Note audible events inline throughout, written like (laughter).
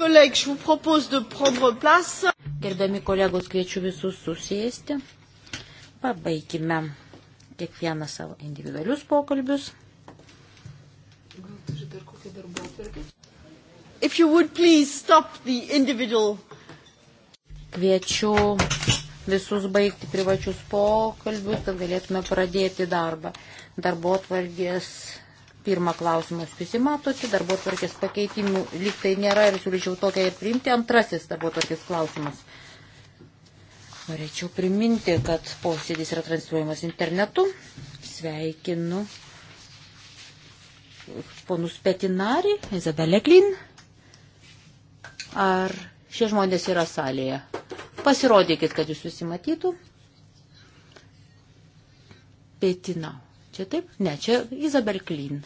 collègues, je vous propose de prendre place. Gerbiami kolegos, kviečiu visus susėsti. Pabaigime kiekvieną savo individualius pokalbius. Gal turi dar kokią darbą atvirkį? If you would please stop the individual. Kviečiu visus baigti privačius pokalbius, kad galėtume pradėti darbą. Darbo atvargės Pirmą klausimą jūs visi matote, darbo tvarkės pakeitimų lyg tai nėra ir siūlyčiau tokią ir priimti. Antrasis darbo tvarkės klausimas. Norėčiau priminti, kad posėdis yra transliuojamas internetu. Sveikinu ponus Petinari, Izabelė Klin. Ar šie žmonės yra salėje? Pasirodykit, kad jūs visi matytų. Petinau čia taip? Ne, čia Izabel Klin.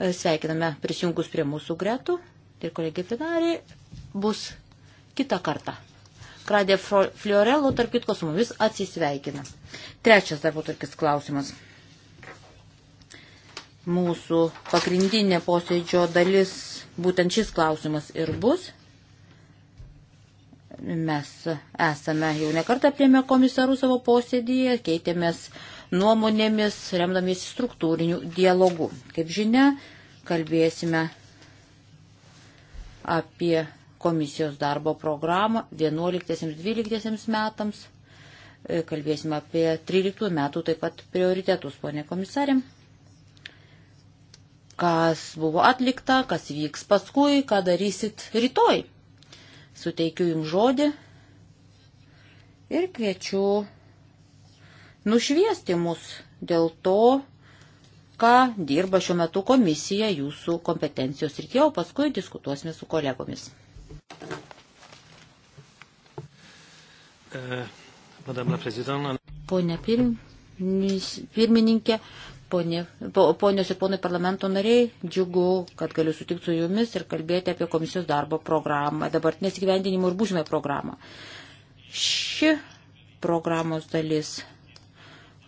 E, Sveikiname prisijungus prie mūsų gretų ir kolegė Finari bus kitą kartą. Kradė Fliorello, tarp kitko, su mumis atsisveikina. Trečias darbo tarkis klausimas. Mūsų pagrindinė posėdžio dalis, būtent šis klausimas ir bus mes esame jau nekartą priemė komisarų savo posėdyje, keitėmės nuomonėmis, remdamiesi struktūriniu dialogu. Kaip žinia, kalbėsime apie komisijos darbo programą 11-12 metams. E, kalbėsime apie 13 metų taip pat prioritetus, ponė komisarė. Kas buvo atlikta, kas vyks paskui, ką darysit rytoj. Suteikiu jums žodį ir kviečiu nušviesti mus dėl to, ką dirba šiuo metu komisija jūsų kompetencijos rytyje, o paskui diskutuosime su kolegomis. Eh, pone pirmininkė, ponė, ponios ir ponai parlamento nariai, džiugu, kad galiu sutikti su jumis ir kalbėti apie komisijos darbo programą, dabartinės gyvendinimo ir būžimę programą. Ši programos dalis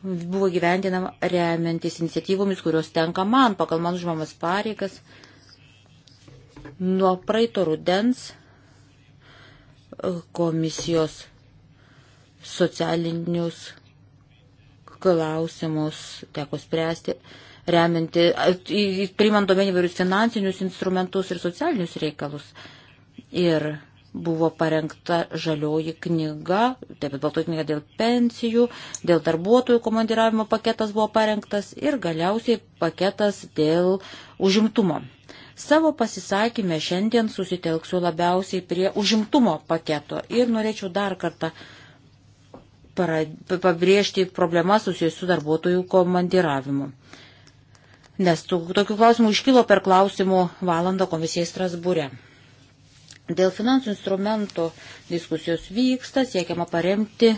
buvo gyvendinama remiantis iniciatyvomis, kurios tenka man pagal man žmomas pareigas. Nuo praeito rudens e, komisijos socialinius klausimus teko spręsti, remianti, priimant domenį vairius finansinius instrumentus ir socialinius reikalus. Ir buvo parengta žalioji knyga, taip pat baltoji knyga dėl pensijų, dėl darbuotojų komandiravimo paketas buvo parengtas ir galiausiai paketas dėl užimtumo. Savo pasisakymę šiandien susitelksiu labiausiai prie užimtumo paketo ir norėčiau dar kartą pabrėžti problemas susijusių su darbuotojų komandiravimu. Nes tokių klausimų iškilo per klausimų valandą komisijai Strasbūre. Dėl finansų instrumento diskusijos vyksta, siekiama paremti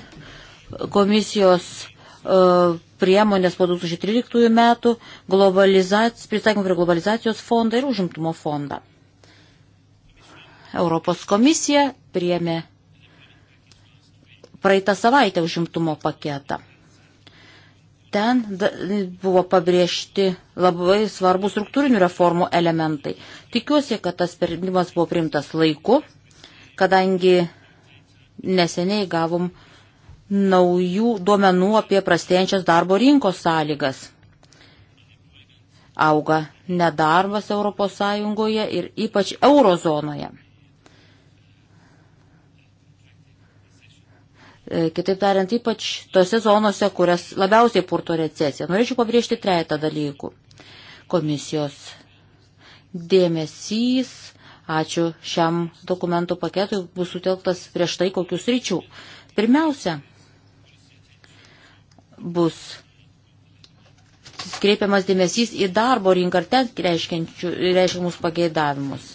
komisijos e, priemonės po 2013 metų, pristaikymą prie globalizacijos fondą ir užimtumo fondą. Europos komisija priėmė praeitą savaitę užimtumo paketą. Ten buvo pabrėžti labai svarbus struktūrinių reformų elementai. Tikiuosi, kad tas sprendimas buvo priimtas laiku, kadangi neseniai gavom naujų duomenų apie prastėjančias darbo rinkos sąlygas. Auga nedarbas ES ir ypač eurozonoje. E, kitaip tariant, ypač tose zonose, kurias labiausiai purto recesija. Norėčiau pabrėžti trejata dalykų. Komisijos dėmesys, ačiū šiam dokumentų paketui, bus sutelktas prieš tai kokius ryčių. Pirmiausia, bus kreipiamas dėmesys į darbo rinką ir ten reiškiamus pageidavimus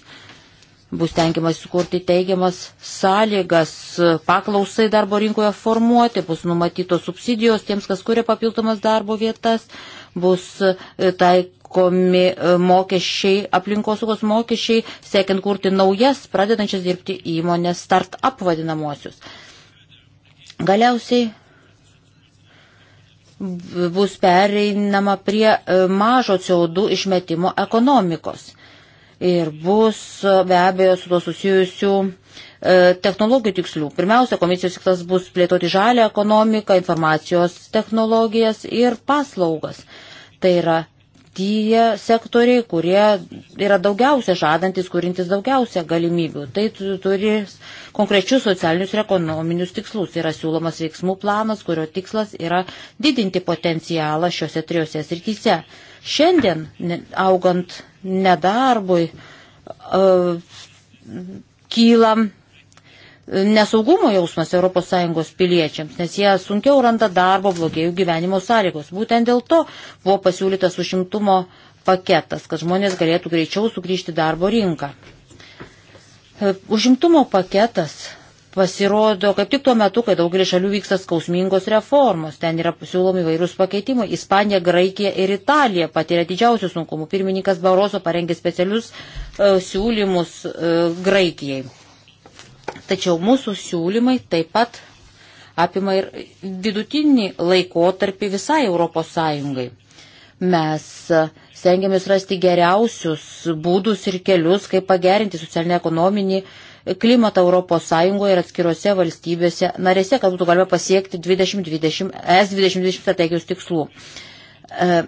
bus tenkiamas sukurti teigiamas sąlygas paklausai darbo rinkoje formuoti, bus numatytos subsidijos tiems, kas kuria papildomas darbo vietas, bus e, taikomi e, mokesčiai, aplinkosaugos mokesčiai, siekiant kurti naujas, pradedančias dirbti įmonės start-up vadinamosius. Galiausiai bus pereinama prie e, mažo CO2 išmetimo ekonomikos ir bus e, be abejo su to susijusių e, technologijų tikslių. Pirmiausia, komisijos tikslas bus plėtoti žalę ekonomiką, informacijos technologijas ir paslaugas. Tai yra tie sektoriai, kurie yra daugiausia žadantis, kurintis daugiausia galimybių. Tai turi konkrečius socialinius ir ekonominius tikslus. Yra siūlomas veiksmų planas, kurio tikslas yra didinti potencialą šiuose trijose srityse. Šiandien, augant nedarbui, e, kyla nesaugumo jausmas ES piliečiams, nes jie sunkiau randa darbo blogėjų gyvenimo sąlygos. Būtent dėl to buvo pasiūlytas užimtumo paketas, kad žmonės galėtų greičiau sugrįžti darbo rinką. E, užimtumo paketas pasirodo kaip tik tuo metu, kai daugelį šalių vyksta skausmingos reformos. Ten yra siūlomi vairūs pakeitimai. Ispanija, Graikija ir Italija patiria didžiausių sunkumų. Pirmininkas Baroso parengė specialius uh, siūlymus uh, Graikijai. Tačiau mūsų siūlymai taip pat apima ir vidutinį laikotarpį visai Europos Sąjungai. Mes e, stengiamės rasti geriausius būdus ir kelius, kaip pagerinti socialinį ekonominį uh, klimatą ES ir atskirose valstybėse narėse, kad būtų galima pasiekti 2020, ES 2020 strategijos tikslų. E,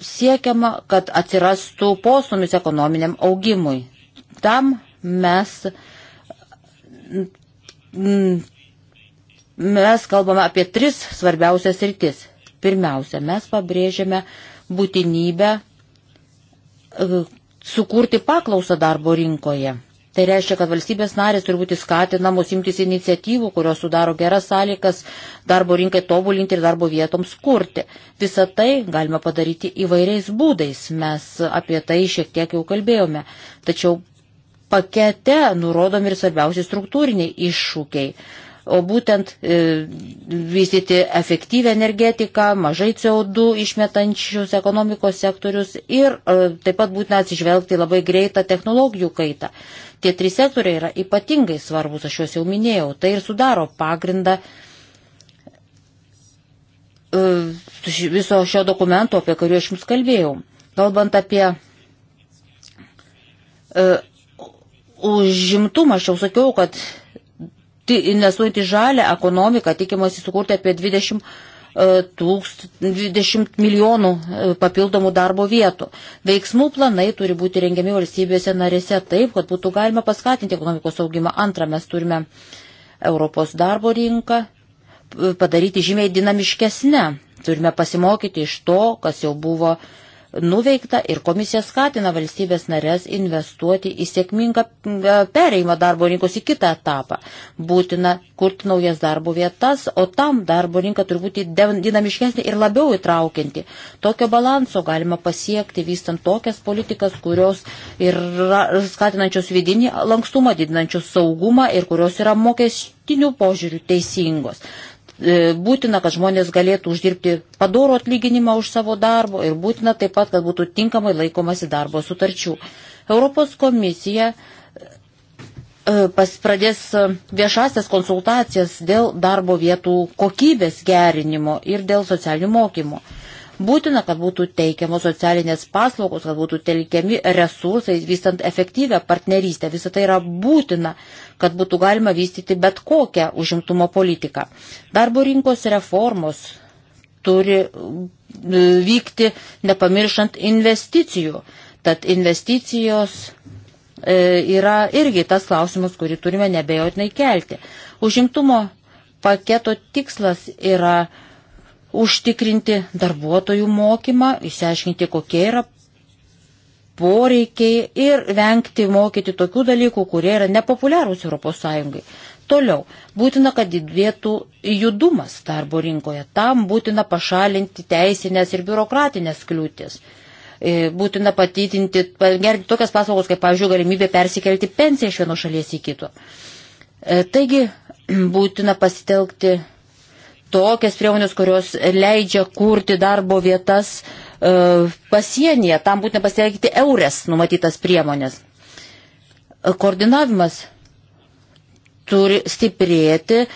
siekiama, kad atsirastų postumis ekonominiam augimui. Tam mes, mes kalbame apie tris svarbiausias rytis. Pirmiausia, mes pabrėžiame būtinybę e, sukurti paklausą darbo rinkoje Tai reiškia, kad valstybės narės turi būti skatinamos imtis iniciatyvų, kurios sudaro geras sąlygas darbo rinkai tobulinti ir darbo vietoms kurti. Visą tai galima padaryti įvairiais būdais, mes apie tai šiek tiek jau kalbėjome. Tačiau pakete nurodomi ir svarbiausi struktūriniai iššūkiai o būtent e, vystyti efektyvę energetiką, mažai CO2 išmetančius ekonomikos sektorius ir e, taip pat būtina atsižvelgti labai greitą technologijų kaitą. Tie trys sektoriai yra ypatingai svarbus, aš juos jau minėjau, tai ir sudaro pagrindą e, viso šio dokumento, apie kurį aš jums kalbėjau. Kalbant apie e, užimtumą, aš jau sakiau, kad investuojant į žalę ekonomiką, tikimasi sukurti apie 20 e, tūkst, 20 milijonų e, papildomų darbo vietų. Veiksmų planai turi būti rengiami valstybėse narėse taip, kad būtų galima paskatinti ekonomikos augimą. Antra, mes turime Europos darbo rinką padaryti žymiai dinamiškesnę. Turime pasimokyti iš to, kas jau buvo uh, nuveikta ir komisija skatina valstybės narės investuoti į sėkmingą e, pereimą darbo rinkos į kitą etapą. Būtina kurti naujas darbo vietas, o tam darbo rinka turi būti dinamiškesnė ir labiau įtraukianti. Tokio balanso galima pasiekti vystant tokias politikas, kurios yra skatinančios vidinį lankstumą, didinančios saugumą ir kurios yra mokestinių požiūrių teisingos. E, būtina, kad žmonės galėtų uždirbti padorų atlyginimą už savo darbo ir būtina taip pat, kad būtų tinkamai laikomasi darbo sutarčių. Europos komisija e, pradės viešasias konsultacijas dėl darbo vietų kokybės gerinimo ir dėl socialinių mokymų. Būtina, kad būtų teikiamos socialinės paslaugos, kad būtų telkiami resursai, vystant efektyvę partnerystę. Visą tai yra būtina, kad būtų galima vystyti bet kokią užimtumo politiką. Darbo rinkos reformos turi e, vykti nepamiršant investicijų. Tad investicijos e, yra irgi tas klausimas, kurį turime nebejotinai kelti. Užimtumo paketo tikslas yra užtikrinti darbuotojų mokymą, įsiaiškinti, kokie yra poreikiai ir vengti mokyti tokių dalykų, kurie yra nepopuliarūs ES. Toliau, būtina, kad didėtų judumas darbo rinkoje. Tam būtina pašalinti teisinės ir biurokratinės kliūtis. E, būtina patytinti, gerinti tokias paslaugos, kaip, pavyzdžiui, galimybė persikelti pensiją iš vienos šalies į kito. E, taigi, (clears throat) būtina pasitelkti tokias priemonės, kurios leidžia kurti darbo vietas e, pasienyje, tam būtina pasiteikyti eurės numatytas priemonės. E, koordinavimas turi stiprėti,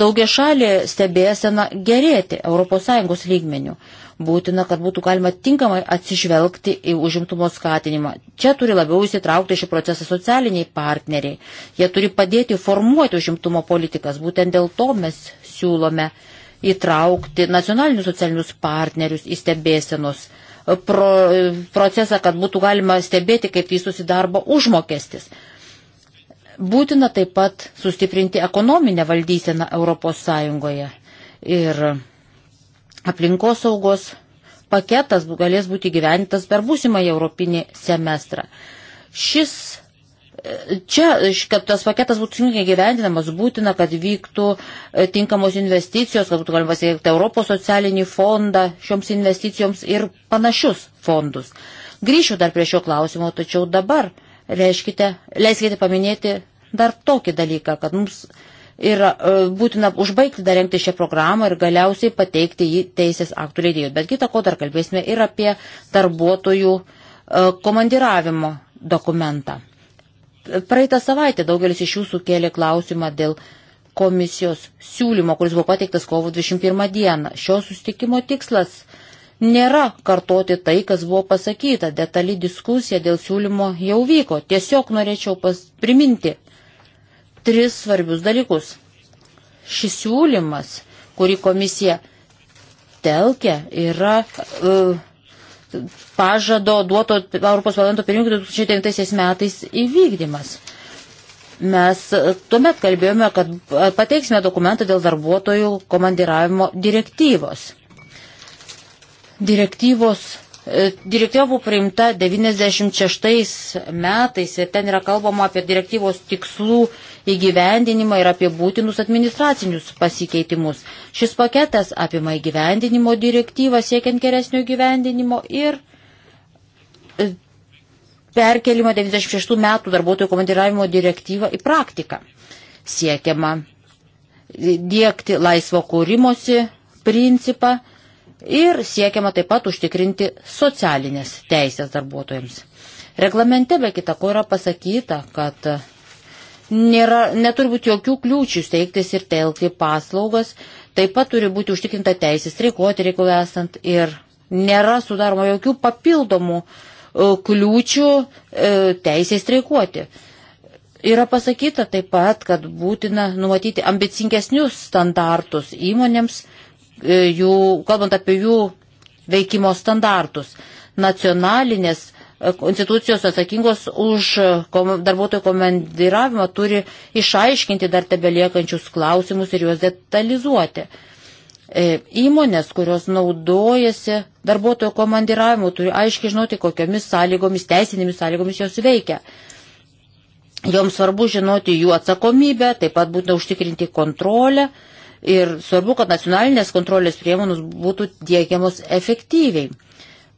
daugia šalė stebėsena gerėti ES lygmenių. Būtina, kad būtų galima tinkamai atsižvelgti į užimtumo skatinimą. Čia turi labiau įsitraukti šį procesą socialiniai partneriai. Jie turi padėti formuoti užimtumo politikas. Būtent dėl to mes siūlome uh, įtraukti nacionalinius socialinius partnerius į stebėsenos e, pro, e, procesą, kad būtų galima stebėti, kaip vystosi darbo užmokestis. Būtina taip pat sustiprinti ekonominę valdyseną Europos Sąjungoje. Ir aplinkosaugos paketas galės būti gyventas per būsimą europinį semestrą. Šis Čia, kad tas paketas būtų sunkiai gyvendinamas, būtina, kad vyktų e, tinkamos investicijos, kad būtų galima pasiekti Europos socialinį fondą šioms investicijoms ir panašius fondus. Grįšiu dar prie šio klausimo, tačiau dabar reiškite, leiskite paminėti dar tokį dalyką, kad mums yra e, būtina užbaigti dar rengti šią programą ir galiausiai pateikti jį teisės aktų leidėjų. Bet kitą ko dar kalbėsime ir apie darbuotojų e, komandiravimo dokumentą. Praeitą savaitę daugelis iš jūsų kėlė klausimą dėl komisijos siūlymo, kuris buvo pateiktas kovo 21 dieną. Šio sustikimo tikslas nėra kartoti tai, kas buvo pasakyta. Detali diskusija dėl siūlymo jau vyko. Tiesiog norėčiau pas, priminti tris svarbius dalykus. Šis siūlymas, kurį komisija telkia, yra. Uh, pažado duoto Europos parlamento pirmininkui 2009 metais įvykdymas. Mes tuomet kalbėjome, kad pateiksime dokumentą dėl darbuotojų komandiravimo direktyvos. Direktyvos E, Direktyva buvo priimta 96 metais ir ten yra kalbama apie direktyvos tikslų įgyvendinimą ir apie būtinus administracinius pasikeitimus. Šis paketas apima įgyvendinimo direktyvą siekiant geresnio įgyvendinimo ir e, perkelimo 96 metų darbuotojų komandiravimo direktyvą į praktiką. Siekiama dėkti laisvo kūrimosi principą ir siekiama taip pat užtikrinti socialinės teisės darbuotojams. Reglamente be kita ko yra pasakyta, kad nėra, neturi būti jokių kliūčių steigtis ir telkti paslaugas, taip pat turi būti užtikrinta teisė streikuoti reikų esant ir nėra sudaroma jokių papildomų e, kliūčių e, teisė streikuoti. Yra pasakyta taip pat, kad būtina numatyti ambicingesnius standartus įmonėms, E, jų, kalbant apie jų veikimo standartus. Nacionalinės e, institucijos atsakingos už e, darbuotojų komandiravimą turi išaiškinti dar tebeliekančius klausimus ir juos detalizuoti. Įmonės, kurios naudojasi darbuotojų komandiravimu, turi aiškiai žinoti, kokiomis sąlygomis, teisinėmis sąlygomis jos veikia. Joms svarbu žinoti jų atsakomybę, taip pat būtina užtikrinti kontrolę Ir svarbu, kad nacionalinės kontrolės priemonus būtų dėkiamos efektyviai.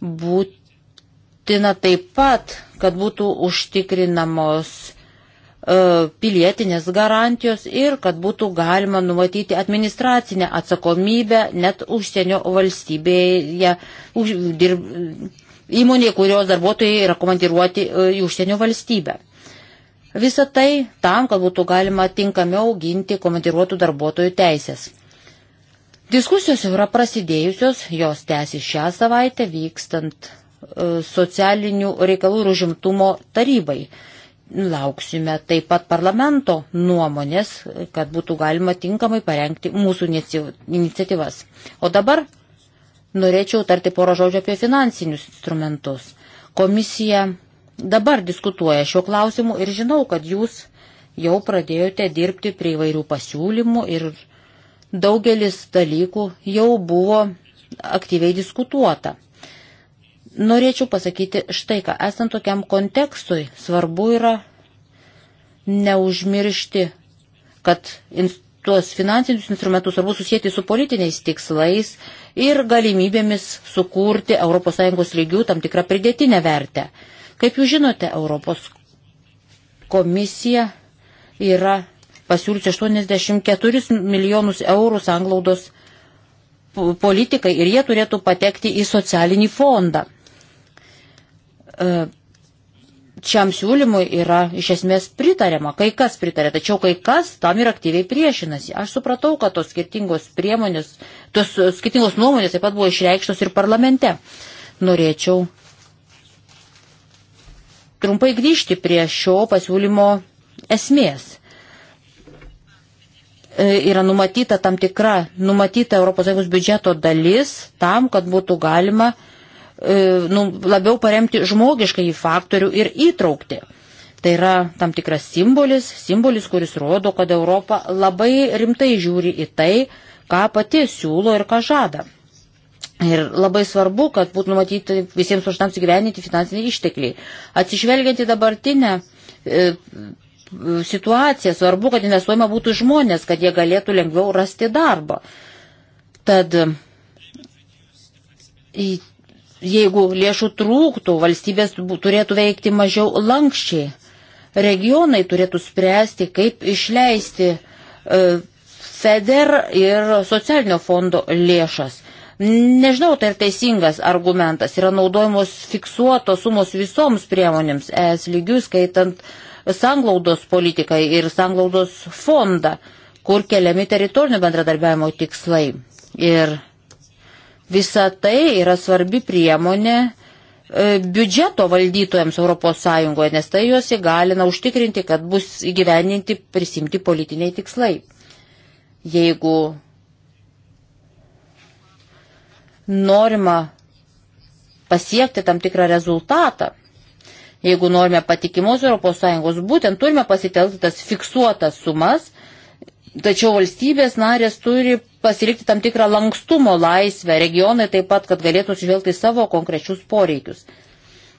Būtina taip pat, kad būtų užtikrinamos e, pilietinės garantijos ir kad būtų galima numatyti administracinę atsakomybę net užsienio valstybėje, už, dirb, įmonėje, kurios darbuotojai yra komandiruoti e, į užsienio valstybę. Visą tai tam, kad būtų galima tinkamiau ginti komandiruotų darbuotojų teisės. Diskusijos jau yra prasidėjusios, jos tęsi šią savaitę vykstant e, socialinių reikalų ir užimtumo tarybai. Lauksime taip pat parlamento nuomonės, kad būtų galima tinkamai parengti mūsų iniciatyvas. O dabar norėčiau tarti porą žodžių apie finansinius instrumentus. Komisija dabar diskutuoja šiuo klausimu ir žinau, kad jūs jau pradėjote dirbti prie įvairių pasiūlymų ir daugelis dalykų jau buvo aktyviai diskutuota. Norėčiau pasakyti štai ką, esant tokiam kontekstui, svarbu yra neužmiršti, kad tuos finansinius instrumentus svarbu susijęti su politiniais tikslais ir galimybėmis sukurti ES lygių tam tikrą pridėtinę vertę. Kaip jūs žinote, Europos komisija yra pasiūlyti 84 milijonus eurų sanglaudos politikai ir jie turėtų patekti į socialinį fondą. E, šiam siūlymui yra iš esmės pritariama, kai kas pritarė, tačiau kai kas tam ir aktyviai priešinasi. Aš supratau, kad tos skirtingos priemonės, tos skirtingos nuomonės taip pat buvo išreikštos ir parlamente. Norėčiau trumpai grįžti prie šio pasiūlymo esmės. E, yra numatyta tam tikra, numatyta ES biudžeto dalis tam, kad būtų galima e, nu, labiau paremti žmogiškai faktorių ir įtraukti. Tai yra tam tikras simbolis, simbolis, kuris rodo, kad Europa labai rimtai žiūri į tai, ką pati siūlo ir ką žada. Ir labai svarbu, kad būtų numatyti visiems užtams įgyveninti finansiniai ištekliai. Atsižvelgiant į dabartinę e, situaciją, svarbu, kad investuojama būtų žmonės, kad jie galėtų lengviau rasti darbą. Tad jeigu lėšų trūktų, valstybės turėtų veikti mažiau lankščiai. Regionai turėtų spręsti, kaip išleisti e, FEDER ir socialinio fondo lėšas Nežinau, tai ir teisingas argumentas. Yra naudojamos fiksuotos sumos visoms priemonėms, es lygių skaitant sanglaudos politikai ir sanglaudos fondą, kur keliami teritorinio bendradarbiavimo tikslai. Ir visa tai yra svarbi priemonė e, biudžeto valdytojams ES, nes tai juos įgalina užtikrinti, kad bus įgyveninti prisimti politiniai tikslai. Jeigu norima pasiekti tam tikrą rezultatą, jeigu norime patikimos ES, būtent turime pasitelkti tas fiksuotas sumas, tačiau valstybės narės turi pasilikti tam tikrą lankstumo laisvę, regionai taip pat, kad galėtų žvelgti savo konkrečius poreikius.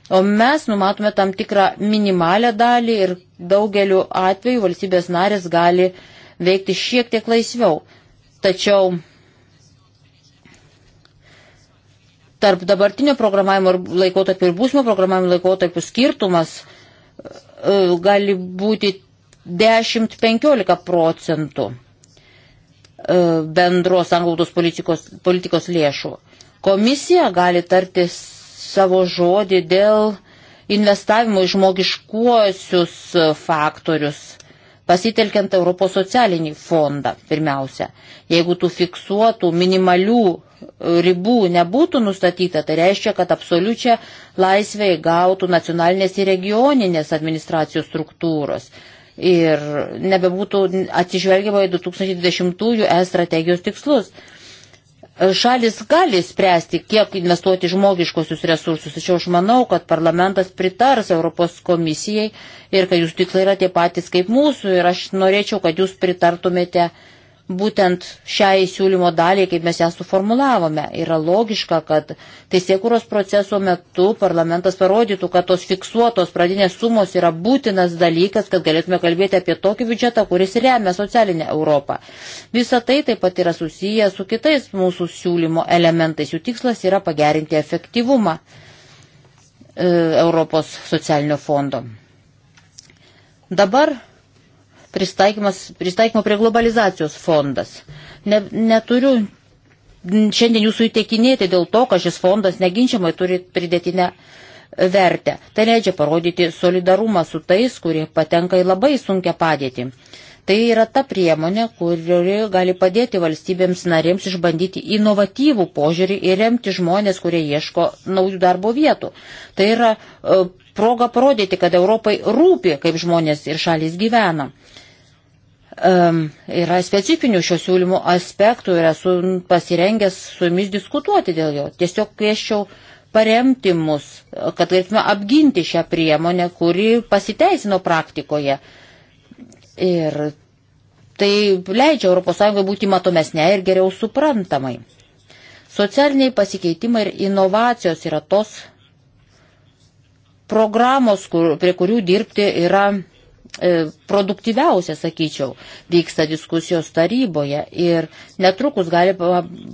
O mes numatome tam tikrą minimalę dalį ir daugeliu atveju valstybės narės gali veikti šiek tiek laisviau. Tačiau tarp dabartinio programavimo laikotarpio ir būsimo programavimo laikotarpio skirtumas e, gali būti 10-15 procentų e, bendros anglaudos politikos, politikos lėšų. Komisija gali tarti savo žodį dėl investavimo į žmogiškuosius faktorius, pasitelkiant Europos socialinį fondą pirmiausia. Jeigu tų fiksuotų minimalių ribų nebūtų nustatyta, tai reiškia, kad absoliučią laisvę įgautų nacionalinės ir regioninės administracijos struktūros. Ir nebebūtų atsižvelgiama į 2020 es strategijos tikslus. Šalis gali spręsti, kiek investuoti žmogiškosius resursus, tačiau aš manau, kad parlamentas pritars Europos komisijai ir kad jūs tikslai yra tie patys kaip mūsų ir aš norėčiau, kad jūs pritartumėte uh, būtent šiai siūlymo daliai, kaip mes ją suformulavome, yra logiška, kad teisėkuros proceso metu parlamentas parodytų, kad tos fiksuotos pradinės sumos yra būtinas dalykas, kad galėtume kalbėti apie tokį biudžetą, kuris remia socialinę Europą. Visa tai taip pat yra susiję su kitais mūsų siūlymo elementais. Jų tikslas yra pagerinti efektyvumą e, Europos socialinio fondo. Dabar pristaikymo prie globalizacijos fondas. Ne, neturiu šiandien jūsų įteikinėti dėl to, kad šis fondas neginčiamai turi pridėtinę vertę. Tai leidžia parodyti solidarumą su tais, kurie patenka į labai sunkę padėtį. Tai yra ta priemonė, kuri gali padėti valstybėms narėms išbandyti inovatyvų požiūrį ir remti žmonės, kurie ieško naujų darbo vietų. Tai yra e, proga parodyti, kad Europai rūpi, kaip žmonės ir šalis gyvena um, yra specifinių šio siūlymų aspektų ir esu pasirengęs su jumis diskutuoti dėl jo. Tiesiog kvieščiau paremti mus, kad galėtume apginti šią priemonę, kuri pasiteisino praktikoje. Ir tai leidžia ES būti matomesnė ir geriau suprantamai. Socialiniai pasikeitimai ir inovacijos yra tos programos, kur, prie kurių dirbti yra E, produktyviausia, sakyčiau, vyksta diskusijos taryboje ir netrukus gali,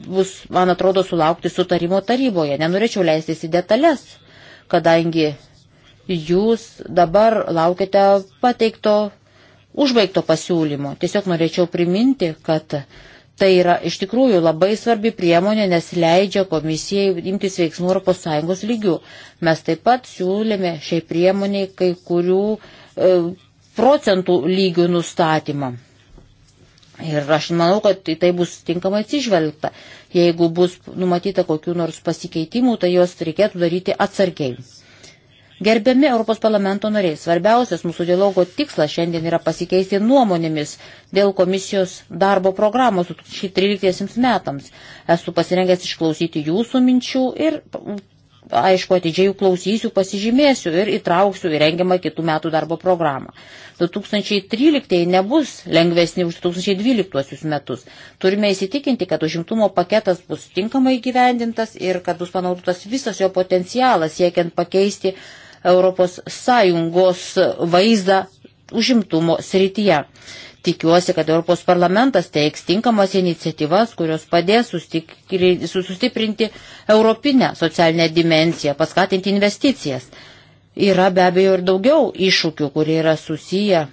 bus, man atrodo, sulaukti sutarimo taryboje. Nenorėčiau leistis į detalės, kadangi jūs dabar laukite pateikto užbaigto pasiūlymo. Tiesiog norėčiau priminti, kad tai yra iš tikrųjų labai svarbi priemonė, nes leidžia komisijai imtis veiksmų ES lygių. Mes taip pat siūlėme šiai priemoniai kai kurių e, procentų lygių nustatymą. Ir aš manau, kad į tai bus tinkamai atsižvelgta. Jeigu bus numatyta kokiu nors pasikeitimu, tai juos reikėtų daryti atsargiai. Gerbiami Europos parlamento nariai, svarbiausias mūsų dialogo tikslas šiandien yra pasikeisti nuomonėmis dėl komisijos darbo programos 2013 metams. Esu pasirengęs išklausyti jūsų minčių ir aišku, atidžiai jų klausysiu, pasižymėsiu ir įtrauksiu į rengiamą kitų metų darbo programą. 2013 nebus lengvesni už 2012 metus. Turime įsitikinti, kad užimtumo paketas bus tinkamai gyvendintas ir kad bus panaudotas visas jo potencialas siekiant pakeisti Europos Sąjungos vaizdą užimtumo srityje. Tikiuosi, kad Europos parlamentas teiks tinkamas iniciatyvas, kurios padės sustiprinti europinę socialinę dimenciją, paskatinti investicijas. Yra be abejo ir daugiau iššūkių, kurie yra susiję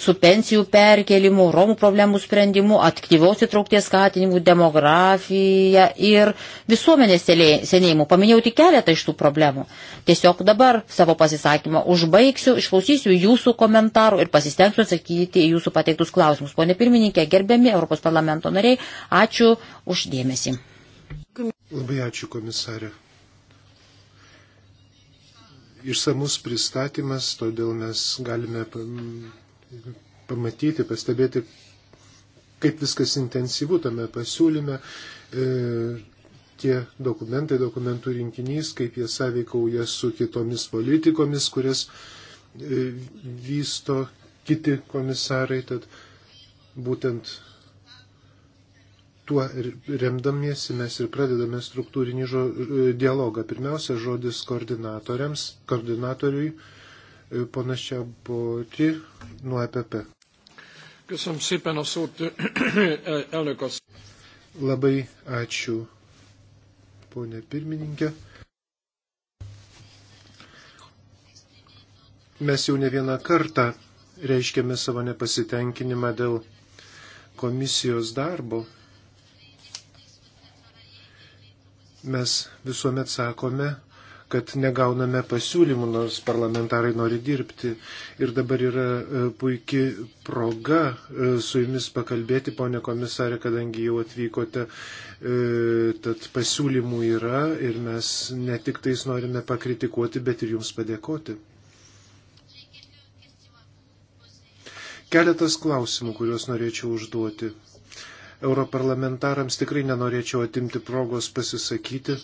su pensijų perkelimu, Romų problemų sprendimu, aktyvios įtraukties skatinimu, demografija ir visuomenės senėjimu. Paminėjau tik keletą iš tų problemų. Tiesiog dabar savo pasisakymą užbaigsiu, išklausysiu jūsų komentarų ir pasistengsiu atsakyti į jūsų pateiktus klausimus. Pone pirmininkė, gerbiami Europos parlamento nariai, ačiū uždėmesi. Labai ačiū komisarė išsamus pristatymas, todėl mes galime pamatyti, pastebėti, kaip viskas intensyvu tame pasiūlyme, e, tie dokumentai, dokumentų rinkinys, kaip jie sąveikauja su kitomis politikomis, kurias e, vysto kiti komisarai. Tad būtent tuo remdamiesi mes ir pradedame struktūrinį žo, dialogą. Pirmiausia, žodis koordinatoriams, koordinatoriui. E, Ponas Čiaboti nuo EPP. Köszönöm szépen a szót, (clears throat) elnök asszony. Labai ačiū, ponė pirmininkė. Mes jau ne vieną kartą reiškėme savo nepasitenkinimą dėl komisijos darbo. Mes visuomet sakome, kad negauname pasiūlymų, nors parlamentarai nori dirbti. Ir dabar yra e, puikia proga e, su jumis pakalbėti, ponė komisarė, kadangi jau atvykote, e, tad pasiūlymų yra ir mes ne tik tais norime pakritikuoti, bet ir jums padėkoti. Keletas klausimų, kuriuos norėčiau užduoti europarlamentarams tikrai nenorėčiau atimti progos pasisakyti,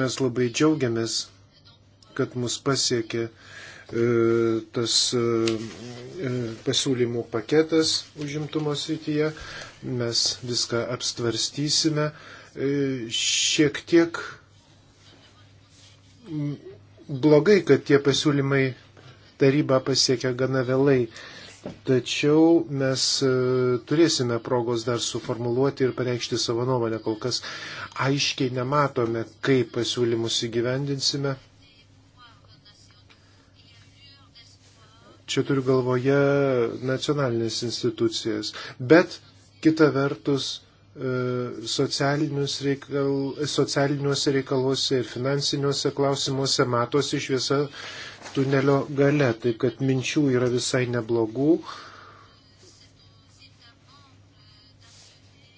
Mes labai džiaugiamės, kad mus pasiekė e, tas e, e, pasiūlymų paketas užimtumo srityje. Mes viską apstvarstysime. Šiek tiek blogai, kad tie pasiūlymai taryba pasiekia gana vėlai Tačiau mes e, turėsime progos dar suformuluoti ir pareikšti savo nuomonę. Kol kas aiškiai nematome, kaip pasiūlymus įgyvendinsime. Čia turiu galvoje nacionalinės institucijas. Bet kita vertus e, reikal, socialiniuose reikaluose ir finansiniuose klausimuose matosi šviesa tunelio gale, taip kad minčių yra visai neblogų.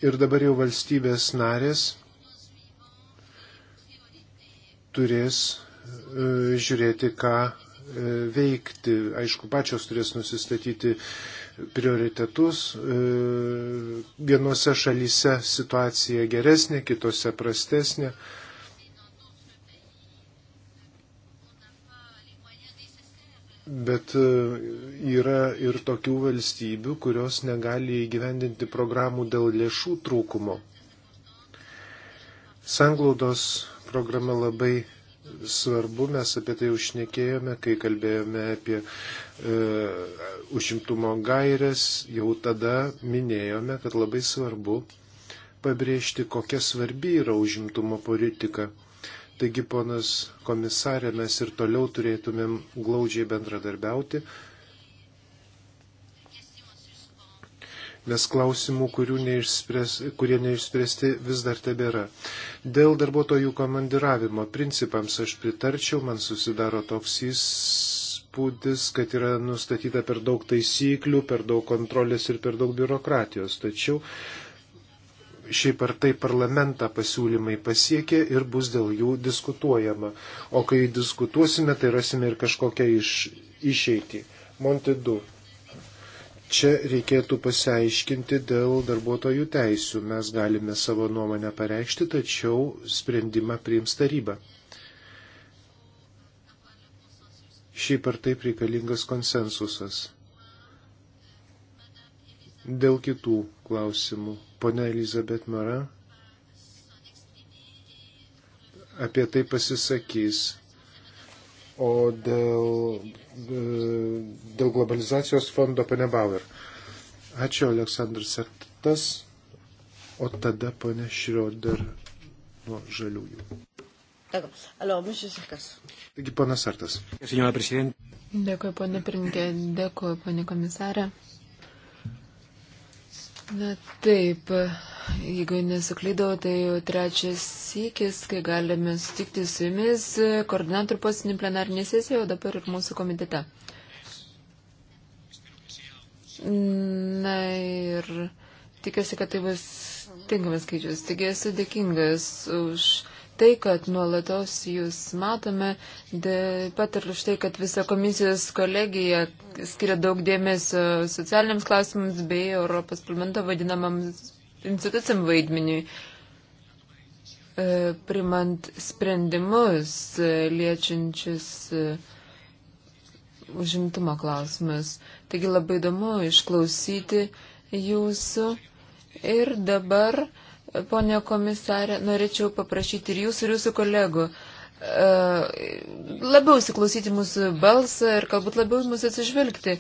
Ir dabar jau valstybės narės turės e, žiūrėti, ką e, veikti. Aišku, pačios turės nusistatyti prioritetus. E, vienose šalyse situacija geresnė, kitose prastesnė. Bet e, yra ir tokių valstybių, kurios negali įgyvendinti programų dėl lėšų trūkumo. Sanglaudos programa labai svarbu, mes apie tai užnekėjome, kai kalbėjome apie e, užimtumo gairias, jau tada minėjome, kad labai svarbu pabrėžti, kokia svarbi yra užimtumo politika Taigi, ponas komisarė, mes ir toliau turėtumėm glaudžiai bendradarbiauti, nes klausimų, neišspręs, kurie neišspręsti, vis dar tebėra. Dėl darbuotojų komandiravimo principams aš pritarčiau, man susidaro toks įspūdis, kad yra nustatyta per daug taisyklių, per daug kontrolės ir per daug biurokratijos. Tačiau šiaip ar tai parlamentą pasiūlymai pasiekė ir bus dėl jų diskutuojama. O kai diskutuosime, tai rasime ir kažkokią iš, išeitį. Monti 2. Čia reikėtų pasiaiškinti dėl darbuotojų teisių. Mes galime savo nuomonę pareikšti, tačiau sprendimą priims taryba. Šiaip ar taip reikalingas konsensusas. Dėl kitų klausimų. Pone Elizabet Mara apie tai pasisakys. O dėl, e, dėl globalizacijos fondo pane Bauer. Ačiū, Aleksandras Sertas. O tada pane Šrioder nuo žaliųjų. Taigi, panas Artas. Dėkui, ponė pirmininkė, dėkui, ponė komisarė. Na taip, jeigu nesuklydau, tai trečias sykis, kai galime sutikti su jumis koordinatorių posėdį plenarinė sesija, o dabar ir mūsų komitete. Na ir tikiuosi, kad tai bus tinkamas skaičius. Taigi esu dėkingas už tai, kad nuolatos jūs matome, pat ir už tai, kad visa komisijos kolegija skiria daug dėmesio socialiniams klausimams bei Europos parlamento vadinamam institucijam vaidmeniui e, primant sprendimus e, liečiančius e, užimtumo klausimus. Taigi labai įdomu išklausyti jūsų. Ir dabar Pone komisarė, norėčiau paprašyti ir jūsų, ir jūsų kolegų e, labiau įsiklausyti mūsų balsą ir galbūt labiau mūsų atsižvelgti.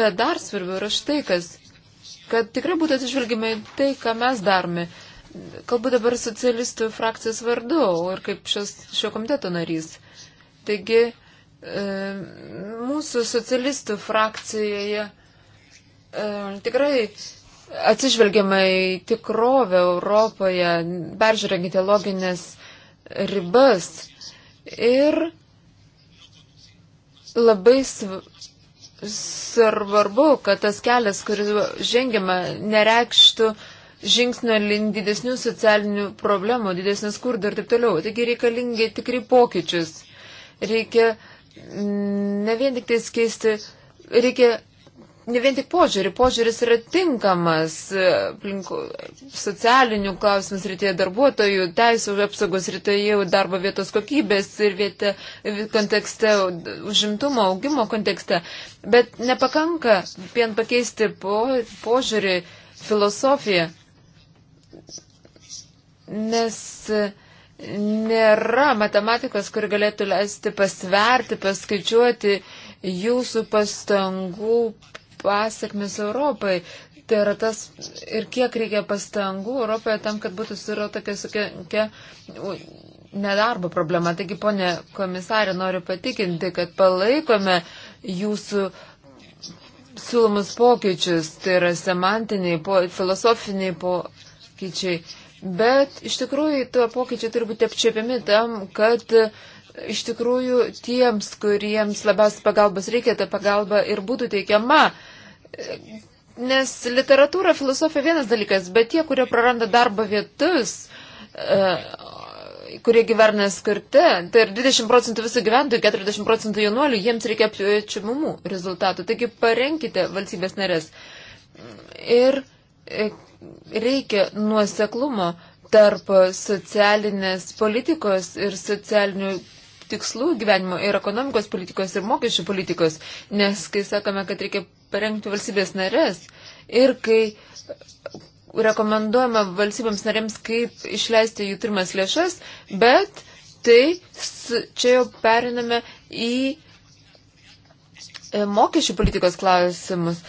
Bet dar svarbiau yra štai kas, kad tikrai būtų atsižvelgime į tai, ką mes darome. Kalbu dabar socialistų frakcijos vardu ir kaip šios, šio komiteto narys. Taigi, e, mūsų socialistų frakcijoje e, tikrai atsižvelgiama į tikrovę Europoje, peržiūrėk ideologinės ribas ir labai svarbu, kad tas kelias, kuris žengiama, nereikštų žingsnio link didesnių socialinių problemų, didesnių skurdų ir taip toliau. Taigi reikalingi tikrai pokyčius. Reikia mm, ne vien tik tai keisti, reikia ne vien tik požiūrį, požiūris yra tinkamas e, aplinkų, socialinių klausimų srityje, darbuotojų teisų apsaugos srityje, darbo vietos kokybės ir vietė kontekste, užimtumo augimo kontekste. Bet nepakanka vien pakeisti po, požiūrį, filosofiją, nes e, nėra matematikos, kur galėtų leisti pasverti, paskaičiuoti jūsų pastangų pasiekmes Europai. Tai yra tas ir kiek reikia pastangų Europoje tam, kad būtų suro tokia sukia nedarbo problema. Taigi, ponė komisarė, noriu patikinti, kad palaikome jūsų siūlomus pokyčius. Tai yra semantiniai, po, filosofiniai pokyčiai. Bet iš tikrųjų, tuo pokyčiai turi būti apčiopiami tam, kad iš tikrųjų tiems, kuriems labiausiai pagalbos reikia, ta pagalba ir būtų teikiama. Nes literatūra, filosofija vienas dalykas, bet tie, kurie praranda darbo vietus, e, kurie gyvena skirti, tai ir 20 procentų visų gyventojų, 40 procentų jaunuolių, jiems reikia apčiamumų rezultatų. Taigi parenkite valstybės narės. Ir e, reikia nuoseklumo tarp socialinės politikos ir socialinių tikslų gyvenimo ir ekonomikos politikos ir mokesčių politikos, nes kai sakome, kad reikia parengtų valstybės narės ir kai rekomenduojama valstybėms narėms, kaip išleisti jų turimas lėšas, bet tai čia jau periname į e, mokesčių politikos klausimus,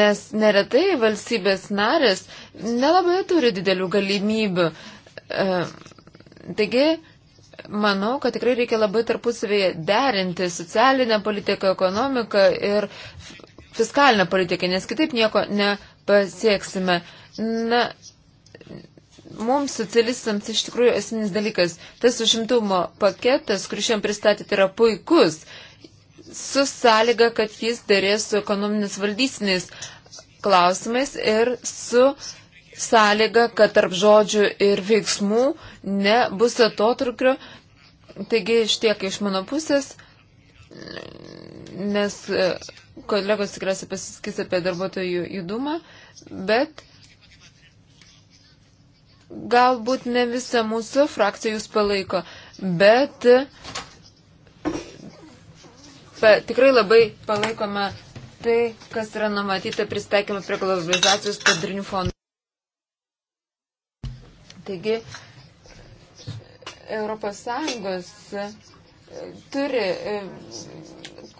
nes neretai valstybės narės nelabai turi didelių galimybių. E, taigi, manau, kad tikrai reikia labai tarpusavėje derinti socialinę politiką, ekonomiką ir fiskalinę politiką, nes kitaip nieko nepasieksime. Na, mums socialistams iš tikrųjų esminis dalykas, tas užimtumo paketas, kurį šiandien pristatyti, yra puikus, su sąlyga, kad jis dėrės su ekonominis valdysiniais klausimais ir su sąlyga, kad tarp žodžių ir veiksmų nebus atotrukrio. Taigi, iš tiek iš mano pusės, nes kolegos tikriausiai pasiskis apie darbuotojų judumą, bet galbūt ne visa mūsų frakcija jūs palaiko, bet pa, tikrai labai palaikome tai, kas yra numatyta pristaikymas prie globalizacijos padarinių fondų. Taigi, Europos Sąjungos e, turi e,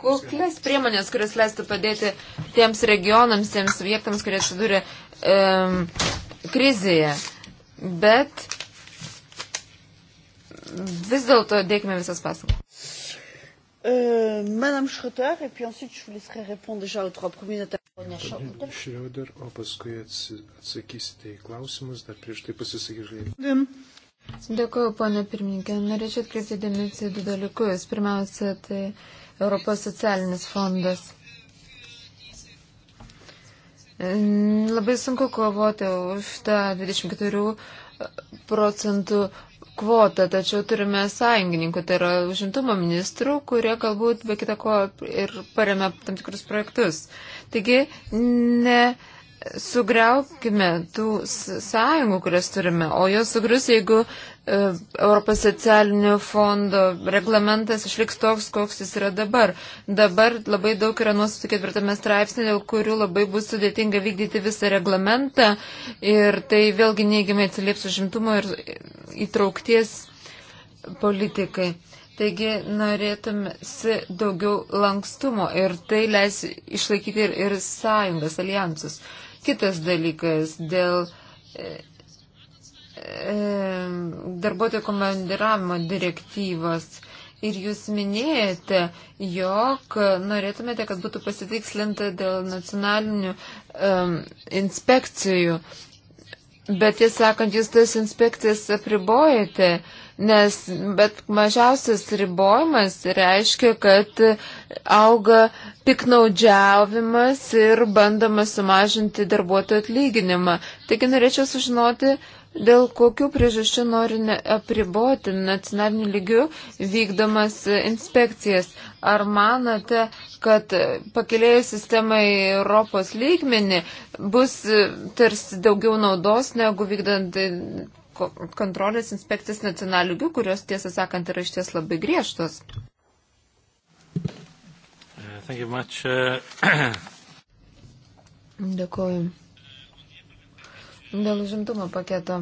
kokias priemonės, kurias leistų padėti tiems regionams, tiems subjektams, kurie atsidūrė e, krizėje. Bet vis dėlto dėkime visas pasakas. Euh, Madame Schroeter, et puis ensuite je vous laisserai répondre déjà aux trois premiers intervenants. Schroeter, o paskui atsakysite į klausimus, dar prieš tai pasisakysite. Dėkuoju, ponė pirmininkė. Norėčiau atkreipti dėmesį į du dalykus. Pirmiausia, tai Europos socialinis fondas. Labai sunku kovoti už tą 24 e, procentų kvotą, tačiau turime sąjungininkų, tai yra užimtumo ministrų, kurie galbūt be kita ko ir paremia tam tikrus projektus. Taigi, ne sugriaukime tų sąjungų, kurias turime, o jos sugrius, jeigu E, Europos socialinio fondo reglamentas išliks toks, koks jis yra dabar. Dabar labai daug yra nuostatų ketvirtame straipsnė, dėl kurių labai bus sudėtinga vykdyti visą reglamentą ir tai vėlgi neigiamai atsilieps užimtumo ir įtraukties politikai. Taigi norėtumėsi daugiau lankstumo ir tai leis išlaikyti ir, ir sąjungas, alijansus. Kitas dalykas dėl e, E, darbuotojų komandiravimo direktyvos. Ir jūs minėjote, jog norėtumėte, kad būtų pasitikslinta dėl nacionalinių um, inspekcijų. Bet, tiesą sakant, jūs tas inspekcijas apribojate, nes bet mažiausias ribojimas reiškia, kad auga piknaudžiavimas ir bandoma sumažinti darbuotojų atlyginimą. Taigi norėčiau sužinoti, uh, dėl kokių priežasčių nori apriboti nacionaliniu lygiu vykdomas inspekcijas. Ar manote, kad pakilėjus sistemai Europos lygmenį bus tarsi daugiau naudos negu vykdant kontrolės inspekcijas nacionaliniu lygiu, kurios tiesą sakant yra iš ties labai griežtos? Uh, uh, (clears throat) Dėkuoju. Dėl užimtumo paketo.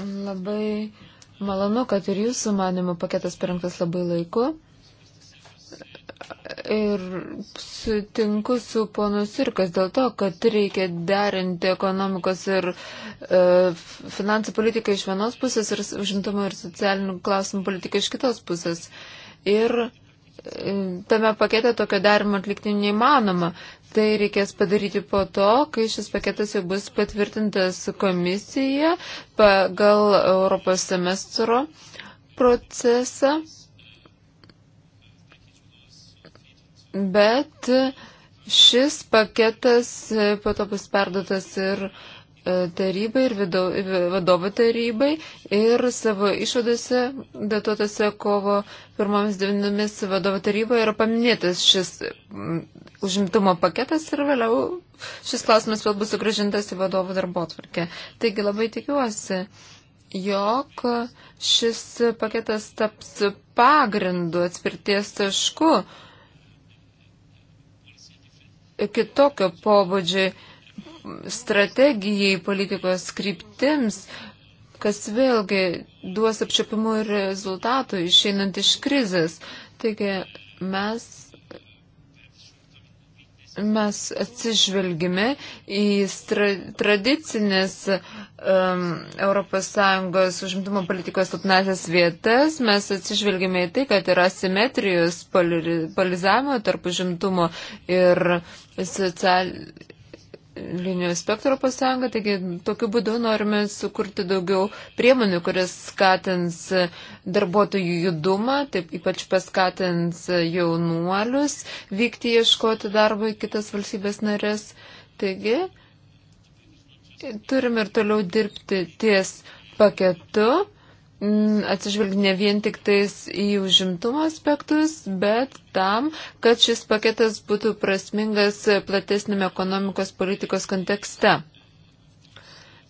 Labai malonu, kad ir jūsų manimo paketas parengtas labai laiku. Ir sutinku su ponu Sirkas dėl to, kad reikia derinti ekonomikos ir e, finansų politiką iš vienos pusės ir užimtumo ir socialinių klausimų politiką iš kitos pusės. Ir tame pakete tokio darimo atlikti neįmanoma. Tai reikės padaryti po to, kai šis paketas jau bus patvirtintas komisija pagal Europos semestro procesą. Bet šis paketas po to bus perdotas ir uh, E, tarybai ir e, vadovų tarybai ir savo išvadose datuotose kovo pirmomis dienomis vadovų taryboje yra paminėtas šis užimtumo paketas ir vėliau šis klausimas vėl bus sugražintas į vadovų darbo atvarkę. Taigi labai tikiuosi, jog šis paketas taps pagrindu atspirties tašku kitokio pobūdžio strategijai, politikos kryptims, kas vėlgi duos apčiopimų rezultatų išeinant iš krizės. Taigi mes mes atsižvelgime į stra, tradicinės um, ES užimtumo politikos silpnasias vietas, mes atsižvelgime į tai, kad yra simetrijos polarizavimo tarp užimtumo ir social, linijų spektro pasąjungą, taigi tokiu būdu norime sukurti daugiau priemonių, kurias skatins darbuotojų judumą, taip ypač paskatins jaunuolius vykti ieškoti darbo į kitas valstybės narės. Taigi, turime ir toliau dirbti ties paketu Mm, atsižvelgti ne vien tik tais į užimtumo aspektus, bet tam, kad šis paketas būtų prasmingas platesnėme ekonomikos politikos kontekste.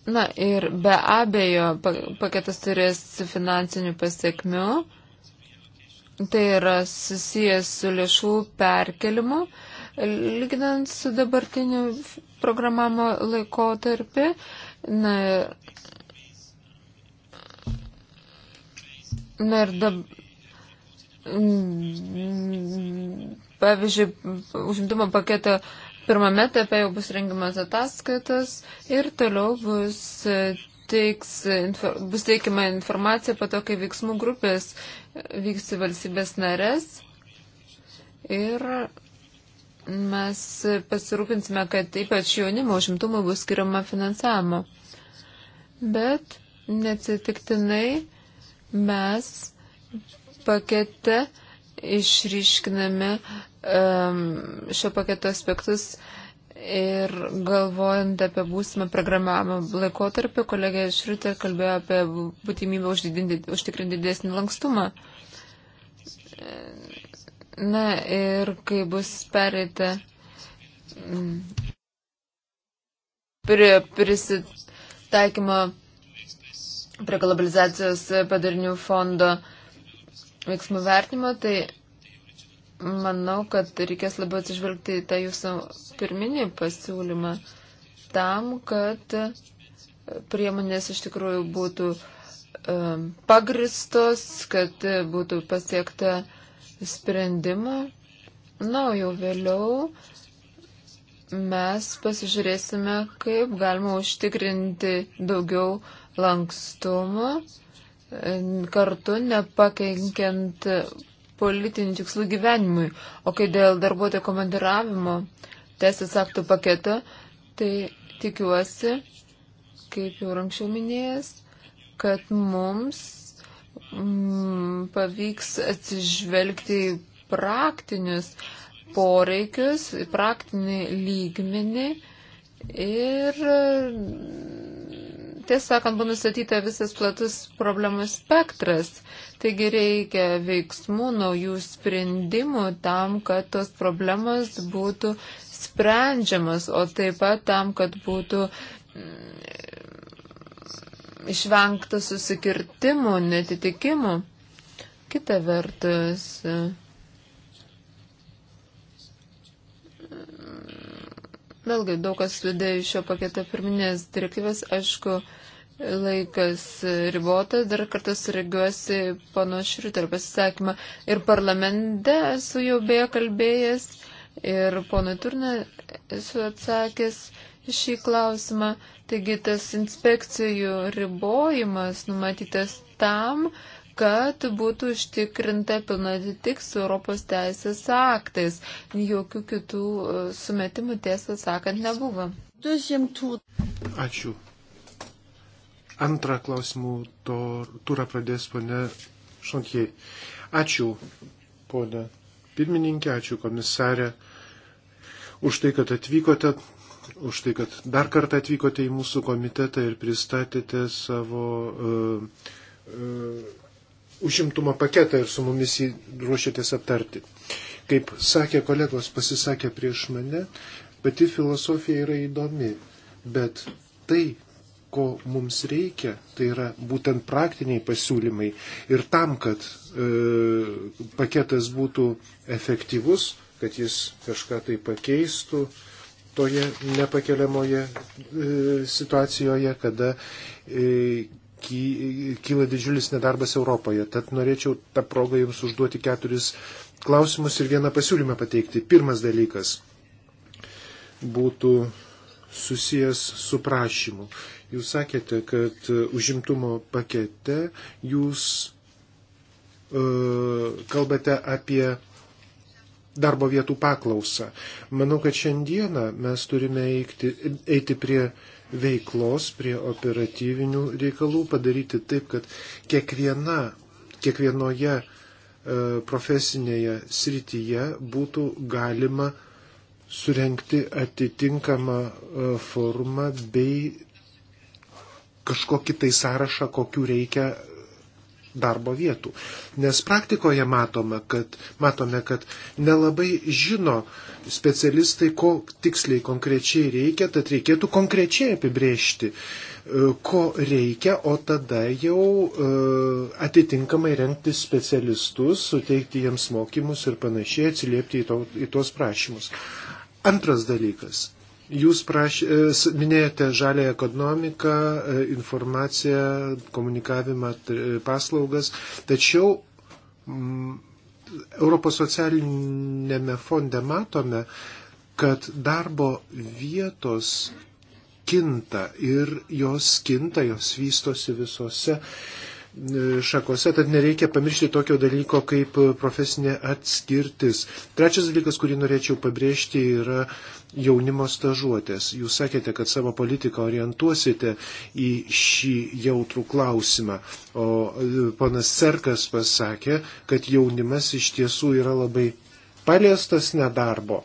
Na ir be abejo, paketas turės finansinių pasiekmių. Tai yra susijęs su lėšų perkelimu, lyginant su dabartiniu programavimo laikotarpiu. Na, Na ir dabar. Pavyzdžiui, užimtumo paketo pirmame etape jau bus rengiamas ataskaitas ir toliau bus, teiks, infor, bus teikima informacija po to, kai veiksmų grupės vyks į valstybės narės. Ir mes pasirūpinsime, kad ypač jaunimo užimtumui bus skiriama finansavimo. Bet neatsitiktinai Mes pakete išryškiname um, šio paketo aspektus ir galvojant apie būsimą programavimo laikotarpį, kolegė Šriter kalbėjo apie būtimybę užtikrinti didesnį lankstumą. Na ir kai bus pereita prie prisitaikymo prie globalizacijos padarinių fondo veiksmų vertinimo, tai manau, kad reikės labiau atsižvelgti tą jūsų pirminį pasiūlymą tam, kad priemonės iš tikrųjų būtų pagristos, kad būtų pasiekta sprendimą. Na, o jau vėliau mes pasižiūrėsime, kaip galima užtikrinti daugiau lankstumo, kartu nepakenkiant politinių tikslų gyvenimui. O kai dėl darbuotojo komandiravimo teisės aktų paketo, tai tikiuosi, kaip jau anksčiau minėjęs, kad mums mm, pavyks atsižvelgti į praktinius poreikius, praktinį lygmenį ir tiesą sakant, buvo nustatyta visas platus problemų spektras. Taigi reikia veiksmų, naujų sprendimų tam, kad tos problemos būtų sprendžiamas, o taip pat tam, kad būtų mm, išvengta susikirtimų, netitikimų. Kita vertus. Mm, vėlgi daug kas sudėjo iš šio paketo pirminės direktyvės, aišku, Laikas ribotas, dar kartą sureagiuosi pano Šriuter pasisakymą. Ir parlamente esu jau beje kalbėjęs ir pono Turne esu atsakęs šį klausimą. Taigi tas inspekcijų ribojimas numatytas tam, kad būtų užtikrinta pilna atitik su Europos teisės aktais. Jokių kitų e, sumetimų tiesą sakant nebuvo. Ačiū. Antrą klausimų to, turą pradės ponė Šontie. Ačiū, ponė pirmininkė, ačiū komisarė už tai, kad atvykote, už tai, kad dar kartą atvykote į mūsų komitetą ir pristatėte savo uh, uh, užimtumo paketą ir su mumis jį ruošiatės aptarti. Kaip sakė kolegos, pasisakė prieš mane, pati filosofija yra įdomi, bet tai, ko mums reikia, tai yra būtent praktiniai pasiūlymai. Ir tam, kad e, paketas būtų efektyvus, kad jis kažką tai pakeistų toje nepakeliamoje e, situacijoje, kada e, kyla didžiulis nedarbas Europoje. Tad norėčiau tą progą Jums užduoti keturis klausimus ir vieną pasiūlymą pateikti. Pirmas dalykas būtų susijęs su prašymu. Jūs sakėte, kad e, užimtumo pakete jūs e, kalbate apie darbo vietų paklausą. Manau, kad šiandieną mes turime eikti, eiti prie veiklos, prie operatyvinių reikalų, padaryti taip, kad kiekviena, kiekvienoje e, profesinėje srityje būtų galima surenkti atitinkamą e, formą bei kažkokį tai sąrašą, kokių reikia darbo vietų. Nes praktikoje matome, kad, matome, kad nelabai žino specialistai, ko tiksliai konkrečiai reikia, tad reikėtų konkrečiai apibriežti, e, ko reikia, o tada jau e, atitinkamai renkti specialistus, suteikti jiems mokymus ir panašiai, atsiliepti į, to, į tos prašymus. Antras dalykas Jūs praš, e, minėjote žalę ekonomiką, e, informaciją, komunikavimą, e, paslaugas, tačiau m, mm, Europos socialinėme fonde matome, kad darbo vietos kinta ir jos kinta, jos vystosi visose šakose, tad nereikia pamiršti tokio dalyko kaip profesinė atskirtis. Trečias dalykas, kurį norėčiau pabrėžti, yra jaunimo stažuotės. Jūs sakėte, kad savo politiką orientuosite į šį jautrų klausimą, o e, panas Cerkas pasakė, kad jaunimas iš tiesų yra labai paliestas nedarbo.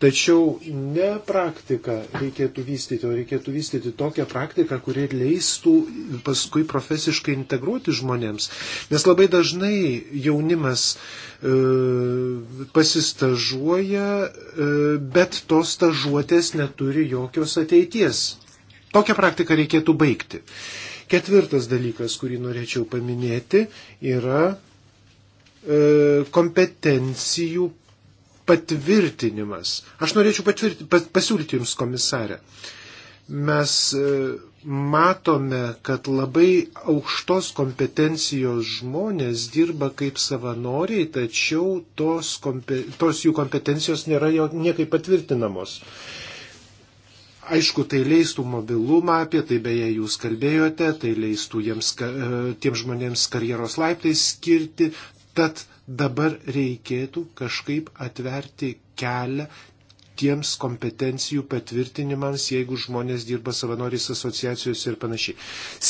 Tačiau ne praktiką reikėtų vystyti, o reikėtų vystyti tokią praktiką, kuri leistų paskui profesiškai integruoti žmonėms. Nes labai dažnai jaunimas e, pasistažuoja, e, bet tos stažuotės neturi jokios ateities. Tokią praktiką reikėtų baigti. Ketvirtas dalykas, kurį norėčiau paminėti, yra e, kompetencijų patvirtinimas. Aš norėčiau patvirti, pasiūlyti Jums komisarę. Mes e, matome, kad labai aukštos kompetencijos žmonės dirba kaip savanoriai, tačiau tos, kompe, tos jų kompetencijos nėra jo niekaip patvirtinamos. Aišku, tai leistų mobilumą, apie tai beje jūs kalbėjote, tai leistų jiems, e, tiems žmonėms karjeros laiptais skirti, tad Dabar reikėtų kažkaip atverti kelią tiems kompetencijų patvirtinimams, jeigu žmonės dirba savanoriais asociacijose ir panašiai.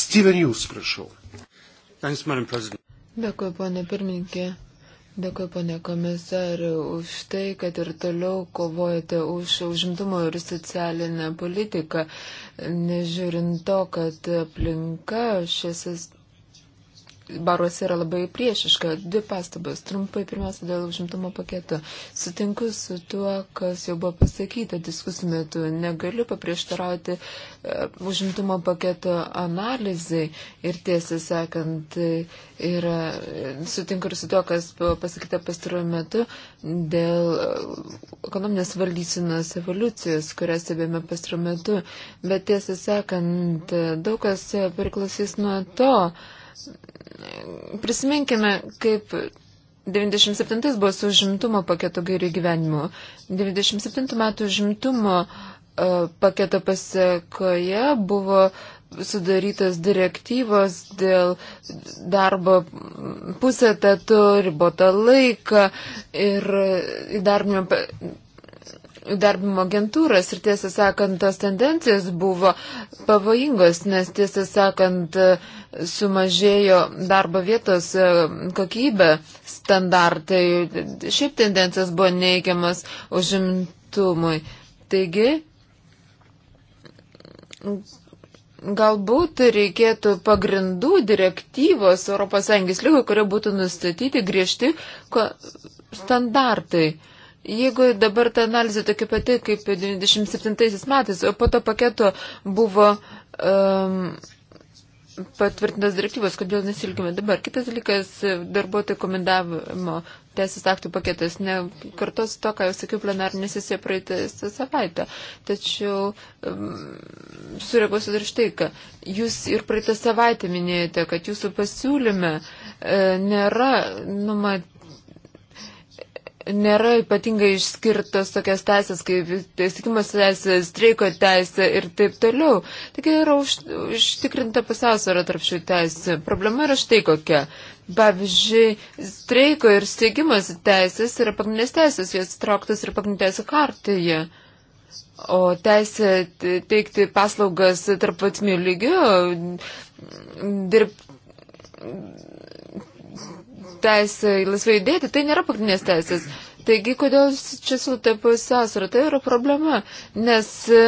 Steven, jūs prašau. Dėkuoju, ponė pirmininkė. Dėkuoju, ponė komisarė, už tai, kad ir toliau kovojate už užimtumo ir socialinę politiką, nežiūrint to, kad aplinka šiasis baruose yra labai priešiška. Dvi pastabas. Trumpai pirmiausia dėl užimtumo paketo. Sutinku su tuo, kas jau buvo pasakyta diskusijų metu. Negaliu paprieštarauti e, užimtumo paketo analizai ir tiesą sakant, e, yra, e, sutinku ir su tuo, kas buvo pasakyta pastaruoju metu dėl ekonominės valdysinos evoliucijos, kurią stebėjome pastaruoju metu. Bet tiesą sakant, daug kas priklausys nuo to, Prisiminkime, kaip 97 buvo su užimtumo paketo gairių gyvenimu. 97 metų užimtumo e, paketo pasiekoje buvo sudarytas direktyvos dėl darbo pusę tatų, ribotą laiką ir įdarbinimo e, darbimo agentūras ir tiesą sakant, tos tendencijos buvo pavojingos, nes tiesą sakant, sumažėjo darbo vietos e, kokybė, standartai, šiaip tendencijos buvo neigiamas užimtumui. Taigi, Galbūt reikėtų pagrindų direktyvos ES lygų, kurie būtų nustatyti griežti standartai. Uh, Jeigu dabar ta analizė tokia pati kaip 97 metais, o po to paketo buvo um, patvirtintas direktyvas, kodėl nesilgime dabar. Kitas dalykas - darbuotojų komendavimo teisės aktų paketas. Ne kartos to, ką jau sakiau, plenarinė sesija praeitą savaitę. Tačiau um, sureaguosiu dar štai, kad jūs ir praeitą savaitę minėjote, kad jūsų pasiūlyme e, nėra numatyti nėra ypatingai išskirtos tokias teisės kaip teisingumas teisė, streiko teisė ir taip toliau. Taigi yra už, užtikrinta pusiausvara tarp šių teisų. Problema yra štai kokia. Pavyzdžiui, streiko ir steigimas teisės yra pagrindinės teisės, jos trauktos ir pagrindinės kartyje. O teisė teikti paslaugas tarp atmių lygių, dirbti teisę laisvai judėti, tai nėra pagrindinės teisės. Taigi, kodėl čia su taip sąsara, tai yra problema, nes e,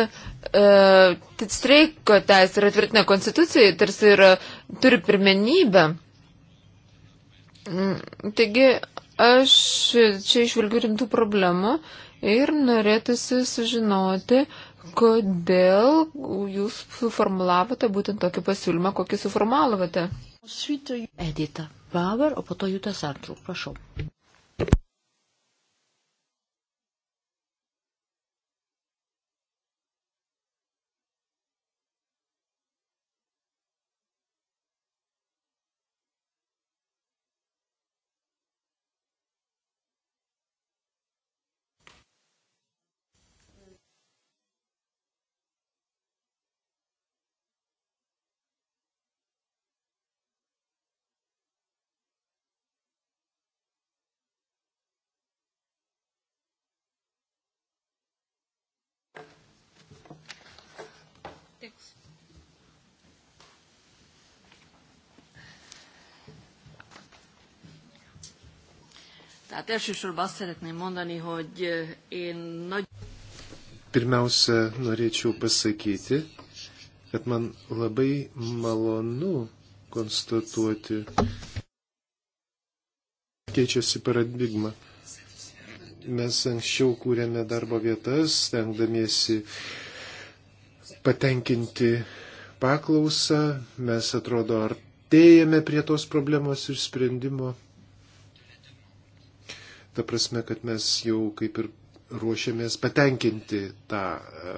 streiko teisė yra tvirtinė konstitucijai, tarsi yra, turi pirmenybę. Mm, taigi, aš čia išvilgiu rimtų problemų ir norėtųsi sužinoti, kodėl jūs suformulavote būtent tokį pasiūlymą, kokį suformulavote. Edita. Bauer, o po to Jutas Artruk. Prašau. Tehát elsősorban azt szeretném mondani, hogy én nagy... Pirmiausia, norėčiau pasakyti, kad man labai malonu konstatuoti, keičiasi paradigma. Mes anksčiau kūrėme darbo vietas, stengdamiesi patenkinti paklausą, mes atrodo artėjame prie tos problemos išsprendimo. sprendimo Ta prasme, kad mes jau kaip ir ruošiamės patenkinti tą e,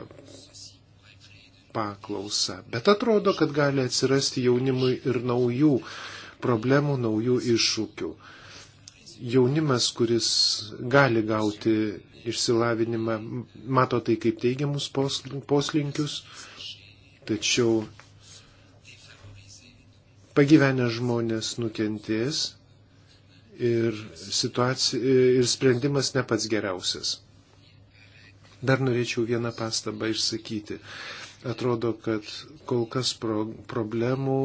paklausą. Bet atrodo, kad gali atsirasti jaunimui ir naujų problemų, naujų iššūkių. Jaunimas, kuris gali gauti išsilavinimą, mato tai kaip teigiamus poslinkius, tačiau pagyvenę žmonės nukentės ir, ir sprendimas ne pats geriausias. Dar norėčiau vieną pastabą išsakyti. Atrodo, kad kol kas pro, problemų,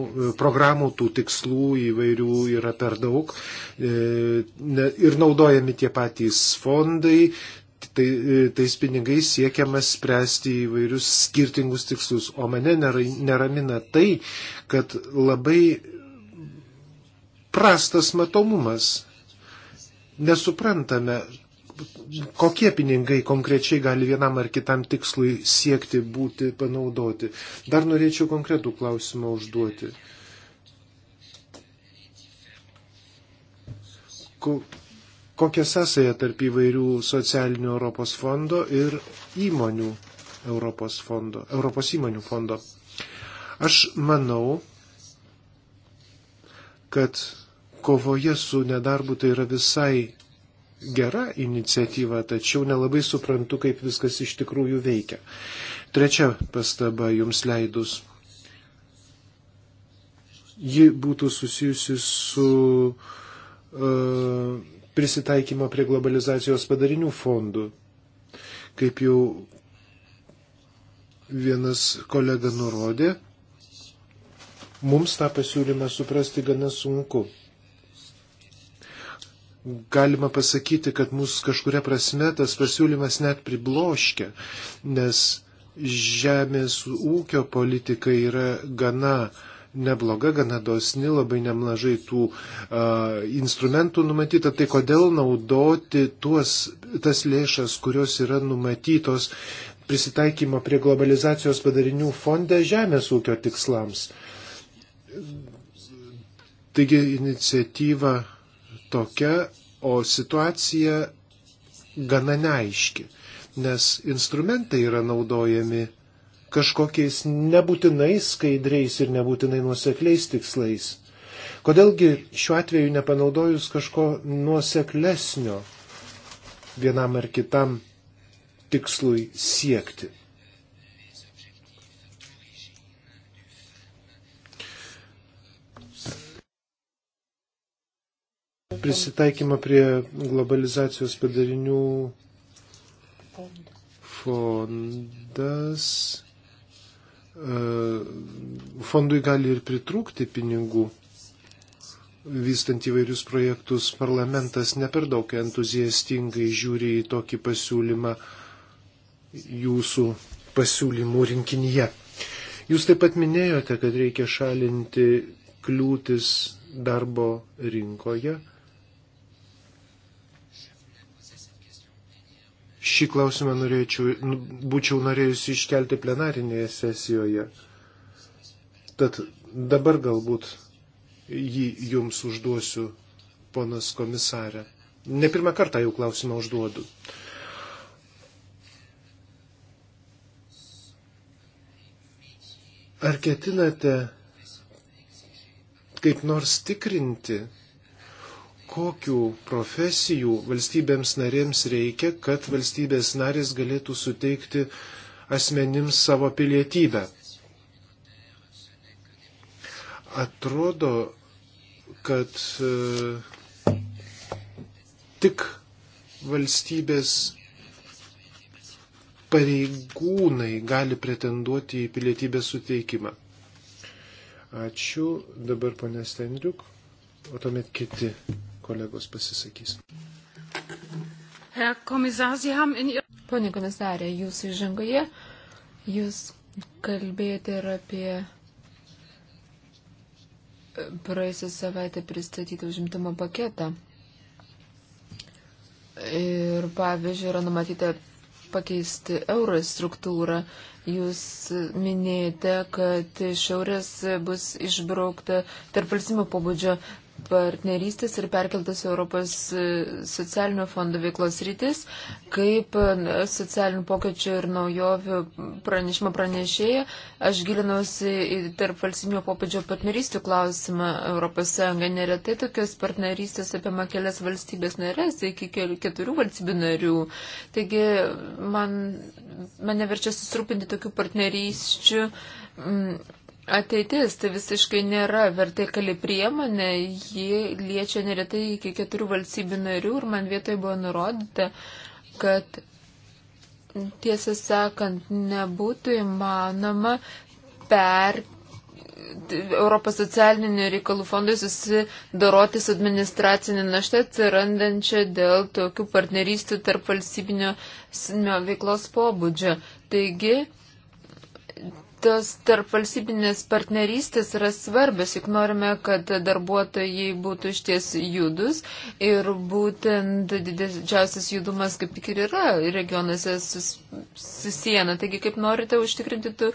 programų tų tikslų įvairių yra per daug e, ne, ir naudojami tie patys fondai, tai, e, tais pinigais siekiama spręsti įvairius skirtingus tikslus. O mane neramina tai, kad labai prastas matomumas. Nesuprantame, kokie pinigai konkrečiai gali vienam ar kitam tikslui siekti būti panaudoti. Dar norėčiau konkretų klausimą užduoti. Ko, kokią sąsąją tarp įvairių socialinių Europos fondo ir įmonių Europos, fondo, Europos įmonių fondo? Aš manau, kad kovoje su nedarbu tai yra visai gera iniciatyva, tačiau nelabai suprantu, kaip viskas iš tikrųjų veikia. Trečia pastaba jums leidus. Ji būtų susijusi su uh, prisitaikymo prie globalizacijos padarinių fondų. Kaip jau vienas kolega nurodė, mums tą pasiūlymą suprasti gana sunku galima pasakyti, kad mus kažkuria prasme tas pasiūlymas net pribloškia, nes žemės ūkio politika yra gana nebloga, gana dosni, labai nemažai tų uh, instrumentų numatyta. Tai kodėl naudoti tuos, tas lėšas, kurios yra numatytos prisitaikymo prie globalizacijos padarinių fonde žemės ūkio tikslams? Taigi iniciatyva tokia, o situacija gana neaiški, nes instrumentai yra naudojami kažkokiais nebūtinai skaidriais ir nebūtinai nuosekliais tikslais. Kodėlgi šiuo atveju nepanaudojus kažko nuoseklesnio vienam ar kitam tikslui siekti? Prisitaikymą prie globalizacijos padarinių fondas. E, fondui gali ir pritrūkti pinigų, vystant įvairius projektus. Parlamentas ne per daug entuziastingai žiūri į tokį pasiūlymą jūsų pasiūlymų rinkinyje. Jūs taip pat minėjote, kad reikia šalinti kliūtis darbo rinkoje Šį klausimą norėčiau, nu, būčiau norėjusi iškelti plenarinėje sesijoje. Tad dabar galbūt jį jums užduosiu, ponas komisarė. Ne pirmą kartą jau klausimą užduodu. Ar ketinate kaip nors tikrinti kokių profesijų valstybėms narėms reikia, kad valstybės narės galėtų suteikti asmenims savo pilietybę. Atrodo, kad e, tik valstybės pareigūnai gali pretenduoti į pilietybės suteikimą. Ačiū. Dabar ponė Stendriuk, o tuomet kiti kolegos pasisakys. Pone komisarė, jūs įžangoje, jūs kalbėjote ir apie e, praėjusią savaitę pristatytą užimtumo paketą. Ir pavyzdžiui, yra numatyta pakeisti euro struktūrą. Jūs minėjote, kad šiaurės bus išbraukta tarp valstybių pobūdžio partnerystės ir perkeltas Europos e, socialinio fondo veiklos rytis, kaip e, socialinių pokyčių ir naujovių pranešimo pranešėja. Aš gilinausi į tarp valstybinio popėdžio partnerystų klausimą Europos Sąjunga. Neretai tokios partnerystės apima kelias valstybės narės iki keturių valstybių narių. Taigi man, mane verčia susirūpinti tokių partnerysčių. Mm, Ateitis tai visiškai nėra vertikali priemonė, ji liečia neretai iki keturių valstybių narių ir man vietoje buvo nurodyta, kad tiesą sakant nebūtų įmanoma per Europos socialinių reikalų fondui susidoroti su administracinė našta atsirandančia dėl tokių partnerystų tarp valstybinio veiklos pobūdžio. Taigi, tos tarp valstybinės partnerystės yra svarbios, juk norime, kad darbuotojai būtų iš ties judus ir būtent didžiausias judumas kaip tik ir yra regionuose sus, susijęna. Taigi, kaip norite užtikrinti tų,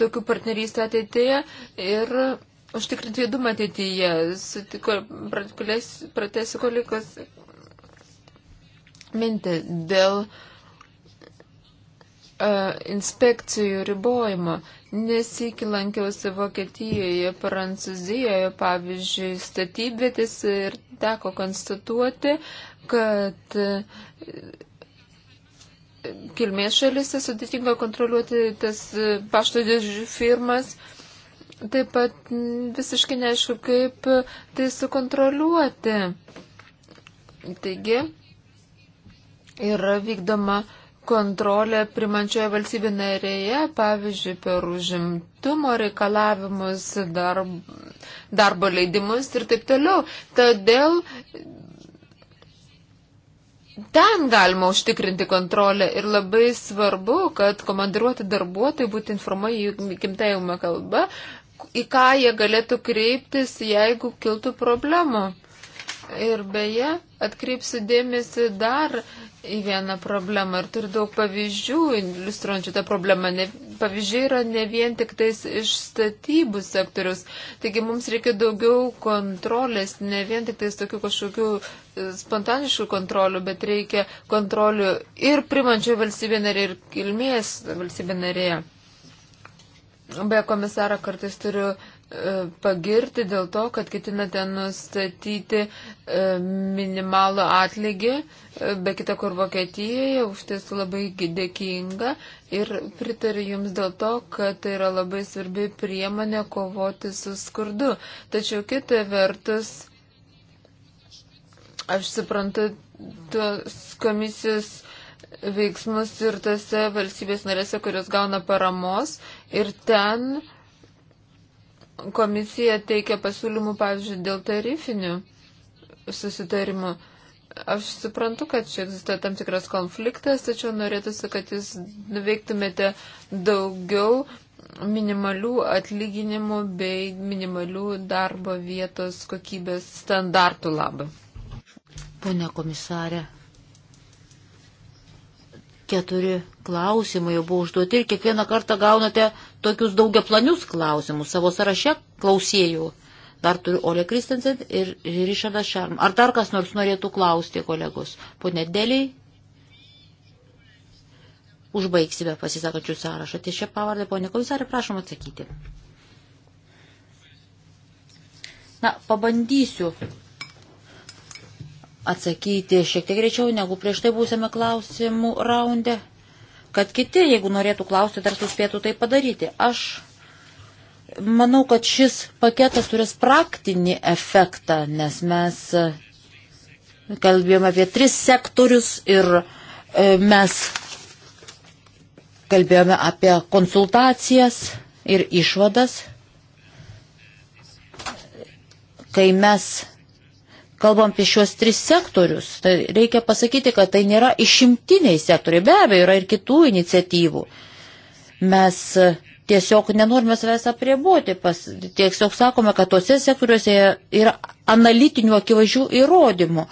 tokių partnerystę ateityje ir užtikrinti judumą ateityje. Sutiko, pratesiu kolikos mintį dėl e, inspekcijų ribojimo. Nesikilankiausi Vokietijoje, Prancūzijoje, pavyzdžiui, statybėtis ir teko konstatuoti, kad e, kilmės šalise sudėtinga kontroliuoti tas e, pašto dėžių firmas. Taip pat visiškai neaišku, kaip tai sukontroliuoti. Taigi, yra vykdoma kontrolę primančioje valstybė narėje, pavyzdžiui, per užimtumo reikalavimus, darb, darbo leidimus ir taip toliau. Todėl ten galima užtikrinti kontrolę ir labai svarbu, kad komandiruoti darbuotojai būtų informuojami gimtajame kalba, į ką jie galėtų kreiptis, jeigu kiltų problemų. Ir beje, atkreipsiu dėmesį dar į vieną problemą ir turiu daug pavyzdžių iliustruojančių tą problemą. Ne, pavyzdžiai yra ne vien tik tais iš statybų sektorius. Taigi mums reikia daugiau kontrolės, ne vien tik tais tokių kažkokių e, spontaniškų kontrolių, bet reikia kontrolių ir primančioje valstybė narė, ir kilmės valstybė narėje. Be komisaro kartais turiu uh, pagirti dėl to, kad ketinate nustatyti e, minimalų atlygį, e, be kita kur Vokietijoje, už tai esu labai dėkinga ir pritariu Jums dėl to, kad tai yra labai svarbi priemonė kovoti su skurdu. Tačiau kita vertus, aš suprantu tos komisijos veiksmus ir tose valstybės narėse, kurios gauna paramos ir ten komisija teikia pasiūlymų, pavyzdžiui, dėl tarifinių susitarimų. Aš suprantu, kad čia egzistuoja tam tikras konfliktas, tačiau norėtųsi, kad jūs nuveiktumėte daugiau minimalių atlyginimų bei minimalių darbo vietos kokybės standartų labai. Pone komisarė, Keturi klausimai jau buvo užduoti ir kiekvieną kartą gaunate tokius daugiaplanius klausimus savo sąraše klausėjų. Dar turiu Ole Kristensen ir Rišardą Šarm. Ar dar kas nors norėtų klausti, kolegos? Pone Deliai, užbaigsime pasisakančių sąrašą. Ties šią pavardę, ponė komisarė, prašom atsakyti. Na, pabandysiu atsakyti šiek tiek greičiau negu prieš tai būsime klausimų raunde, kad kiti, jeigu norėtų klausti, dar suspėtų tai padaryti. Aš manau, kad šis paketas turės praktinį efektą, nes mes e, kalbėjome apie tris sektorius ir e, mes kalbėjome apie konsultacijas ir išvadas, kai mes kalbam apie šios tris sektorius, tai reikia pasakyti, kad tai nėra išimtiniai sektoriai. Be abejo, yra ir kitų iniciatyvų. Mes e, tiesiog nenorime savęs apriboti, tiesiog sakome, kad tose sektoriuose yra analitinių akivaizdžių įrodymų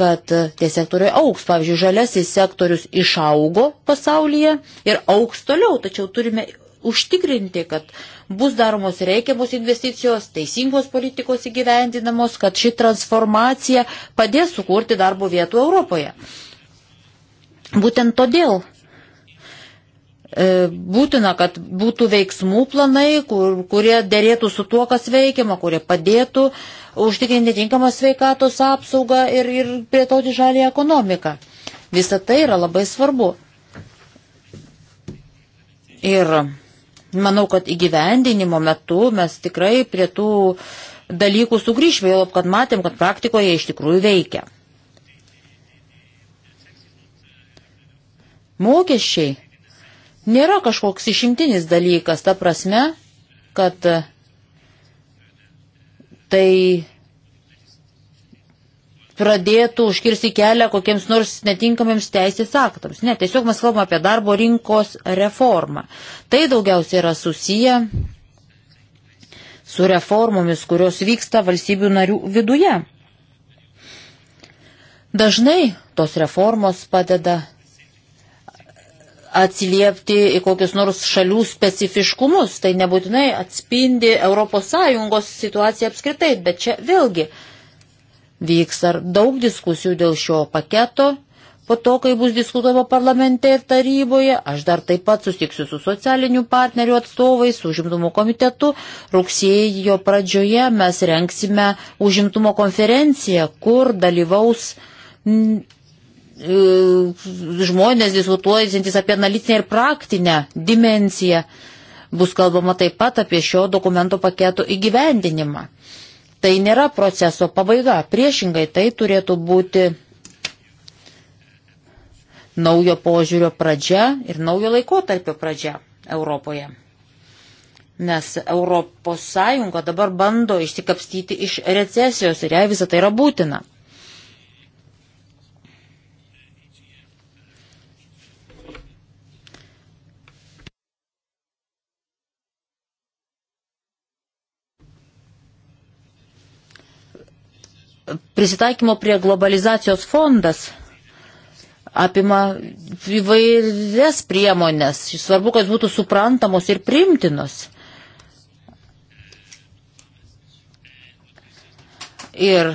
kad e, tie sektoriai auks. Pavyzdžiui, žalesis sektorius išaugo pasaulyje ir auks toliau, tačiau turime užtikrinti, kad bus daromos reikiamos investicijos, teisingos politikos įgyvendinamos, kad ši transformacija padės sukurti darbo vietų Europoje. Būtent todėl e, būtina, kad būtų veiksmų planai, kur, kurie dėrėtų su tuo, kas veikiama, kurie padėtų užtikrinti tinkamą sveikatos apsaugą ir, ir plėtoti žalį ekonomiką. Visa tai yra labai svarbu. Ir Manau, kad įgyvendinimo metu mes tikrai prie tų dalykų sugrįžime, jau kad matėm, kad praktikoje iš tikrųjų veikia. Mokesčiai nėra kažkoks išimtinis dalykas, ta prasme, kad tai pradėtų užkirsti kelią kokiems nors netinkamiems teisės aktams. Ne, tiesiog mes kalbame apie darbo rinkos reformą. Tai daugiausiai yra susiję su reformomis, kurios vyksta valstybių narių viduje. Dažnai tos reformos padeda atsiliepti į kokius nors šalių specifiškumus. Tai nebūtinai atspindi ES situaciją apskritai, bet čia vėlgi Vyks ar daug diskusijų dėl šio paketo, po to, kai bus diskutuojama parlamente ir taryboje, aš dar taip pat susitiksiu su socialinių partnerių atstovais, su užimtumo komitetu. Rugsėjo pradžioje mes renksime užimtumo konferenciją, kur dalyvaus e, žmonės diskutuojantys apie analitinę ir praktinę dimenciją. Bus kalbama taip pat apie šio dokumento paketo įgyvendinimą. Tai nėra proceso pabaiga, priešingai tai turėtų būti naujo požiūrio pradžia ir naujo laikotarpio pradžia Europoje. Nes Europos Sąjunga dabar bando išsikapstyti iš recesijos ir jai visą tai yra būtina. prisitaikymo prie globalizacijos fondas apima įvairias priemonės. Svarbu, kad būtų suprantamos ir primtinos. Ir,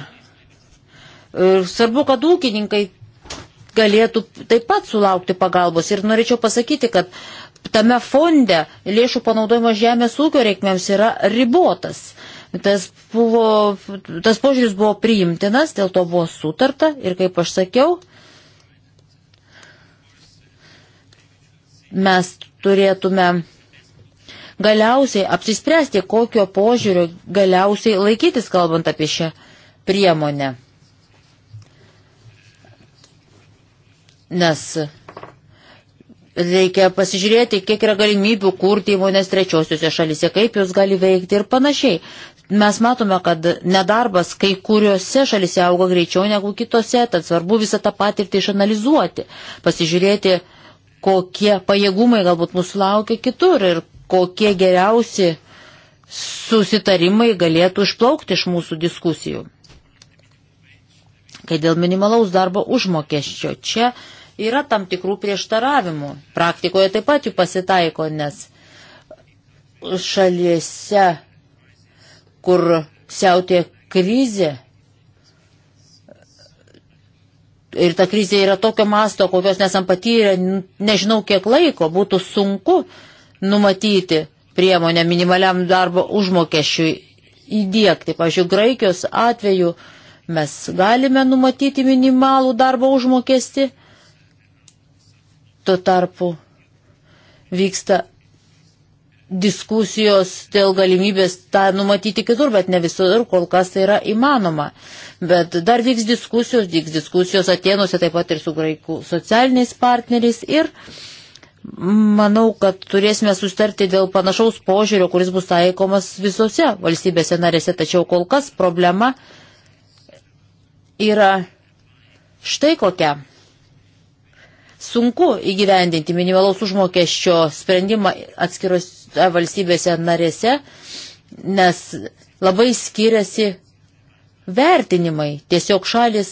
ir svarbu, kad ūkininkai galėtų taip pat sulaukti pagalbos. Ir norėčiau pasakyti, kad tame fonde lėšų panaudojimas žemės ūkio reikmėms yra ribotas. Tas, buvo, tas požiūris buvo priimtinas, dėl to buvo sutarta ir kaip aš sakiau, mes turėtume galiausiai apsispręsti, kokio požiūrio galiausiai laikytis, kalbant apie šią priemonę. Nes reikia pasižiūrėti, kiek yra galimybių kurti įmonės trečiosiuose šalise, kaip jos gali veikti ir panašiai. Mes matome, kad nedarbas kai kuriuose šalise auga greičiau negu kitose, tad svarbu visą tą patirtį išanalizuoti, pasižiūrėti, kokie pajėgumai galbūt mūsų laukia kitur ir kokie geriausi susitarimai galėtų išplaukti iš mūsų diskusijų. Kai dėl minimalaus darbo užmokesčio čia yra tam tikrų prieštaravimų. Praktikoje taip pat jų pasitaiko, nes šalyse kur siautė krizė. Ir ta krizė yra tokio masto, kokios nesam patyrę, nežinau kiek laiko, būtų sunku numatyti priemonę minimaliam darbo užmokesčiui įdėkti. Pavyzdžiui, Graikijos atveju mes galime numatyti minimalų darbo užmokestį, tuo tarpu vyksta diskusijos dėl galimybės tą numatyti kitur, bet ne visur kol kas tai yra įmanoma. Bet dar vyks diskusijos, vyks diskusijos Atenuose taip pat ir su graikų socialiniais partneriais ir manau, kad turėsime sustarti dėl panašaus požiūrio, kuris bus taikomas visose valstybėse narėse, tačiau kol kas problema yra štai kokia sunku įgyvendinti minimalaus užmokesčio sprendimą atskiros valstybėse narėse, nes labai skiriasi vertinimai. Tiesiog šalis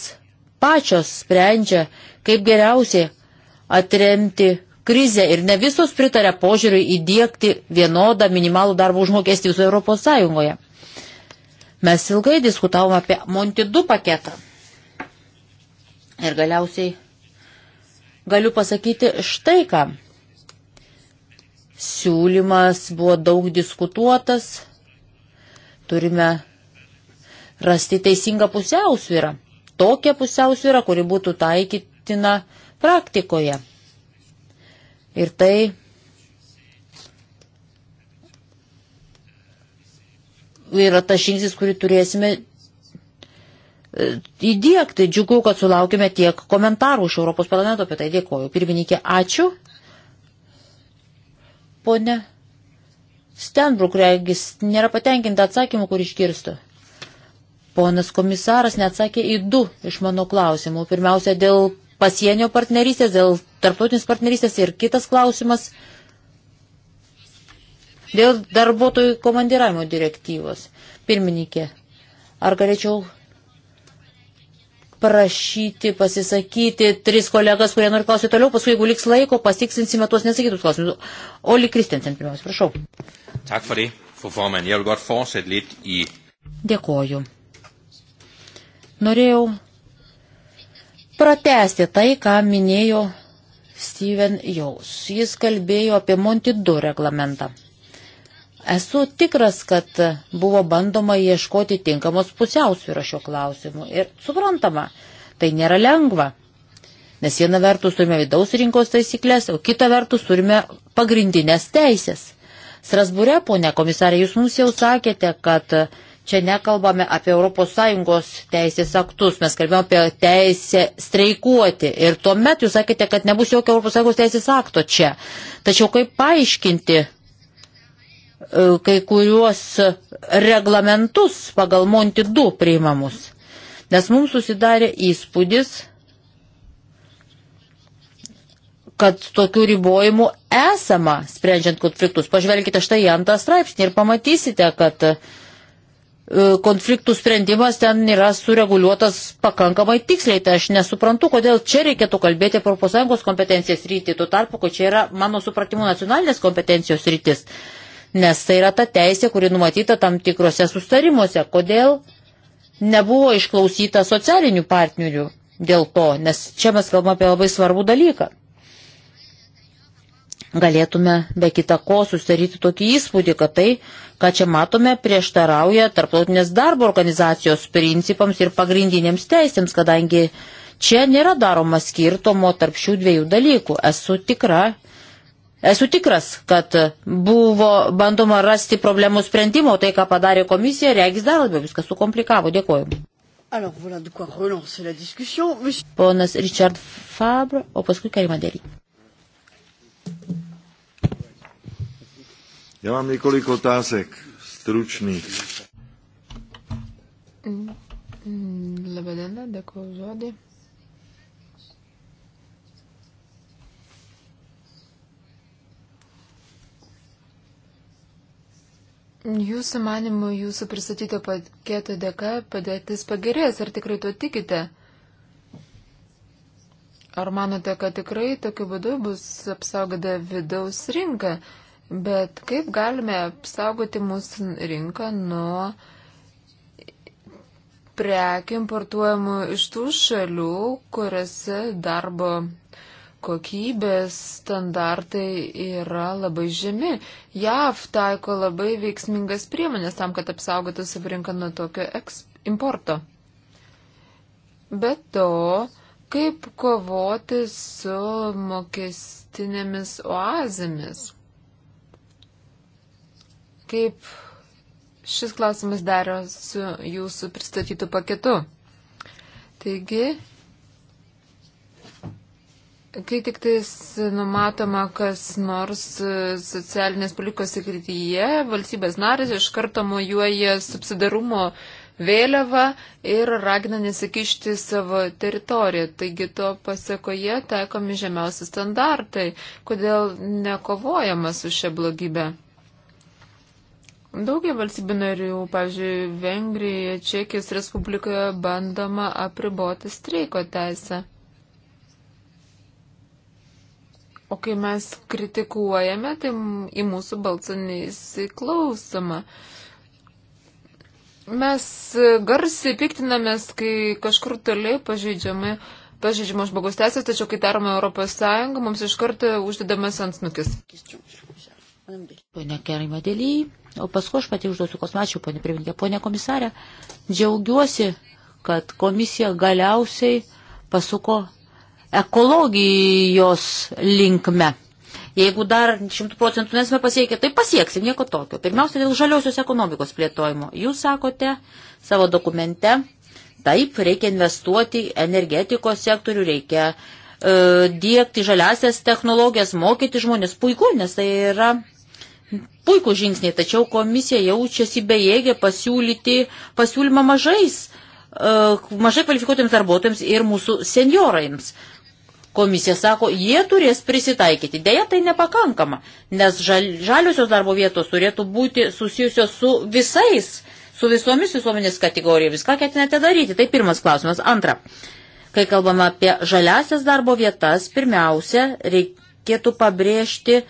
pačios sprendžia, kaip geriausiai atremti krizę ir ne visos pritarė požiūriui įdėkti vienodą minimalų darbo užmokestį visoje Europos Sąjungoje. Mes ilgai diskutavome apie Monti 2 paketą. Ir galiausiai galiu pasakyti štai ką siūlymas buvo daug diskutuotas, turime rasti teisingą pusiausvyrą, tokią pusiausvyrą, kuri būtų taikytina praktikoje. Ir tai yra tas žingsnis, kurį turėsime e, įdėkti. Džiugu, kad sulaukime tiek komentarų iš Europos parlamento apie tai. Dėkoju. Pirmininkė, ačiū. Pone Stenbruk regis nėra patenkinta atsakymu, kur išgirstu. Ponas komisaras neatsakė į du iš mano klausimų. Pirmiausia, dėl pasienio partnerystės, dėl tarptautinės partnerystės ir kitas klausimas dėl darbuotojų komandiravimo direktyvos. Pirmininkė, ar galėčiau prašyti pasisakyti tris kolegas, kurie nori klausyti toliau, paskui jeigu liks laiko, pasitiksinsime tuos nesakytus klausimus. Oli Kristensen, pirmiausia, prašau. Tak for det, fru formand. Jeg vil godt fortsætte lidt i... Dėkoju. Norėjau pratesti tai, ką minėjo Steven Jaus. Jis kalbėjo apie Monti 2 reglamentą. Esu tikras, kad buvo bandoma ieškoti tinkamos pusiausvyrą šio klausimu. Ir suprantama, tai nėra lengva. Nes viena vertus turime vidaus rinkos taisyklės, o kita vertus turime pagrindinės teisės. Strasbūre, ponė komisarė, jūs mums jau sakėte, kad čia nekalbame apie ES teisės aktus, mes kalbėjome apie teisę streikuoti. Ir tuomet jūs sakėte, kad nebus jokio ES teisės akto čia. Tačiau kaip paaiškinti kai kuriuos reglamentus pagal Monti 2 priimamus. Nes mums susidarė įspūdis, kad tokių ribojimų esama sprendžiant konfliktus. Pažvelkite štai į antrą straipsnį ir pamatysite, kad e, konfliktų sprendimas ten yra sureguliuotas pakankamai tiksliai. Tai aš nesuprantu, kodėl čia reikėtų kalbėti apie ES kompetencijas rytį, tuo tarpu, kad čia yra mano supratimu nacionalinės kompetencijos rytis. Uh, nes tai yra ta teisė, kuri numatyta tam tikrose sustarimuose. Kodėl nebuvo išklausyta socialinių partnerių dėl to, nes čia mes kalbame apie labai svarbų dalyką. Galėtume be kita ko sustaryti tokį įspūdį, kad tai, ką čia matome, prieštarauja tarptautinės darbo organizacijos principams ir pagrindinėms teisėms, kadangi Čia nėra daroma skirtumo tarp šių dviejų dalykų. Esu tikra, Esu tikras, kad buvo bandoma rasti problemų sprendimo, tai ką padarė komisija, reikis dar labiau viskas sukomplikavo. Dėkuoju. Alors, voilà de quoi relancer la discussion. Monsieur... Ponas Richard Fabre, o paskui Karima Deli. Já mám několik otázek, stručných. Labadiena, dėkuoju žodį. Jūsų manimų, jūsų pristatyto paketo dėka padėtis pagerės, ar tikrai to tikite? Ar manote, kad tikrai tokiu būdu bus apsaugada vidaus rinka? Bet kaip galime apsaugoti mūsų rinką nuo prekių importuojamų iš tų šalių, kuriuose darbo kokybės standartai yra labai žemi. JAV taiko labai veiksmingas priemonės tam, kad apsaugotų savo rinką nuo tokio importo. Be to, kaip kovoti su mokestinėmis oazėmis? Kaip šis klausimas daro su jūsų pristatytų paketu? Taigi, Kai tik tais numatoma kas nors e, socialinės politikos sekretyje, valstybės narės iš karto mojuoja subsidarumo vėliavą ir ragina nesikišti savo teritoriją. Taigi to pasakoje taikomi žemiausi standartai. Kodėl nekovojama su šia blogybė? Daugia valstybių narių, pavyzdžiui, Vengrija, Čekijos Respublikoje bandoma apriboti streiko teisę. O kai mes kritikuojame, tai į mūsų balsą neįsiklausoma. Mes garsiai piktinamės, kai kažkur toli pažeidžiami pažeidžiamos žmogus teisės, tačiau kai darome Europos Sąjungą, mums iš karto uždedamas ant snukis. Pone Kerima Dėly, o paskui aš pati užduosiu kosmačių, pone Priminkė, pone komisarė, džiaugiuosi, kad komisija galiausiai pasuko ekologijos linkme. Jeigu dar 100 procentų nesame pasiekę, tai pasieksim nieko tokio. Pirmiausia, dėl žaliosios ekonomikos plėtojimo. Jūs sakote savo dokumente, taip, reikia investuoti energetikos sektorių, reikia e, dėkti žaliasias technologijas, mokyti žmonės. Puiku, nes tai yra puikų žingsniai, tačiau komisija jaučiasi bejėgė pasiūlyti pasiūlymą mažais, e, mažai kvalifikuotiems darbuotojams ir mūsų seniorams. Komisija sako, jie turės prisitaikyti. Deja, tai nepakankama, nes žaliosios darbo vietos turėtų būti susijusios su visais, su visomis visuomenės kategorijomis. Ką ketinate daryti? Tai pirmas klausimas. Antra, kai kalbame apie žaliasias darbo vietas, pirmiausia, reikėtų pabrėžti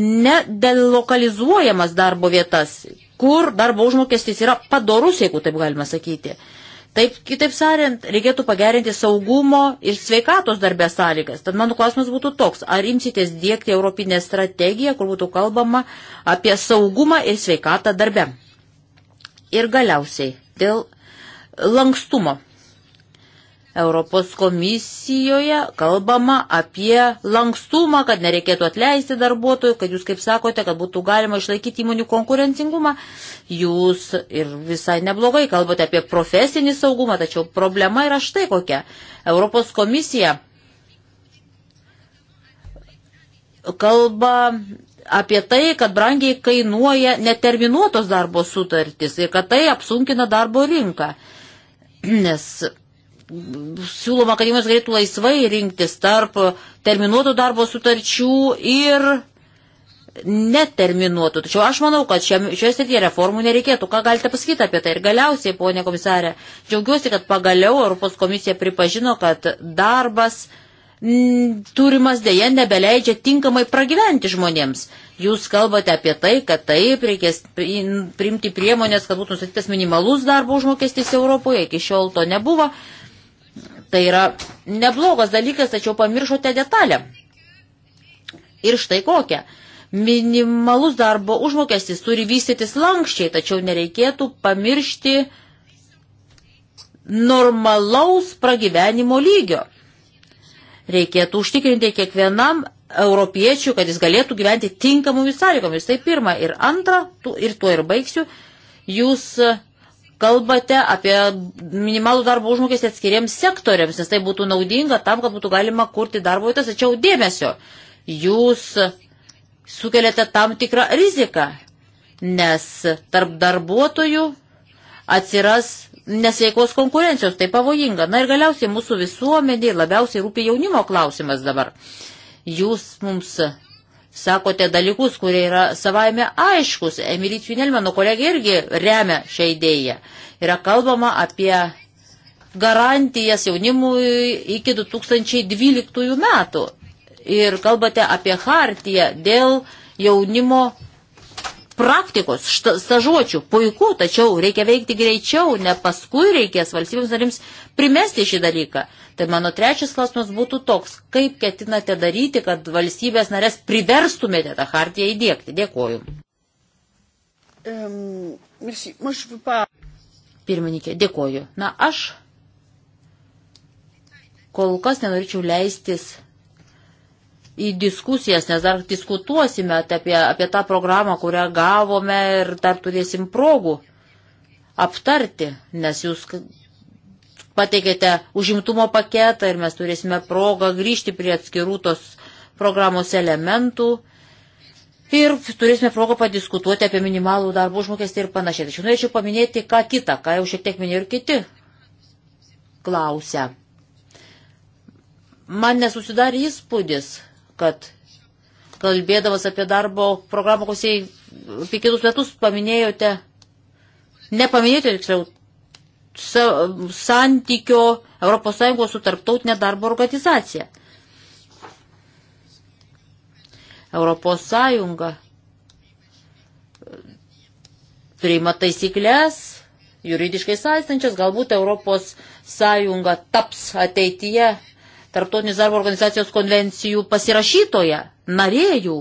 nedelokalizuojamas darbo vietas, kur darbo užmokestis yra padorus, jeigu taip galima sakyti. Uh, Taip, kitaip sariant, reikėtų pagerinti saugumo ir sveikatos darbę sąlygas. Tad mano klausimas būtų toks, ar imsitės dėkti Europinę strategiją, kur būtų kalbama apie saugumą ir sveikatą darbę. Ir galiausiai dėl lankstumo. Europos komisijoje kalbama apie lankstumą, kad nereikėtų atleisti darbuotojų, kad jūs, kaip sakote, kad būtų galima išlaikyti įmonių konkurencingumą. Jūs ir visai neblogai kalbate apie profesinį saugumą, tačiau problema yra štai kokia. Europos komisija kalba apie tai, kad brangiai kainuoja neterminuotos darbo sutartys ir kad tai apsunkina darbo rinką. Nes siūloma, kad įmonės galėtų laisvai rinktis tarp terminuotų darbo sutarčių ir neterminuotų. Tačiau aš manau, kad šiam, šioje srityje reformų nereikėtų. Ką galite pasakyti apie tai? Ir galiausiai, ponė komisarė, džiaugiuosi, kad pagaliau Europos komisija pripažino, kad darbas m, turimas dėje nebeleidžia tinkamai pragyventi žmonėms. Jūs kalbate apie tai, kad taip reikės priimti priemonės, kad būtų nustatytas minimalus darbo užmokestis Europoje, iki šiol to nebuvo. Tai yra neblogas dalykas, tačiau pamiršote detalę. Ir štai kokią. Minimalus darbo užmokestis turi vystytis lankščiai, tačiau nereikėtų pamiršti normalaus pragyvenimo lygio. Reikėtų užtikrinti kiekvienam europiečių, kad jis galėtų gyventi tinkamomis sąlygomis. Tai pirma ir antra, tu, ir tuo ir baigsiu. Jūs kalbate apie minimalų darbo užmokestį atskiriems sektoriams, nes tai būtų naudinga tam, kad būtų galima kurti darbo vietas, tačiau dėmesio, jūs sukeliate tam tikrą riziką, nes tarp darbuotojų atsiras nesveikos konkurencijos, tai pavojinga. Na ir galiausiai mūsų visuomenė labiausiai rūpi jaunimo klausimas dabar. Jūs mums sakote dalykus, kurie yra savaime aiškus. Emilyt Vinel, mano kolegė, irgi remia šią idėją. Yra kalbama apie garantijas jaunimui iki 2012 metų. Ir kalbate apie hartiją dėl jaunimo praktikos, stažuočių. Puiku, tačiau reikia veikti greičiau, ne paskui reikės valstybėms narims primesti šį dalyką. Tai mano trečias klausimas būtų toks, kaip ketinate daryti, kad valstybės narės priverstumėte tą hartiją įdėkti. Dėkoju. Pirmininkė, dėkoju. Na, aš kol kas nenorėčiau leistis į diskusijas, nes dar diskutuosime apie, apie tą programą, kurią gavome ir dar turėsim progų aptarti, nes jūs pateikėte užimtumo paketą ir mes turėsime progą grįžti prie atskirų tos programos elementų. Ir turėsime progą padiskutuoti apie minimalų darbo užmokestį ir panašiai. Tačiau norėčiau paminėti ką kitą, ką jau šiek tiek minėjo ir kiti klausia. Man nesusidarė įspūdis, kad kalbėdamas apie darbo programą, kosiai apie kitus metus paminėjote, nepaminėjote tiksliau santykio ES su tarptautinė darbo organizacija. ES e, priima taisyklės, juridiškai saistančias, galbūt ES taps ateityje tarptautinės darbo organizacijos konvencijų pasirašytoje, narėjų.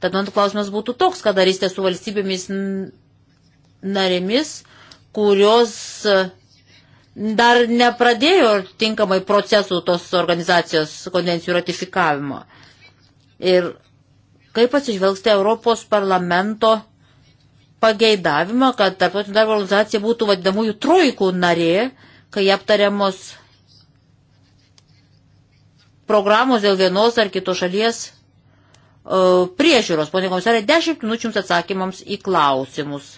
Tad man klausimas būtų toks, ką darysite su valstybėmis narėmis, kurios e, dar nepradėjo tinkamai procesų tos organizacijos konvencijų ratifikavimo. Ir kaip atsižvelgsite Europos parlamento pageidavimą, kad tarptautinė darbo organizacija būtų vadinamųjų trojkų narė, kai aptariamos programos dėl vienos ar kitos šalies e, priežiūros. Pone komisarė, 10 minučių jums atsakymams į klausimus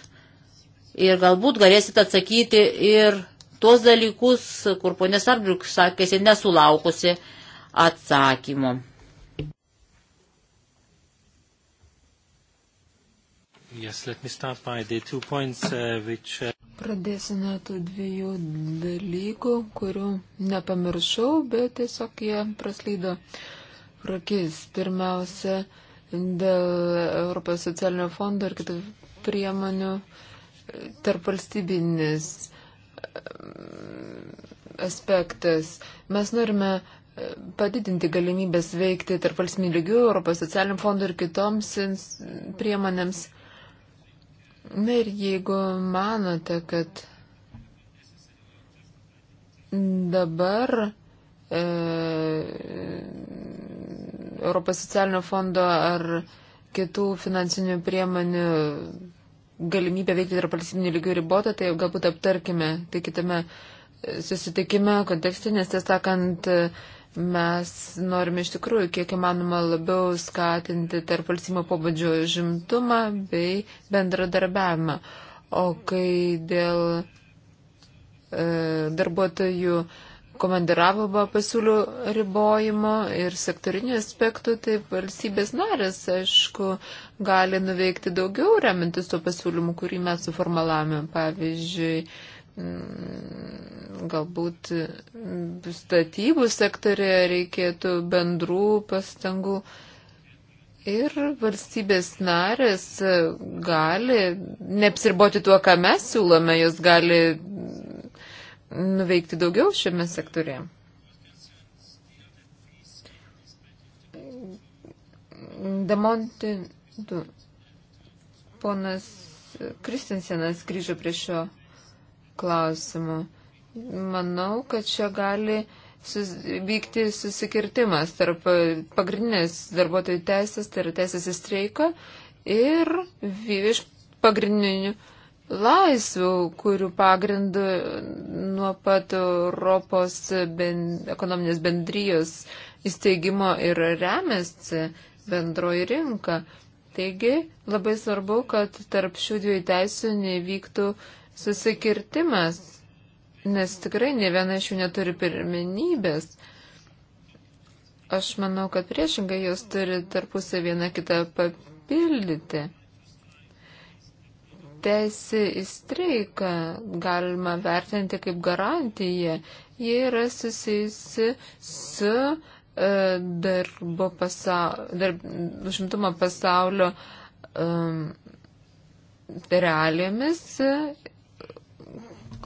ir galbūt galėsit atsakyti ir tuos dalykus, kur ponė Sarbriuk sakėsi nesulaukusi atsakymų. Yes, let me start by the two points, uh, which... Uh... Pradėsiu nuo tų dviejų dalykų, kurių nepamiršau, bet tiesiog jie praslydo prakis. Pirmiausia, dėl Europos socialinio fondo ir kitų priemonių uh, tarp valstybinis aspektas. Mes norime padidinti galimybės veikti tarp valstybinių lygių, Europos socialinių fondų ir kitoms priemonėms. Na ir jeigu manote, kad dabar e, Europos socialinio fondo ar kitų finansinių priemonių galimybė veikti tarp valstybinių lygių ribota, tai galbūt aptarkime tai kitame e, susitikime kontekste, nes tiesą sakant, e, mes norime iš tikrųjų kiek įmanoma labiau skatinti tarp valstybių pobūdžio žimtumą bei bendradarbiavimą. O kai dėl e, darbuotojų komandiravimo pasiūlių ribojimo ir sektorinių aspektų, tai valstybės narės, aišku, e, gali nuveikti daugiau remintis tuo pasiūlymu, kurį mes suformalavome. Pavyzdžiui, mm, galbūt statybų sektorėje reikėtų bendrų pastangų. Ir valstybės narės gali neapsirboti tuo, ką mes siūlome, jos gali nuveikti daugiau šiame sektorėje. Demonti Du. Ponas Kristinsenas grįžo prie šio klausimo. Manau, kad čia gali sus, vykti susikirtimas tarp pagrindinės darbuotojų teisės, tai yra teisės į streiką ir iš pagrindinių laisvių, kurių pagrindų nuo pat Europos ben, ekonominės bendrijos įsteigimo ir remiasi bendroji rinka. Taigi labai svarbu, kad tarp šių dviejų teisų nevyktų susikirtimas, nes tikrai ne viena iš jų neturi pirmenybės. Aš manau, kad priešingai jos turi tarpusą vieną kitą papildyti. Teisė į streiką galima vertinti kaip garantiją. Jie yra susijusi su E, darbo pasaulio, darb, užimtumo pasaulio um, realijomis. E,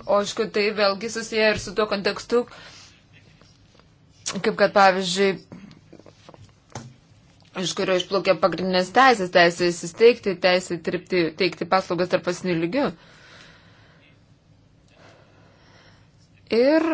o aišku, tai vėlgi susiję ir su tuo kontekstu, kaip kad pavyzdžiui, iš kurio išplaukia pagrindinės teisės, teisė įsisteigti, teisė tripti, teikti paslaugas tarp pasinių lygių. Ir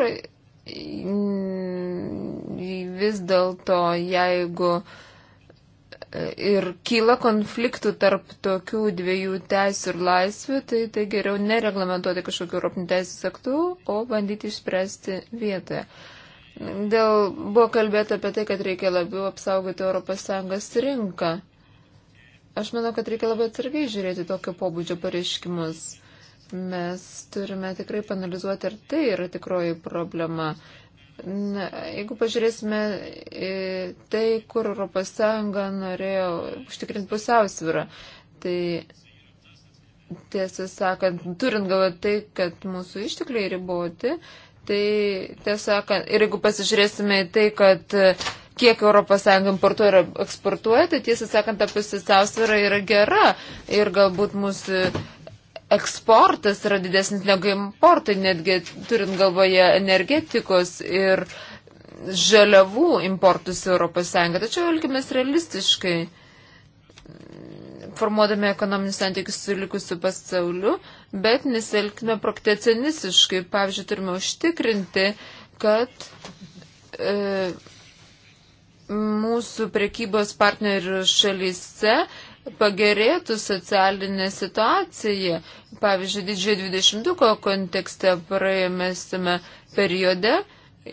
vis dėlto, jeigu e, ir kyla konfliktų tarp tokių dviejų teisų ir laisvių, tai, tai geriau nereglamentuoti kažkokiu Europiniu teisės aktu, o bandyti išspręsti vietoje. Dėl buvo kalbėta apie tai, kad reikia labiau apsaugoti ES rinką. Aš manau, kad reikia labai atsargiai žiūrėti tokio pobūdžio pareiškimus. Mes turime tikrai panalizuoti, ar tai yra tikroji problema. Na, jeigu pažiūrėsime tai, kur ES norėjo užtikrinti pusiausvyrą, tai tiesą sakant, turint galvoje tai, kad mūsų ištekliai riboti, tai tiesą sakant, ir jeigu pasižiūrėsime į tai, kad kiek ES importuoja ir eksportuoja, tai tiesą sakant, ta pusiausvyrą yra gera ir galbūt mūsų eksportas yra didesnis negu importai, netgi turint galvoje energetikos ir žaliavų importus Europos Sąjungą. Tačiau elgime realistiškai, formuodami ekonominius santykius su likusiu pasauliu, bet neselgime proktecionistiškai. Pavyzdžiui, turime užtikrinti, kad e, mūsų prekybos partnerių šalyse pagerėtų socialinė situacija. Pavyzdžiui, didžiojo 20-ko kontekste praėjomėsime periode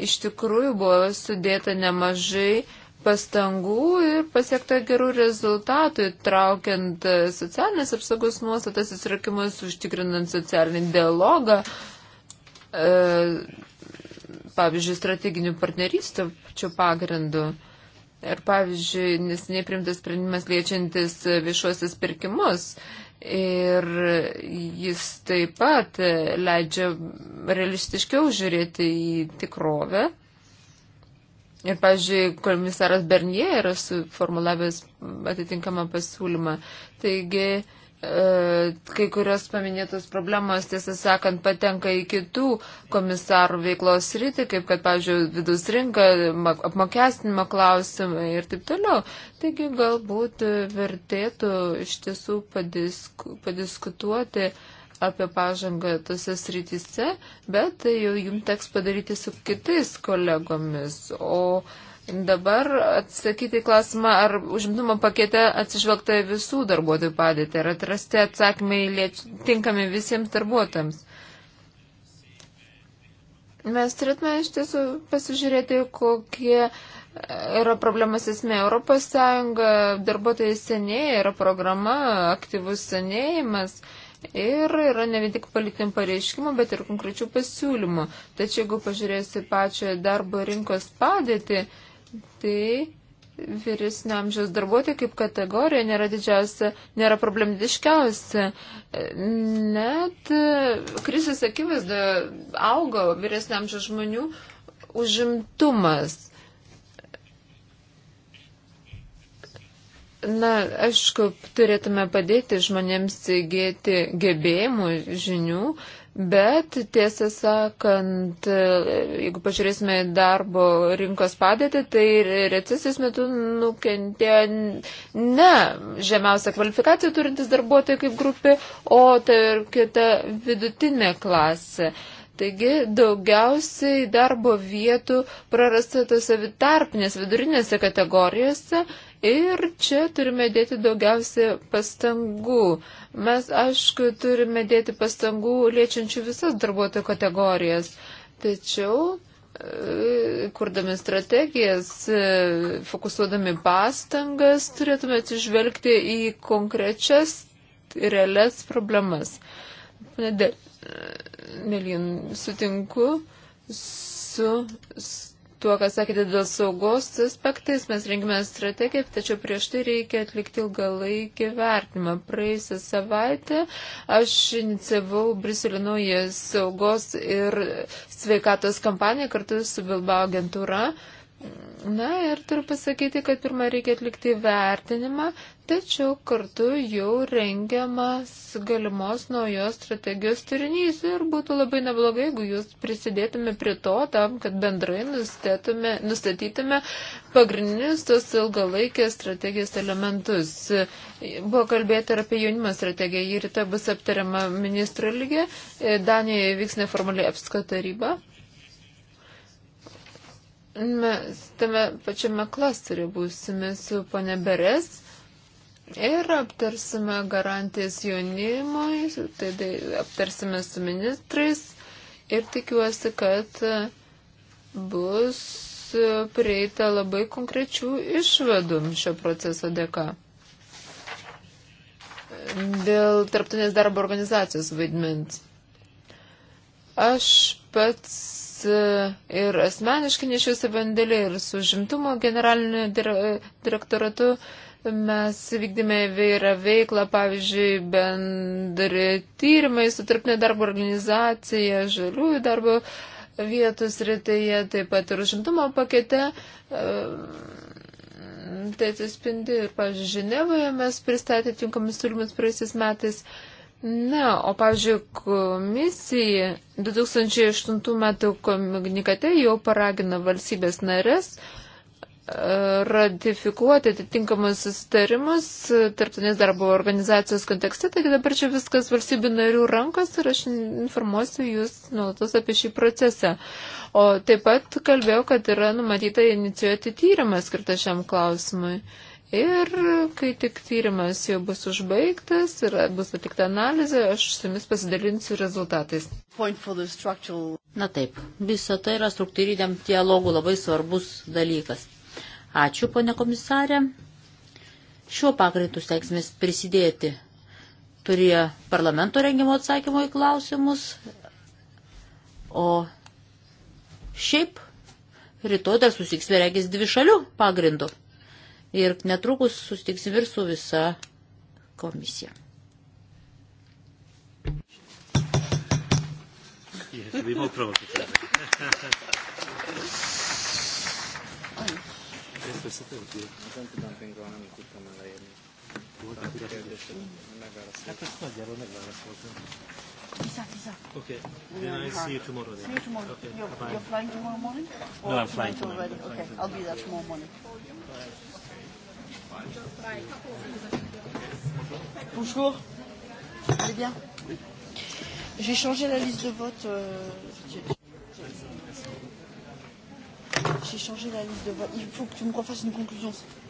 iš tikrųjų buvo sudėta nemažai pastangų ir pasiekta gerų rezultatų, traukiant socialinės apsaugos nuostatas įsirakimus, užtikrinant socialinį dialogą, e, pavyzdžiui, strateginių partnerystų čia pagrindų. E, Ir pavyzdžiui, nesiniai primtas sprendimas liečiantis viešuosius pirkimus. Ir jis taip pat leidžia realistiškiau žiūrėti į tikrovę. Ir, pavyzdžiui, komisaras Bernier yra suformulavęs atitinkamą pasiūlymą. Taigi, E, kai kurios paminėtos problemos, tiesą sakant, patenka į kitų komisarų veiklos rytį, kaip kad, pavyzdžiui, vidus rinka, apmokestinimo klausimai ir taip toliau. Taigi galbūt vertėtų iš tiesų padisku, padiskutuoti apie pažangą tose srityse, bet tai jau jums teks padaryti su kitais kolegomis. O, uh, Dabar atsakyti klausimą, ar užimtumo pakete atsižvelgta visų darbuotojų padėtį, ar atrasti atsakymai lieč... tinkami visiems darbuotojams. Mes turėtume iš tiesų pasižiūrėti, kokie e, yra problemas esmė. Europos Sąjunga darbuotojai senėja, yra programa, aktyvus senėjimas. Ir yra ne vien tik politinių pareiškimų, bet ir konkrečių pasiūlymų. Tačiau jeigu pažiūrėsi pačią darbo rinkos padėtį, bei tai vyresnio amžiaus darbuotojai kaip kategorija nėra didžiausia, nėra problematiškiausia. Net krizės akivaizda augo vyresnio amžiaus žmonių užimtumas. Na, aišku, turėtume padėti žmonėms įgėti gebėjimų, žinių, Bet tiesą sakant, jeigu pažiūrėsime darbo rinkos padėtį, tai recesijos metu nukentėjo ne žemiausia kvalifikacija turintis darbuotojai kaip grupė, o tai ir kita vidutinė klasė. Taigi daugiausiai darbo vietų prarasta tose tarpinės vidurinėse kategorijose Ir čia turime dėti daugiausia pastangų. Mes, aišku, turime dėti pastangų liečiančių visas darbuotojų kategorijas. Tačiau, e, kurdami strategijas, e, fokusuodami pastangas, turėtume atsižvelgti į konkrečias realias problemas. Nelin, sutinku su, su tuo, ką sakėte dėl saugos aspektais. Mes rengime strategiją, tačiau prieš tai reikia atlikti ilgalaikį vertinimą. Praėjusią savaitę aš inicijavau Briselio naują saugos ir sveikatos kampaniją kartu su Bilbao agentūra. Uh, Na ir turiu pasakyti, kad pirmą reikia atlikti vertinimą, tačiau kartu jau rengiamas galimos naujos strategijos turinys ir būtų labai neblogai, jeigu jūs prisidėtume prie to, tam, kad bendrai nustatytume pagrindinius tos ilgalaikės strategijos elementus. Buvo kalbėta ir apie jaunimo strategiją, ji ryte bus aptariama ministro lygė, Danijoje vyks neformaliai apsko taryba. Mes tame pačiame klasteriu būsime su pone Beres ir aptarsime garantijas jaunimui, tai, tai aptarsime su ministrais ir tikiuosi, kad e, bus prieita labai konkrečių išvadų šio proceso dėka. Dėl tarptautinės darbo organizacijos vaidmens. Aš pats ir asmeniškai nešiu savandelį ir su žimtumo generaliniu direktoratu mes vykdėme įvairią veiklą, pavyzdžiui, bendri tyrimai su tarpinė darbo organizacija, žaliųjų darbo vietos rytėje, taip pat ir žimtumo pakete. Ehm, tai atsispindi ir, pavyzdžiui, Ženevoje mes pristatė tinkamus siūlymus praeisiais metais. metais Na, o pavyzdžiui, komisija 2008 metų komunikate jau paragino valstybės narės e, ratifikuoti atitinkamus susitarimus tarptautinės darbo organizacijos kontekste, taigi dabar čia viskas valstybių narių rankos ir aš informuosiu jūs nuolatos apie šį procesą. O taip pat kalbėjau, kad yra numatyta inicijuoti tyrimą skirtą šiam klausimui. Uh, Ir kai tik tyrimas jau bus užbaigtas ir bus atlikta analizė, aš su jumis pasidalinsiu rezultatais. Structural... Na taip, visa tai yra struktūriniam dialogų labai svarbus dalykas. Ačiū, ponė komisarė. Šiuo pagrindu stengsimės prisidėti prie parlamento rengimo atsakymo į klausimus. O šiaip rytoj dar susiksime regis dvi šalių pagrindu ir netrukus sustiksim ir su visa komisija. Okay. Then I see you tomorrow. Then. See you tomorrow. Okay. You're, you're flying tomorrow morning? Or no, I'm flying tomorrow. Already? Okay. I'll be there tomorrow morning. Bonjour. Allez bien J'ai changé la liste de vote. Euh, J'ai changé la liste de vote. Il faut que tu me refasses une conclusion. S'il te plaît.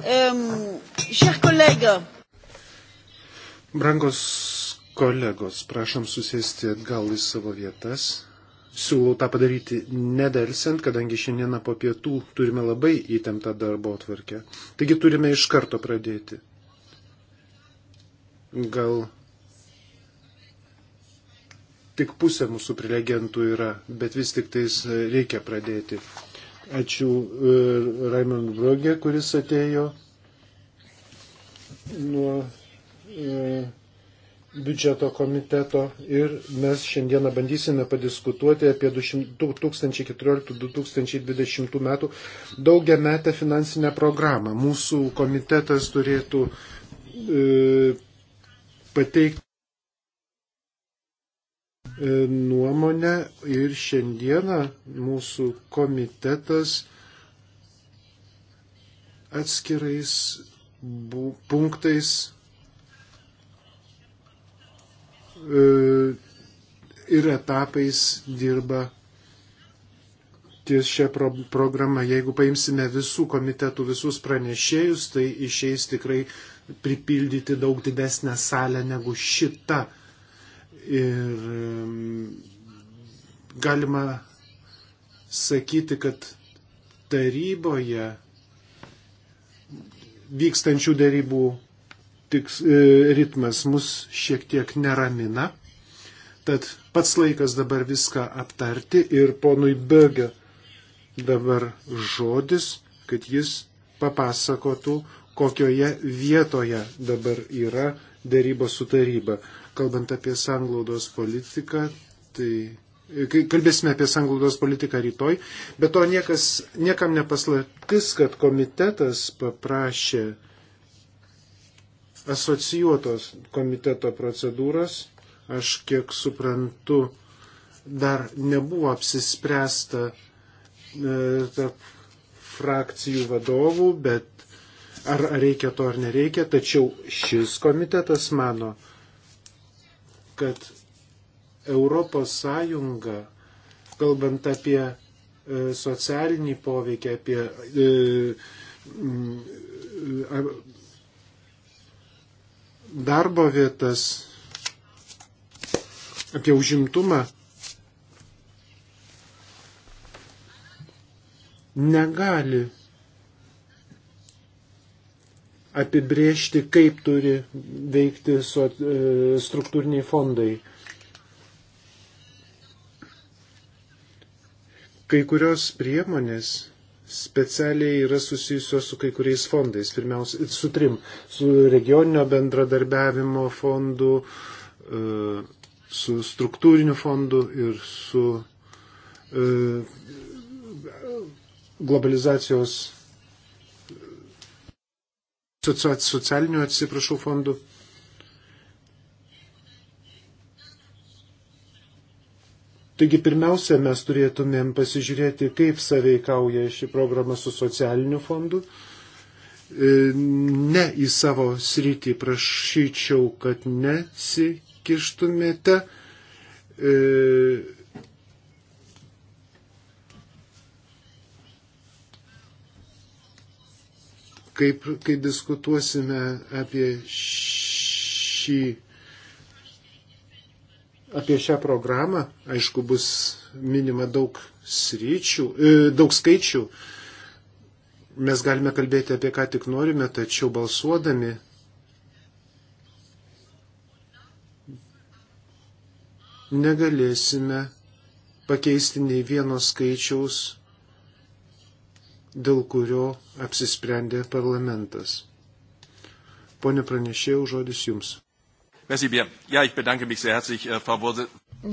Chers collègues. Brangos kolegos, prašom susėsti atgal į savo vietas. Siūlau tą padaryti nedelsiant, kadangi šiandieną po pietų turime labai įtemptą darbo atvarkę. Taigi turime iš karto pradėti. Gal tik pusė mūsų prelegentų yra, bet vis tik tais reikia pradėti. Ačiū e, Raimond Brogė, kuris atėjo nuo e, biudžeto komiteto ir mes šiandieną bandysime padiskutuoti apie 2014-2020 metų daugia metę finansinę programą. Mūsų komitetas turėtų e, pateikti. E, nuomonę ir šiandieną mūsų komitetas atskirais punktais e, ir etapais dirba ties šią pro programą. Jeigu paimsime visų komitetų, visus pranešėjus, tai išeis tikrai pripildyti daug didesnę salę negu šita Ir galima sakyti, kad taryboje vykstančių dėrybų tiks, e, ritmas mus šiek tiek neramina. Tad pats laikas dabar viską aptarti ir ponui Bögė dabar žodis, kad jis papasakotų, kokioje vietoje dabar yra dėrybos su taryba kalbant apie sanglaudos politiką, tai kalbėsime apie sanglaudos politiką rytoj, bet to niekas, niekam nepaslaptis, kad komitetas paprašė asocijuotos komiteto procedūros. Aš kiek suprantu, dar nebuvo apsispręsta e, tarp frakcijų vadovų, bet ar reikia to ar nereikia, tačiau šis komitetas mano, kad Europos Sąjunga, kalbant apie e, socialinį poveikį, apie e, darbo vietas, apie užimtumą, negali apibriežti, kaip turi veikti e, struktūriniai fondai. Kai kurios priemonės specialiai yra susijusios su kai kuriais fondais. Pirmiausia, su trim - su regioninio bendradarbiavimo fondu, e, su struktūriniu fondu ir su e, globalizacijos socialinių atsiprašau fondų. Taigi pirmiausia, mes turėtumėm pasižiūrėti, kaip saveikauja ši programa su socialiniu fondu. E, ne į savo sritį prašyčiau, kad nesikištumėte. E, Kaip, kai diskutuosime apie šį apie šią programą, aišku, bus minima daug sryčių, e, daug skaičių. Mes galime kalbėti apie ką tik norime, tačiau balsuodami negalėsime pakeisti nei vieno skaičiaus dėl kurio apsisprendė parlamentas. Pone pranešėjau, žodis jums. Äh,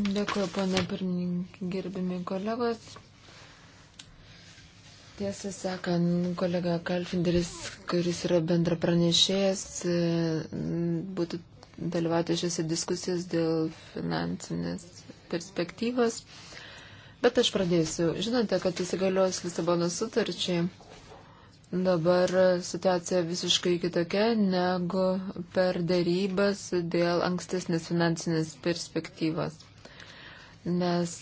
Dėkuoju, pane pirmininkai, gerbimi kolegos. Tiesą sakant, kolega Kalfinderis, kuris yra bendra pranešėjas, e, būtų dalyvauti šiose diskusijos dėl finansinės perspektyvos. Bet aš pradėsiu. Žinote, kad įsigalios Lisabono sutarčiai. Dabar situacija visiškai kitokia negu per darybas dėl ankstesnės finansinės perspektyvos. Nes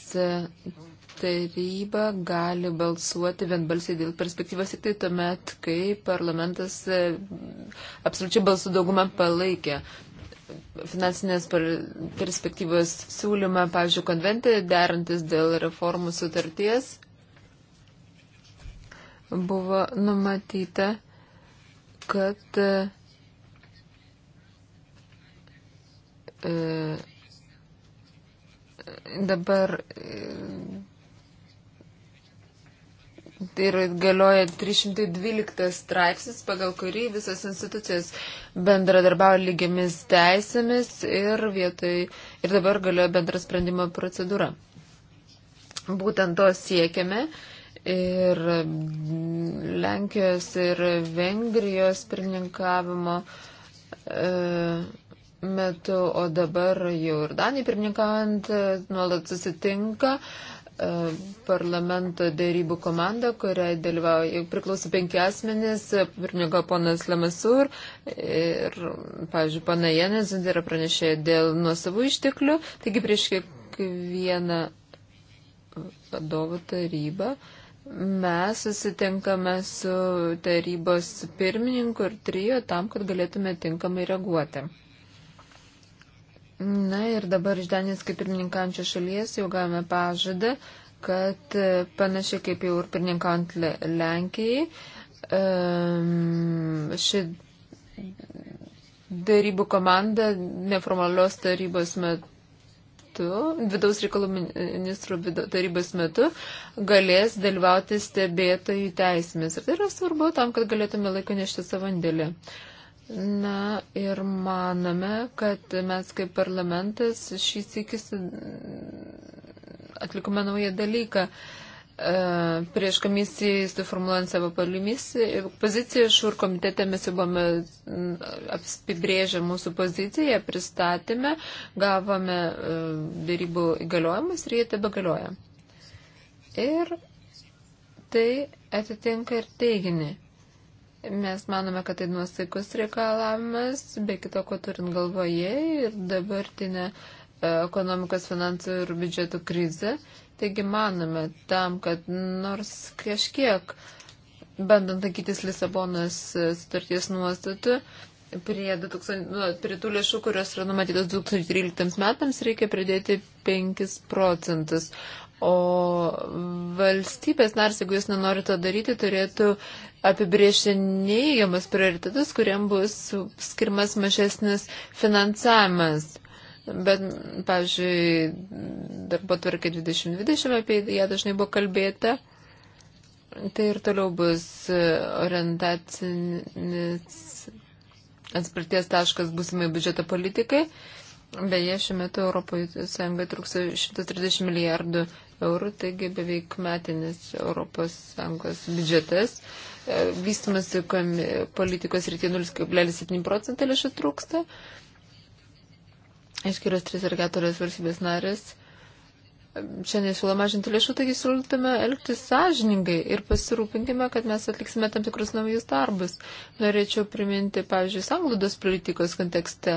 taryba gali balsuoti vienbalsiai dėl perspektyvos tik tai tuomet, kai parlamentas e, absoliučiai balsų daugumą palaikė finansinės perspektyvos siūlymą, pavyzdžiui, konventė derantis dėl reformų sutarties buvo numatyta, kad e, dabar e, ir galioja 312 straipsnis, pagal kurį visas institucijos bendradarbiavo lygiamis teisėmis ir, vietoj, ir dabar galioja bendra sprendimo procedūra. Būtent to siekiame ir Lenkijos ir Vengrijos pirmininkavimo e, metu, o dabar jau ir Danijai pirmininkaujant e, nuolat susitinka. Uh, E, parlamento dėrybų komanda, kuriai dalyvauja, priklauso penki asmenys, pirmininko ponas Lemasur ir, pavyzdžiui, pana Jenis yra pranešė dėl nuosavų išteklių, taigi prieš kiekvieną vadovų tarybą. Mes susitinkame su tarybos pirmininku ir trijo tam, kad galėtume tinkamai reaguoti. Na ir dabar iš Danijos kaip pirmininkančio šalies jau gavome pažadą, kad e, panašiai kaip jau ir pirmininkant Lenkijai, ši darybų komanda neformalios tarybos metu metu, vidaus reikalų ministrų tarybos metu, galės dalyvauti stebėtojų teismės. Ir tai yra svarbu tam, kad galėtume laiku nešti savo indėlį. Uh, Na ir manome, kad mes kaip parlamentas šį sėkį atlikome naują dalyką. E, prieš komisijai suformuojant savo poziciją, šur komitete mes jau buvome apibrėžę mūsų poziciją, pristatėme, gavome e, darybų įgaliojimus ir jie tebe galioja. Ir tai atitinka ir teiginį Mes manome, kad tai nuosaikus reikalavimas, be kito ko turint galvoje ir dabartinę e, ekonomikos, finansų ir biudžeto krizę. Taigi manome tam, kad nors kažkiek, bandant laikytis Lisabonos e, sutarties nuostatų, prie, 2000, nu, prie tų lėšų, kurios yra numatytos 2013 metams, reikia pridėti 5 procentus. O valstybės nars, jeigu jūs nenorite to daryti, turėtų apibriežti neįgiamus prioritetus, kuriam bus skirmas mažesnis finansavimas. Bet, pavyzdžiui, darbo tvarkė 2020 apie ją dažnai buvo kalbėta. Tai ir toliau bus orientacinis atspirties taškas būsimai biudžeto politikai. Beje, šiuo metu Europoje sąjunga trūksta 130 milijardų eurų, taigi beveik metinis Europos sąjungos biudžetas. Uh, E, vystimasi politikos rytį 0,7 procentą lėšų trūksta. Išskyrus 3 ar 4 valstybės narės. Čia nesiūlo mažinti lėšų, taigi siūlytume elgtis sąžiningai ir pasirūpinkime, kad mes atliksime tam tikrus naujus darbus. Norėčiau priminti, pavyzdžiui, sanglaudos politikos kontekste,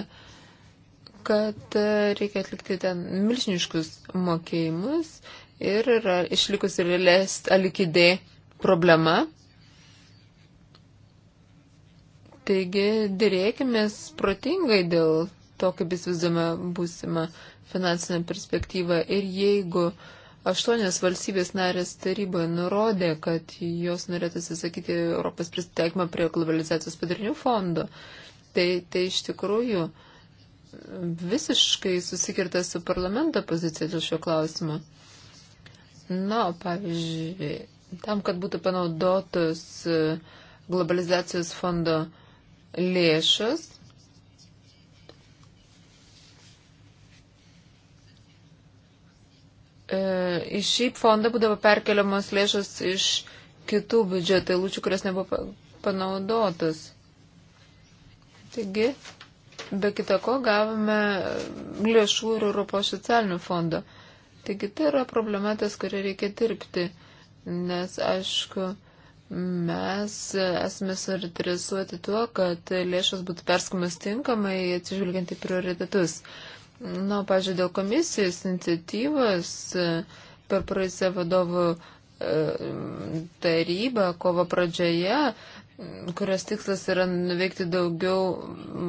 kad e, reikia atlikti ten milžiniškus mokėjimus ir yra išlikusi realės alikidė problema, Taigi dėrėkime protingai dėl to, kaip jis vizdume būsimą finansinę perspektyvą. Ir jeigu aštuonios valstybės narės taryboje nurodė, kad jos norėtų atsisakyti Europos prisitaikymą prie globalizacijos padarinių fondo, tai, tai iš tikrųjų visiškai susikirta su parlamento pozicija dėl šio klausimo. Na, pavyzdžiui, tam, kad būtų panaudotos globalizacijos fondo uh, lėšas e, į šį fondą būdavo perkeliamos lėšos iš kitų biudžeto eilučių, kurios nebuvo panaudotos. Taigi, be kita ko, gavome lėšų ir Europos socialinių fondo. Taigi, tai yra problematas, kurį reikia dirbti, nes, aišku, Mes esame suinteresuoti tuo, kad lėšos būtų perskamas tinkamai atsižvelgiant į prioritetus. Na, pažiūrėjau, dėl komisijos iniciatyvos e, per praeisę vadovų e, tarybą kovo pradžioje kurios tikslas yra nuveikti daugiau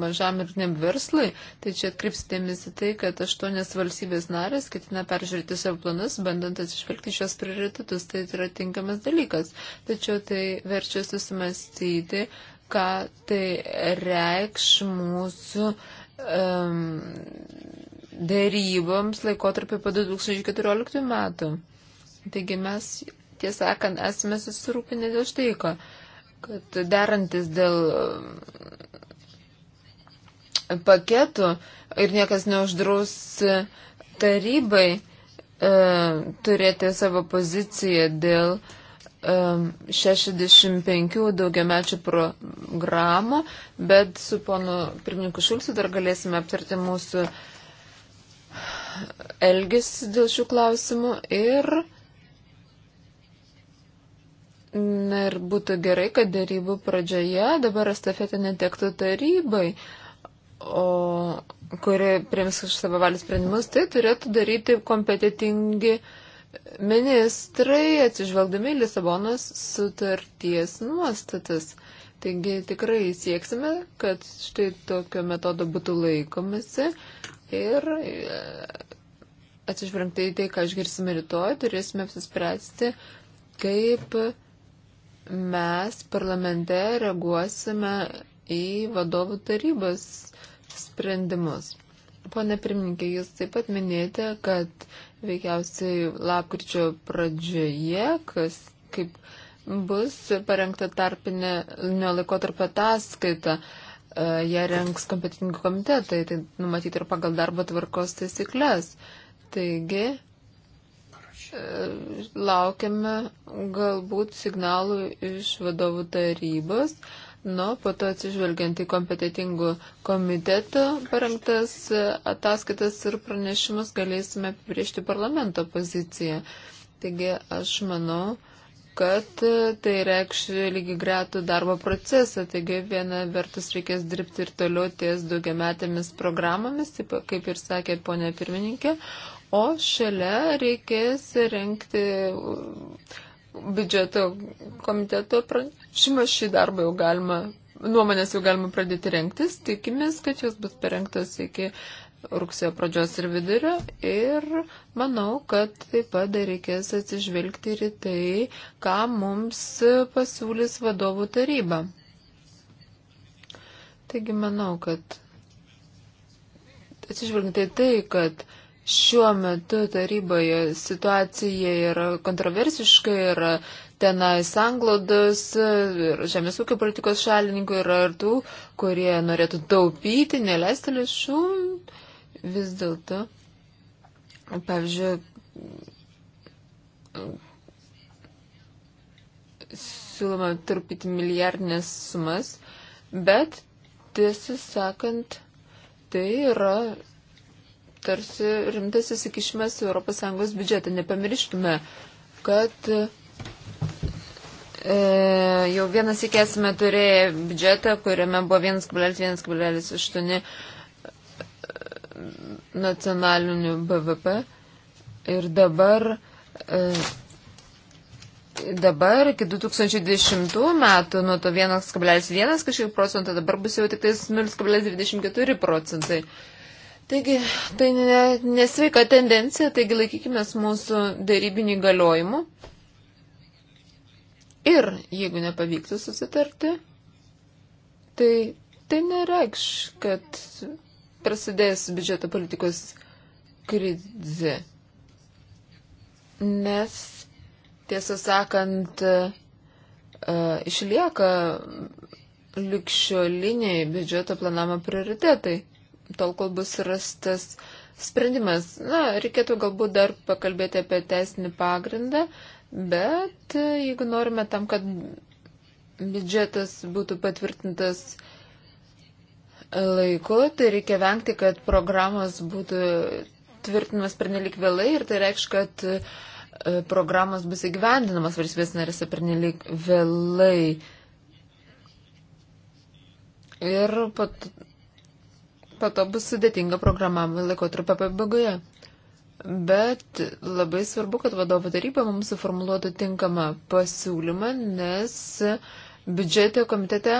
mažam ir nem verslui, tai čia atkreipsitėmis į tai, kad aštuonias valstybės narės ketina peržiūrėti savo planus, bandant atsižvelgti šios prioritetus, tai yra tinkamas dalykas. Tačiau tai verčia susimastyti, ką tai reikš mūsų. Um, Dėryboms laikotarpį po 2014 metų. Taigi mes, tiesą sakant, esame susirūpinę dėl štai ko. Uh, kad derantis dėl um, paketų ir niekas neuždraus tarybai e, turėti savo poziciją dėl um, e, 65 daugiamečių programų, bet su ponu pirmininku Šulsu dar galėsime aptarti mūsų elgesį dėl šių klausimų ir Na ir būtų gerai, kad darybų pradžioje dabar estafetė netektų tarybai, o kuri prims už savo valių sprendimus, tai turėtų daryti kompetitingi ministrai atsižvelgdami Lisabonos sutarties nuostatas. Taigi tikrai sieksime, kad štai tokio metodo būtų laikomasi ir e, atsižvelgti į tai, ką išgirsime rytoj, turėsime apsispręsti, kaip mes parlamente reaguosime į vadovų tarybos sprendimus. Pone pirmininkė, jūs taip pat minėjote, kad veikiausiai lapkričio pradžioje, kas kaip bus parengta tarpinė laikotarpio ataskaita, e, ją rengs kompetitingi komitetai, tai numatyti ir pagal darbo tvarkos taisyklės. Taigi, E, laukiame galbūt signalų iš vadovų tarybos, nu, po to atsižvelgiant į kompetitingų komitetų parengtas ataskaitas ir pranešimus galėsime apibriežti parlamento poziciją. Taigi aš manau, kad tai reikš lygi gretų darbo procesą. Taigi viena vertus reikės dirbti ir toliau ties daugiametėmis programomis, taip, kaip ir sakė ponė pirmininkė, o šalia reikės renkti biudžeto komiteto pranešimą. Šį darbą jau galima, nuomonės jau galima pradėti renktis. Tikimės, kad jos bus parengtos iki rugsėjo pradžios ir vidurio ir manau, kad taip pat dar reikės atsižvelgti ir į tai, ką mums pasiūlys vadovų taryba. Taigi manau, kad atsižvelgti į tai, kad Šiuo metu taryboje situacija yra kontroversiška, yra tenai sanglodos, žemės ūkio politikos šalininkų yra ir tų, kurie norėtų taupyti, neleisti lėšų. Vis dėlto, pavyzdžiui, siūloma truputį milijardinės sumas, bet tiesą sakant, tai yra tarsi rimtas įsikišimas į ES biudžetą. Nepamirškime, kad e, jau vienas įkėsime turėję biudžetą, kuriame buvo 1,1,8 e, nacionalinių BVP. Ir dabar. E, dabar iki 2020 metų nuo to 1,1 kažkiek procentų, dabar bus jau tik 0,24 procentai. Taigi, tai nesveika tendencija, taigi laikykime mūsų darybinį galiojimų. Ir jeigu nepavyktų susitarti, tai tai nereikš, kad prasidės biudžeto politikos krizė. Nes, tiesą sakant, e, išlieka likščioliniai biudžeto planavimo prioritetai tol, kol bus rastas sprendimas. Na, reikėtų galbūt dar pakalbėti apie teisinį pagrindą, bet e, jeigu norime tam, kad biudžetas būtų patvirtintas laiku, tai reikia vengti, kad programos būtų tvirtinamas pernelik vėlai ir tai reikš, kad e, programos bus įgyvendinamas valstybės narėse pernelik vėlai. Ir pat, po to bus sudėtinga programavimo laikotarpio pabaigoje. Bet labai svarbu, kad vadovo taryba mums suformuoluotų tinkamą pasiūlymą, nes biudžeto komitete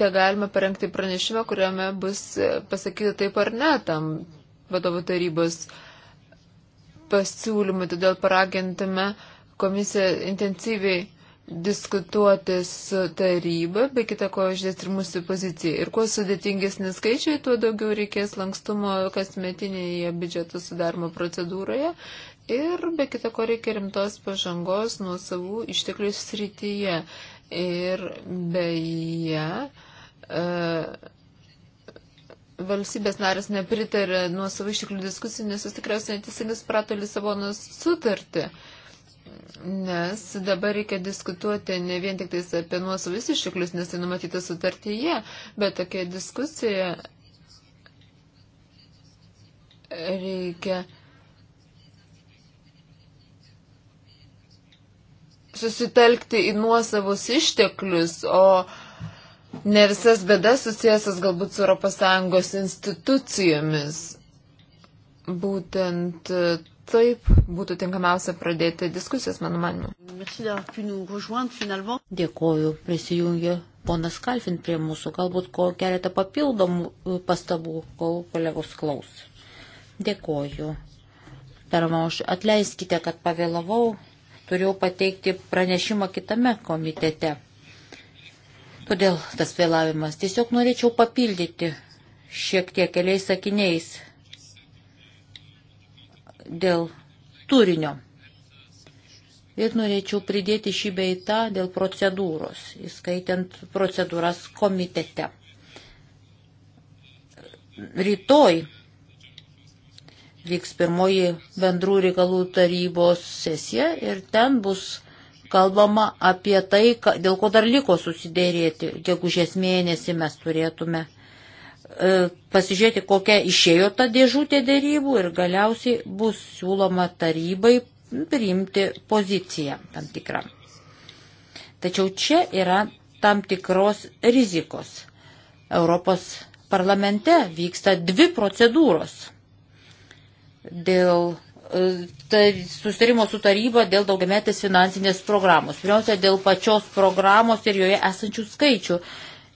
te galima parengti pranešimą, kuriame bus pasakyta taip ar ne tam vadovo tarybos pasiūlymui. Todėl paragintume komisiją intensyviai diskutuoti su taryba, be kita ko išdės ir mūsų pozicija. Ir kuo sudėtingesni skaičiai, tuo daugiau reikės lankstumo kasmetinėje biudžeto sudarmo procedūroje. Ir be kita ko reikia rimtos pažangos nuo savų išteklių srityje. Ir beje, e, valstybės narės nepritarė nuo savų išteklių diskusijų, nes jis tikriausiai neteisingai suprato Lisabonos sutartį. E, Nes dabar reikia diskutuoti ne vien tik apie nuosavus išteklius, nes tai numatyta sutartyje, bet tokia diskusija reikia susitelkti į nuosavus išteklius, o ne visas bėdas susijęsas galbūt su ES institucijomis. Būtent taip būtų tinkamiausia pradėti diskusijas, mano manimu. Dėkoju, prisijungė ponas Kalfin prie mūsų, galbūt ko keletą papildomų e, pastabų, kol kolegos klaus. Dėkoju. Permauš, atleiskite, kad pavėlavau, turėjau pateikti pranešimą kitame komitete. Todėl tas vėlavimas. Tiesiog norėčiau papildyti šiek tiek keliais sakiniais dėl turinio. Ir norėčiau pridėti šį beitą dėl procedūros, įskaitant procedūras komitete. Rytoj vyks pirmoji bendrų reikalų tarybos sesija ir ten bus kalbama apie tai, dėl ko dar liko susidėrėti, gegužės mėnesį mes turėtume uh, E, pasižiūrėti, kokia išėjo ta dėžutė dėrybų ir galiausiai bus siūloma tarybai priimti poziciją tam tikrą. Tačiau čia yra tam tikros rizikos. Europos parlamente vyksta dvi procedūros dėl tai sustarimo su taryba dėl daugiametės finansinės programos. Pirmiausia, dėl pačios programos ir joje esančių skaičių.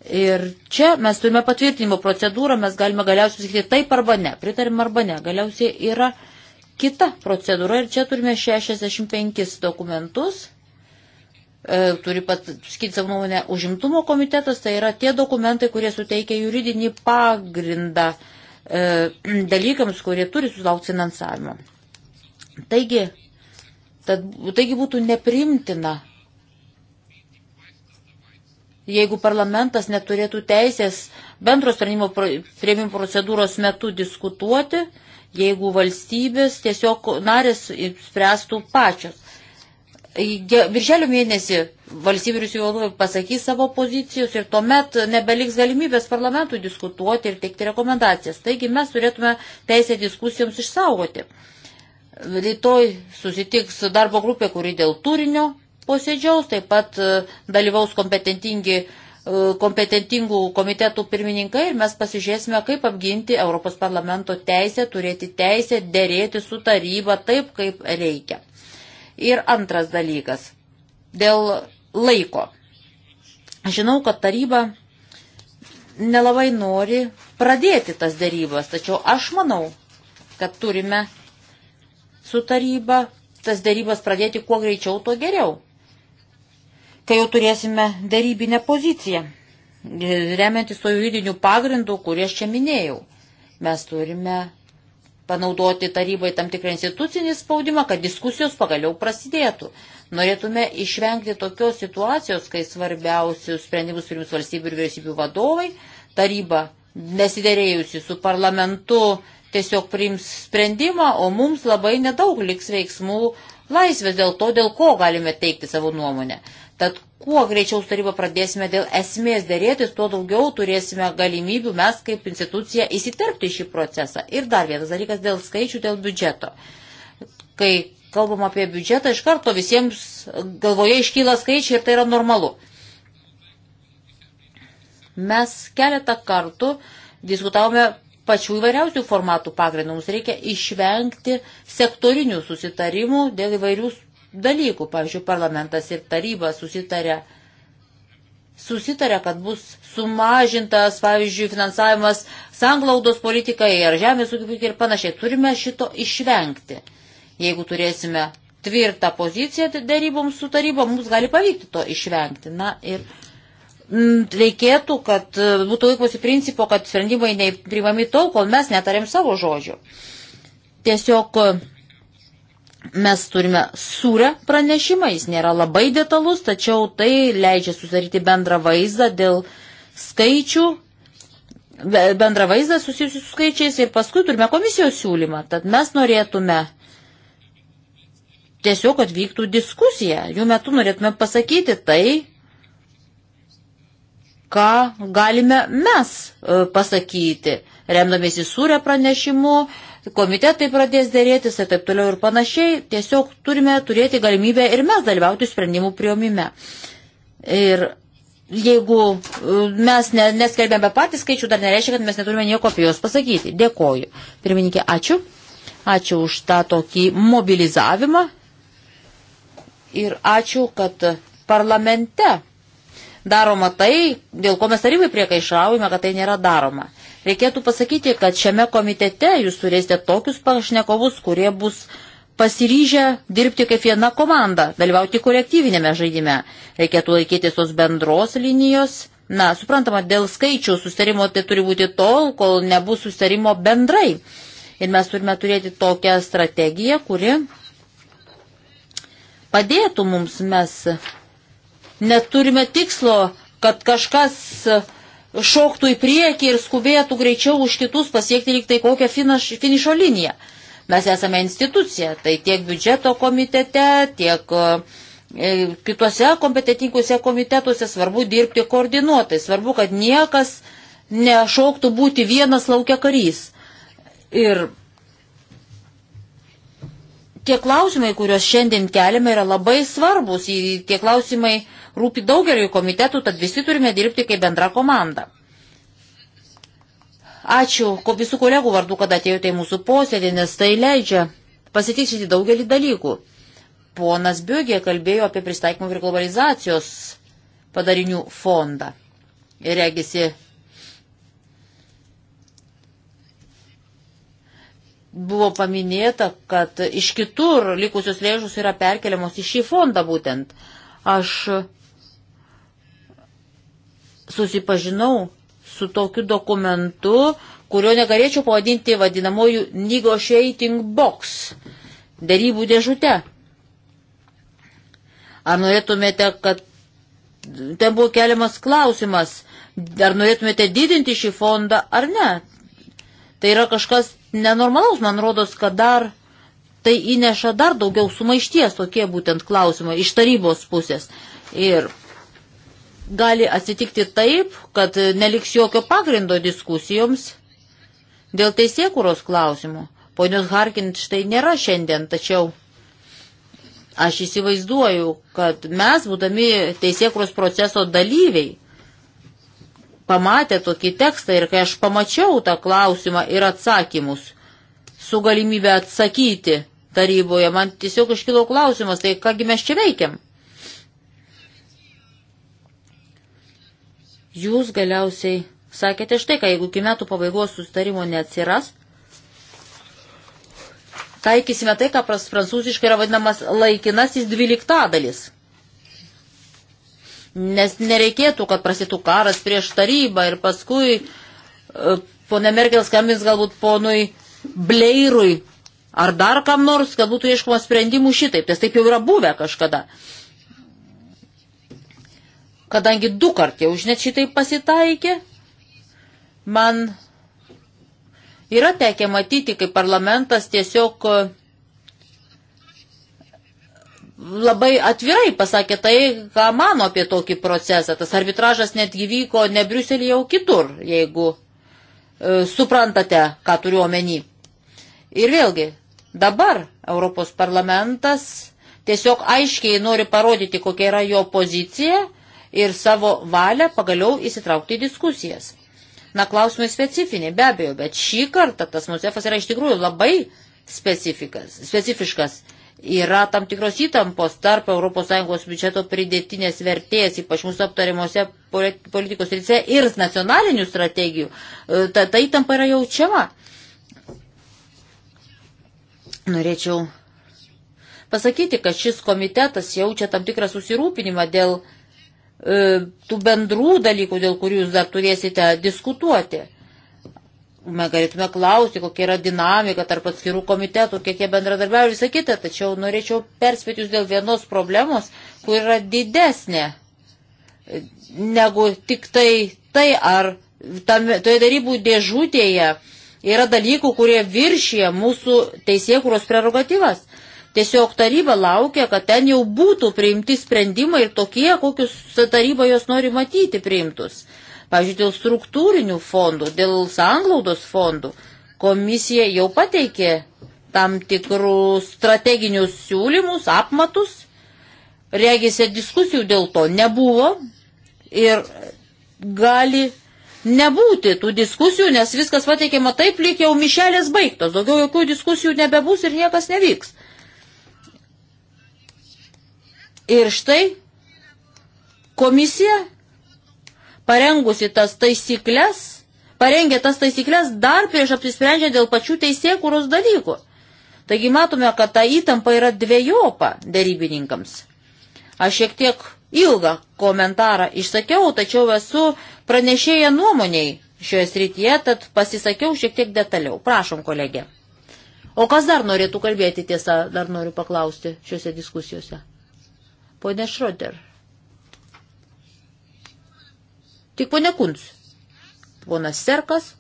Ir čia mes turime patvirtinimo procedūrą, mes galime galiausiai sakyti taip arba ne, pritarim arba ne. Galiausiai yra kita procedūra ir čia turime 65 dokumentus. E, turi pat skirti savo nuomonę užimtumo komitetas, tai yra tie dokumentai, kurie suteikia juridinį pagrindą e, dalykams, kurie turi sulaukti finansavimo. Taigi, tad, taigi būtų neprimtina jeigu parlamentas neturėtų teisės bendros sprendimo prieimimo procedūros metu diskutuoti, jeigu valstybės tiesiog narės spręstų pačios. Birželio mėnesį valstybių ir vadovai pasakys savo pozicijos ir tuomet nebeliks galimybės parlamentui diskutuoti ir teikti rekomendacijas. Taigi mes turėtume teisę diskusijoms išsaugoti. Rytoj susitiks darbo grupė, kuri dėl turinio posėdžiaus, taip pat e, dalyvaus kompetentingi e, kompetentingų komitetų pirmininkai ir mes pasižiūrėsime, kaip apginti Europos parlamento teisę, turėti teisę dėrėti su taryba taip, kaip reikia. Ir antras dalykas – dėl laiko. Žinau, kad taryba nelabai nori pradėti tas dėrybas, tačiau aš manau, kad turime su taryba tas dėrybas pradėti kuo greičiau, tuo geriau kai jau turėsime darybinę poziciją, e, remiantis to juridinių pagrindų, kurį aš čia minėjau. Mes turime panaudoti tarybai tam tikrą institucinį spaudimą, kad diskusijos pagaliau prasidėtų. Norėtume išvengti tokios situacijos, kai svarbiausius sprendimus priims valstybių ir vyriausybių vadovai, taryba nesiderėjusi su parlamentu tiesiog priims sprendimą, o mums labai nedaug liks veiksmų laisvės dėl to, dėl ko galime teikti savo nuomonę. Tad kuo greičiau tarybą pradėsime dėl esmės dėrėtis, tuo daugiau turėsime galimybių mes kaip institucija įsiterpti į šį procesą. Ir dar vienas dalykas dėl skaičių, dėl biudžeto. Kai kalbam apie biudžetą, iš karto visiems galvoje iškyla skaičiai ir tai yra normalu. Mes keletą kartų diskutavome pačių įvairiausių formatų pagrindų. Mums reikia išvengti sektorinių susitarimų dėl įvairių dalykų. Pavyzdžiui, parlamentas ir taryba susitarė, susitarė kad bus sumažintas, pavyzdžiui, finansavimas sanglaudos politikai ar žemės ūkiai ir panašiai. Turime šito išvengti. Jeigu turėsime tvirtą poziciją daryboms su taryba, mums gali pavykti to išvengti. Na ir Mm, reikėtų, kad e, būtų laikosi principo, kad sprendimai neįprimami tol, kol mes netarėm savo žodžių. Tiesiog e, mes turime sūrę pranešimą, jis nėra labai detalus, tačiau tai leidžia susidaryti bendrą vaizdą dėl skaičių, bendrą vaizdą susijusius su skaičiais ir paskui turime komisijos siūlymą. Tad mes norėtume tiesiog, kad vyktų diskusija. Jų metu norėtume pasakyti tai, ką galime mes e, pasakyti, remdamėsi sūrę pranešimu, komitetai pradės dėrėtis ir taip toliau ir panašiai, tiesiog turime turėti galimybę ir mes dalyvauti sprendimų priomime. Ir jeigu e, mes ne, neskelbėme patį skaičių, dar nereiškia, kad mes neturime nieko apie juos pasakyti. Dėkoju. Pirmininkė, ačiū. Ačiū už tą tokį mobilizavimą ir ačiū, kad parlamente daroma tai, dėl ko mes tarybai priekaišaujame, kad tai nėra daroma. Reikėtų pasakyti, kad šiame komitete jūs turėsite tokius pašnekovus, kurie bus pasiryžę dirbti kaip viena komanda, dalyvauti kolektyvinėme žaidime. Reikėtų laikytis tos bendros linijos. Na, suprantama, dėl skaičių sustarimo tai turi būti tol, kol nebus sustarimo bendrai. Ir mes turime turėti tokią strategiją, kuri padėtų mums mes Neturime tikslo, kad kažkas e, šoktų į priekį ir skubėtų greičiau už kitus pasiekti lyg tai kokią finaš, finišo liniją. Mes esame institucija, tai tiek biudžeto komitete, tiek e, e, kituose kompetitinkuose komitetuose svarbu dirbti koordinuotai, svarbu, kad niekas nešoktų būti vienas laukia karys. Ir tie klausimai, kuriuos šiandien keliame, yra labai svarbus. Tie klausimai rūpi daugeliu komitetų, tad visi turime dirbti kaip bendra komanda. Ačiū ko visų kolegų vardu, kad atėjote į mūsų posėdį, nes tai leidžia pasitiksinti daugelį dalykų. Ponas Biogė kalbėjo apie pristaikymų ir globalizacijos padarinių fondą. Ir regisi buvo paminėta, kad iš kitur likusios lėšus yra perkeliamos į šį fondą būtent. Aš susipažinau su tokiu dokumentu, kurio negalėčiau pavadinti vadinamojų negotiating box, dėrybų dėžute. Ar norėtumėte, kad ten buvo keliamas klausimas, ar norėtumėte didinti šį fondą ar ne? Tai yra kažkas nenormalaus, man rodos, kad dar tai įneša dar daugiau sumaišties tokie būtent klausimai iš tarybos pusės. Ir gali atsitikti taip, kad neliks jokio pagrindo diskusijoms dėl teisėkuros klausimų. Ponios Harkin štai nėra šiandien, tačiau aš įsivaizduoju, kad mes, būdami teisėkuros proceso dalyviai, pamatę tokį tekstą ir kai aš pamačiau tą klausimą ir atsakymus su galimybė atsakyti taryboje, man tiesiog iškilo klausimas, tai kągi mes čia veikiam. Jūs galiausiai sakėte štai, kad jeigu iki metų pabaigos sustarimo neatsiras, taikysime tai, ką prancūziškai yra vadinamas laikinasis dvyliktadalis. Nes nereikėtų, kad prasitų karas prieš tarybą ir paskui e, ponė Merkel skambins galbūt ponui Bleirui ar dar kam nors, kad būtų ieškoma sprendimų šitaip, nes taip jau yra buvę kažkada. Kadangi du kart jau net šitaip pasitaikė, man yra tekę matyti, kaip parlamentas tiesiog e, labai atvirai pasakė tai, ką mano apie tokį procesą. Tas arbitražas netgi vyko ne Briuselėje, jau kitur, jeigu e, suprantate, ką turiu omeny. Ir vėlgi, dabar Europos parlamentas tiesiog aiškiai nori parodyti, kokia yra jo pozicija ir savo valią pagaliau įsitraukti į diskusijas. Na, klausimai specifiniai, be abejo, bet šį kartą tas Musefas yra iš tikrųjų labai specifikas yra tam tikros įtampos tarp ES biudžeto pridėtinės vertės, ypač mūsų aptariamuose politikos rytise ir nacionalinių strategijų. E, ta, ta įtampa yra jaučiama. Norėčiau pasakyti, kad šis komitetas jaučia tam tikrą susirūpinimą dėl e, tų bendrų dalykų, dėl kurių jūs dar turėsite diskutuoti mes galėtume klausti, kokia yra dinamika tarp atskirų komitetų, kiek jie bendradarbiavo ir visą kitą, tačiau norėčiau perspėti jūs dėl vienos problemos, kur yra didesnė negu tik tai tai, ar tam, toje darybų dėžutėje yra dalykų, kurie viršyje mūsų teisėkūros prerogatyvas. Tiesiog taryba laukia, kad ten jau būtų priimti sprendimai ir tokie, kokius taryba jos nori matyti priimtus. Pavyzdžiui, dėl struktūrinių fondų, dėl sanglaudos fondų komisija jau pateikė tam tikrus strateginius siūlymus, apmatus. Regėse diskusijų dėl to nebuvo ir gali nebūti tų diskusijų, nes viskas pateikiama taip, lyg jau mišelės baigtos, daugiau jokių diskusijų nebebus ir niekas nevyks. Ir štai komisija parengusi tas taisyklės, parengė tas taisyklės dar prieš apsisprendžiant dėl pačių teisėkūros dalykų. Taigi matome, kad ta įtampa yra dviejopa darybininkams. Aš šiek tiek ilgą komentarą išsakiau, tačiau esu pranešėję nuomoniai šioje srityje, tad pasisakiau šiek tiek detaliau. Prašom, kolegė. O kas dar norėtų kalbėti, tiesa, dar noriu paklausti šiuose diskusijose. Pone Šroder. Tik ponė Kunc. Ponas Serkas,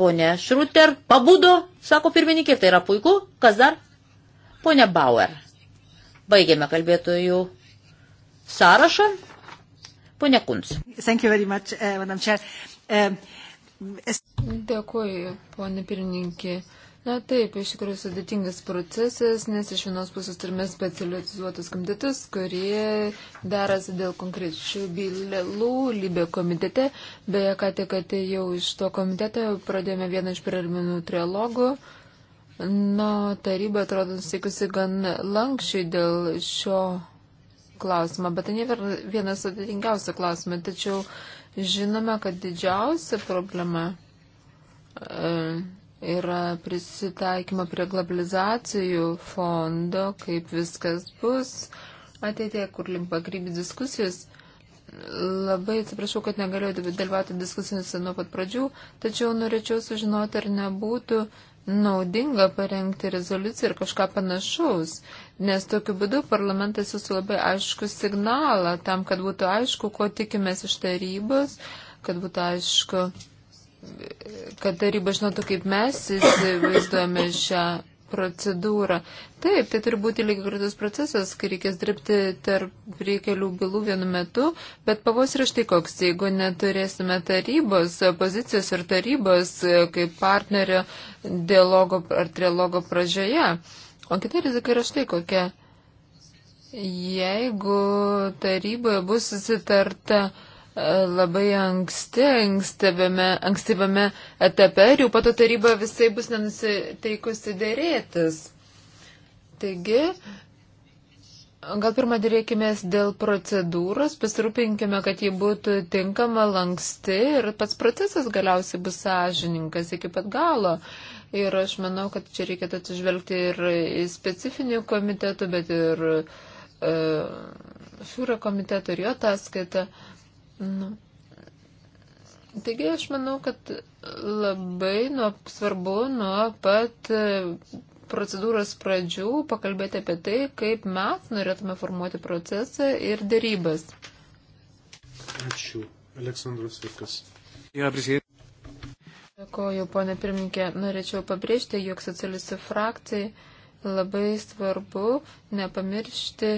ponė Šruter, pabudo, sako pirmininkė, tai yra puiku. Kas dar? Pone Bauer. Baigėme kalbėtojų sąrašą. Pone Kunc. Thank you very much, uh, Madam Chair. Uh, es... Dėkuoju, ponė pirmininkė. Uh, Na taip, iš tikrųjų sudėtingas procesas, nes iš vienos pusės turime specializuotus komitetus, kurie darasi dėl konkrečių bylų lybė komitete. Beje, ką tik atėjau iš to komiteto, pradėjome vieną iš preliminų trialogų. Na, taryba atrodo nusikusi gan lankščiai dėl šio klausimo, bet tai ne vienas sudėtingiausių klausimų. Tačiau žinome, kad didžiausia problema. E, yra prisitaikymo prie globalizacijų fondo, kaip viskas bus ateitie, kur link pakrypti diskusijos. Labai atsiprašau, kad negalėjau dalyvauti diskusijose nuo pat pradžių, tačiau norėčiau sužinoti, ar nebūtų naudinga parengti rezoliuciją ir kažką panašaus, nes tokiu būdu parlamentas jūs labai aišku signalą tam, kad būtų aišku, ko tikimės iš tarybos, kad būtų aišku, kad taryba žinotų, kaip mes įsivaizduojame šią procedūrą. Taip, tai turi būti lygiai gratus procesas, kai reikės dirbti tarp kelių bylų vienu metu, bet pavos yra štai koks, jeigu neturėsime tarybos, pozicijos ir tarybos e, kaip partnerio dialogo ar trilogo pradžioje. O kita rizika yra štai kokia. Jeigu taryboje bus susitarta labai anksti, ankstyvame, ankstyvame etape ir jau pato taryba visai bus nenusiteikusi dėrėtis. Taigi, gal pirmą dėrėkimės dėl procedūros, pasirūpinkime, kad ji būtų tinkama, lanksti ir pats procesas galiausiai bus sąžininkas iki pat galo. Ir aš manau, kad čia reikėtų atsižvelgti ir į specifinių komitetų, bet ir e, šiūrio komitetų ir jo ataskaitą. E, Nu. Taigi aš manau, kad labai nuo, svarbu nuo pat e, procedūros pradžių pakalbėti apie tai, kaip mes norėtume formuoti procesą ir darybas. Ačiū. Aleksandras Virkas. Ja, Dėkoju, ponė pirmininkė. Norėčiau pabrėžti, jog socialistų frakcijai labai svarbu nepamiršti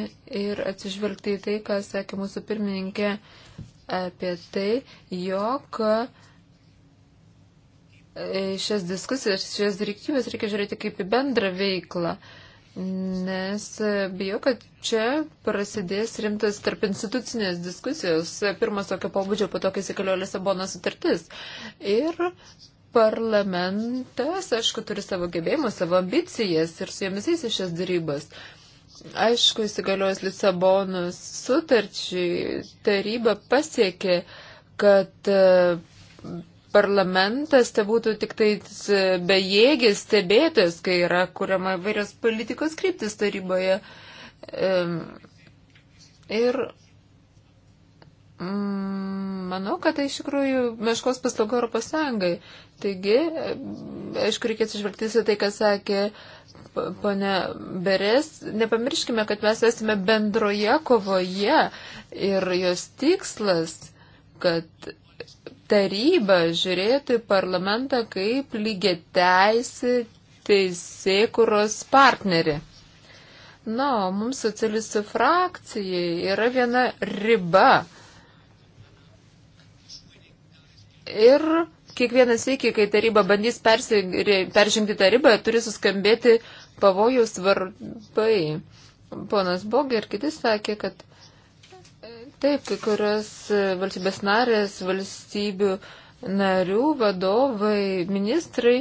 ir atsižvelgti į tai, ką sakė mūsų pirmininkė apie tai, jog e, šias diskusijas, šias direktyvas reikia žiūrėti kaip į bendrą veiklą, nes e, bijau, kad čia prasidės rimtas tarp institucinės diskusijos, e, pirmas tokio pobūdžio, po to, kai įsigaliojo Lisabono sutartis. Ir parlamentas, aišku, turi savo gebėjimus, savo ambicijas ir su jomis eis į šias darybas. Uh, Aišku, įsigaliojus Lisabonus sutarčiai, taryba pasiekė, kad e, parlamentas te būtų tik tai bejėgis stebėtas, kai yra kuriama vairios politikos kryptis taryboje. Ir Mm, manau, kad tai iš tikrųjų meškos paslauga Europos Sąjungai. Taigi, e, aišku, reikėtų žvelgti į tai, ką sakė Pone Beres, nepamirškime, kad mes esame bendroje kovoje ir jos tikslas, kad taryba žiūrėtų į parlamentą kaip lygiai teisį teisėkuros partnerį. Na, o mums socialistų frakcijai yra viena riba Ir kiekvienas iki, kai taryba bandys peržengti tą ribą, turi suskambėti pavojus varpai. Ponas Bogė ir kiti sakė, kad taip, kai kurios valstybės narės, valstybių narių, vadovai, ministrai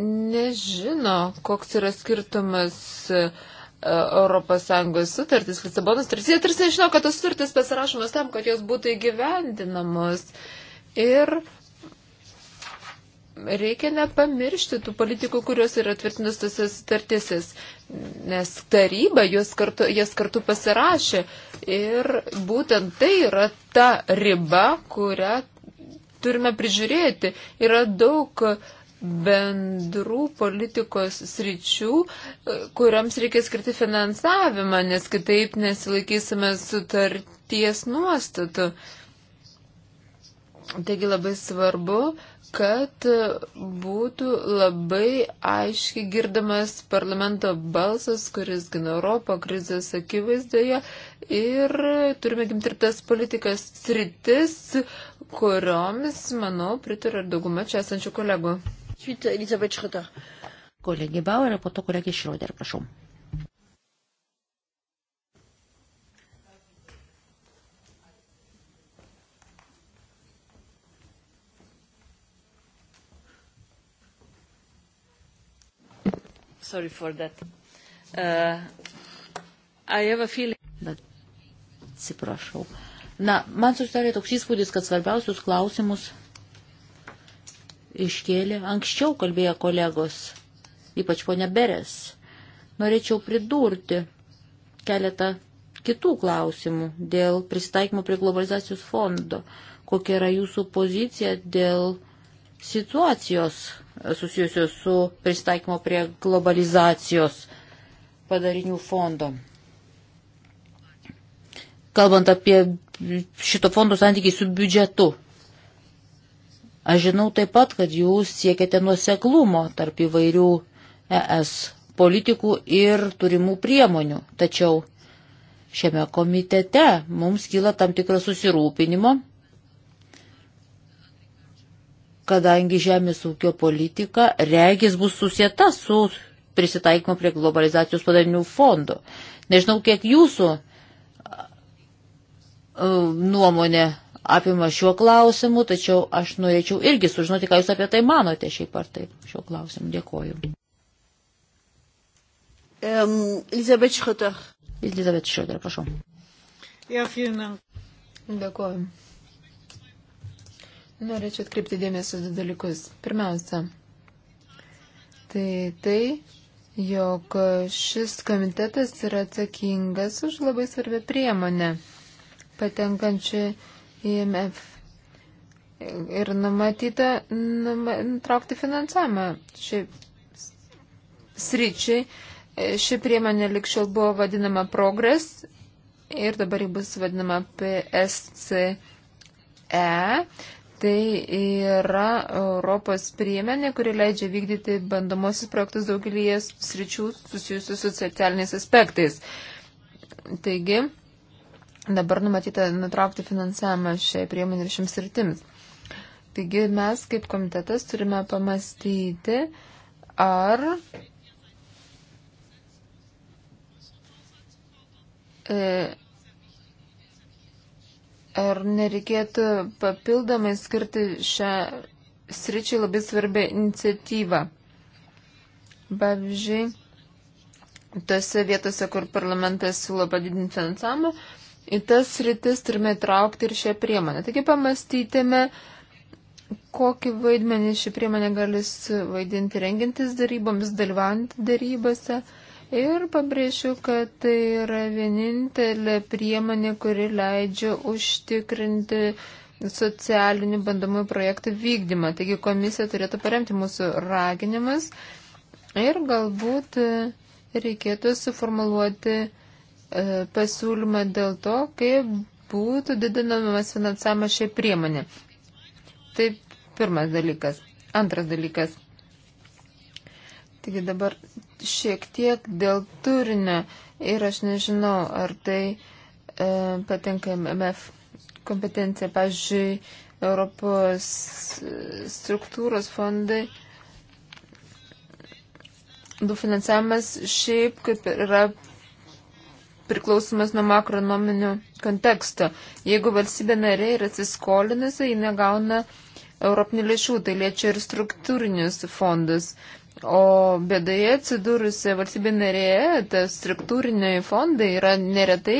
nežino, koks yra skirtumas ES sutartis, Lisabonos sutartis. Jie tarsi nežino, kad tos sutartis pasirašomas tam, kad jos būtų įgyvendinamos. Uh, Ir reikia nepamiršti tų politikų, kurios yra tvirtinus tose sutartysis, nes taryba juos kartu, jas kartu pasirašė ir būtent tai yra ta riba, kurią turime prižiūrėti. Yra daug bendrų politikos sričių, kuriams reikia skirti finansavimą, nes kitaip nesilaikysime sutarties nuostatų. Uh, Taigi labai svarbu, kad būtų labai aiškiai girdamas parlamento balsas, kuris gina Europą krizės akivaizdoje ir turime gimti ir tas politikas sritis, kuriomis, manau, pritarė ir dauguma čia esančių kolegų. Kolegė Bauer, po to kolegė Šroder, prašau. Sorry for that. Uh, I have a feeling. Bet, atsiprašau. Na, man susidarė toks įspūdis, kad svarbiausius klausimus iškėlė anksčiau kalbėję kolegos, ypač ponia Beres. Norėčiau pridurti keletą kitų klausimų dėl pristaikymo prie globalizacijos fondo. Kokia yra jūsų pozicija dėl situacijos susijusios su pristaikymo prie globalizacijos padarinių fondo. Kalbant apie šito fondo santykį su biudžetu, aš žinau taip pat, kad jūs siekiate nuoseklumo tarp įvairių ES politikų ir turimų priemonių, tačiau šiame komitete mums kyla tam tikras susirūpinimo kadangi žemės ūkio politika regis bus susieta su prisitaikymo prie globalizacijos padarinių fondo. Nežinau, kiek jūsų e, nuomonė apima šiuo klausimu, tačiau aš norėčiau irgi sužinoti, ką jūs apie tai manote šiaip ar taip šiuo klausimu. Dėkoju. Um, Elizabeth Schroeder. Elizabeth Schroeder, prašau. Ja, Dėkoju. Norėčiau atkreipti dėmesį du dalykus. Pirmiausia, tai tai, jog šis komitetas yra atsakingas už labai svarbę priemonę patenkančią į MF ir numatyta nutraukti finansavimą šiai sryčiai. Ši priemonė likščiau buvo vadinama progres ir dabar ji bus vadinama PSCE. Tai yra Europos priemenė, kuri leidžia vykdyti bandomosius projektus daugelį sričių susijusių su socialiniais aspektais. Taigi, dabar numatyta nutraukti finansavimą šiai priemonė ir šiems sritims. Taigi mes kaip komitetas turime pamastyti, ar e, Ar nereikėtų papildomai skirti šią sričiai labai svarbią iniciatyvą? Pavyzdžiui, tose vietose, kur parlamentas siūlo padidinti finansavimą, į tas sritis turime traukti ir šią priemonę. Taigi pamastytėme, kokį vaidmenį ši priemonė gali suvaidinti rengintis daryboms, dalyvaujant darybose. darybose Ir pabrėšiu, kad tai yra vienintelė priemonė, kuri leidžia užtikrinti socialinių bandomųjų projektų vykdymą. Taigi komisija turėtų paremti mūsų raginimus ir galbūt reikėtų suformuluoti e, pasiūlymą dėl to, kaip būtų didinamas finansavimas šiai priemonė. Tai pirmas dalykas. Antras dalykas. Taigi dabar šiek tiek dėl turinio ir aš nežinau, ar tai e, patinka MF kompetencija. Pavyzdžiui, Europos struktūros fondai du finansavimas šiaip kaip yra priklausomas nuo makronominių konteksto. Jeigu valstybė narė yra atsiskolinusi, ji negauna europinių lėšų, tai liečia ir struktūrinius fondus. O bėdoje atsidūrusi valstybė narėje, tas struktūriniai fondai yra neretai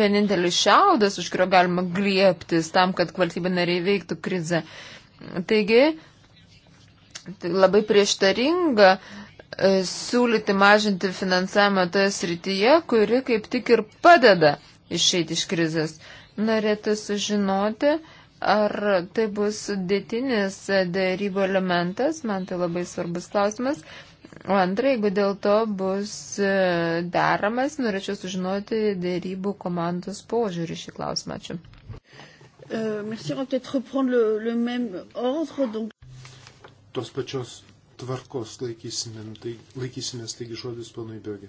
vienintelis šiaudas, už kurio galima griebtis tam, kad valstybė narėje veiktų krizę. Taigi, tai labai prieštaringa e, siūlyti mažinti finansavimą toje srityje, kuri kaip tik ir padeda išeiti iš krizės. Norėtų sužinoti, uh, Ar tai bus sudėtinis dėrybo elementas, man tai labai svarbus klausimas. O antra, jeigu dėl to bus e, deramas, norėčiau sužinoti dėrybų komandos požiūrį šį klausimą. Ačiū. E, Tos pačios tvarkos laikysime, nu, tai, laikysimės, taigi žodis panui Bėgė.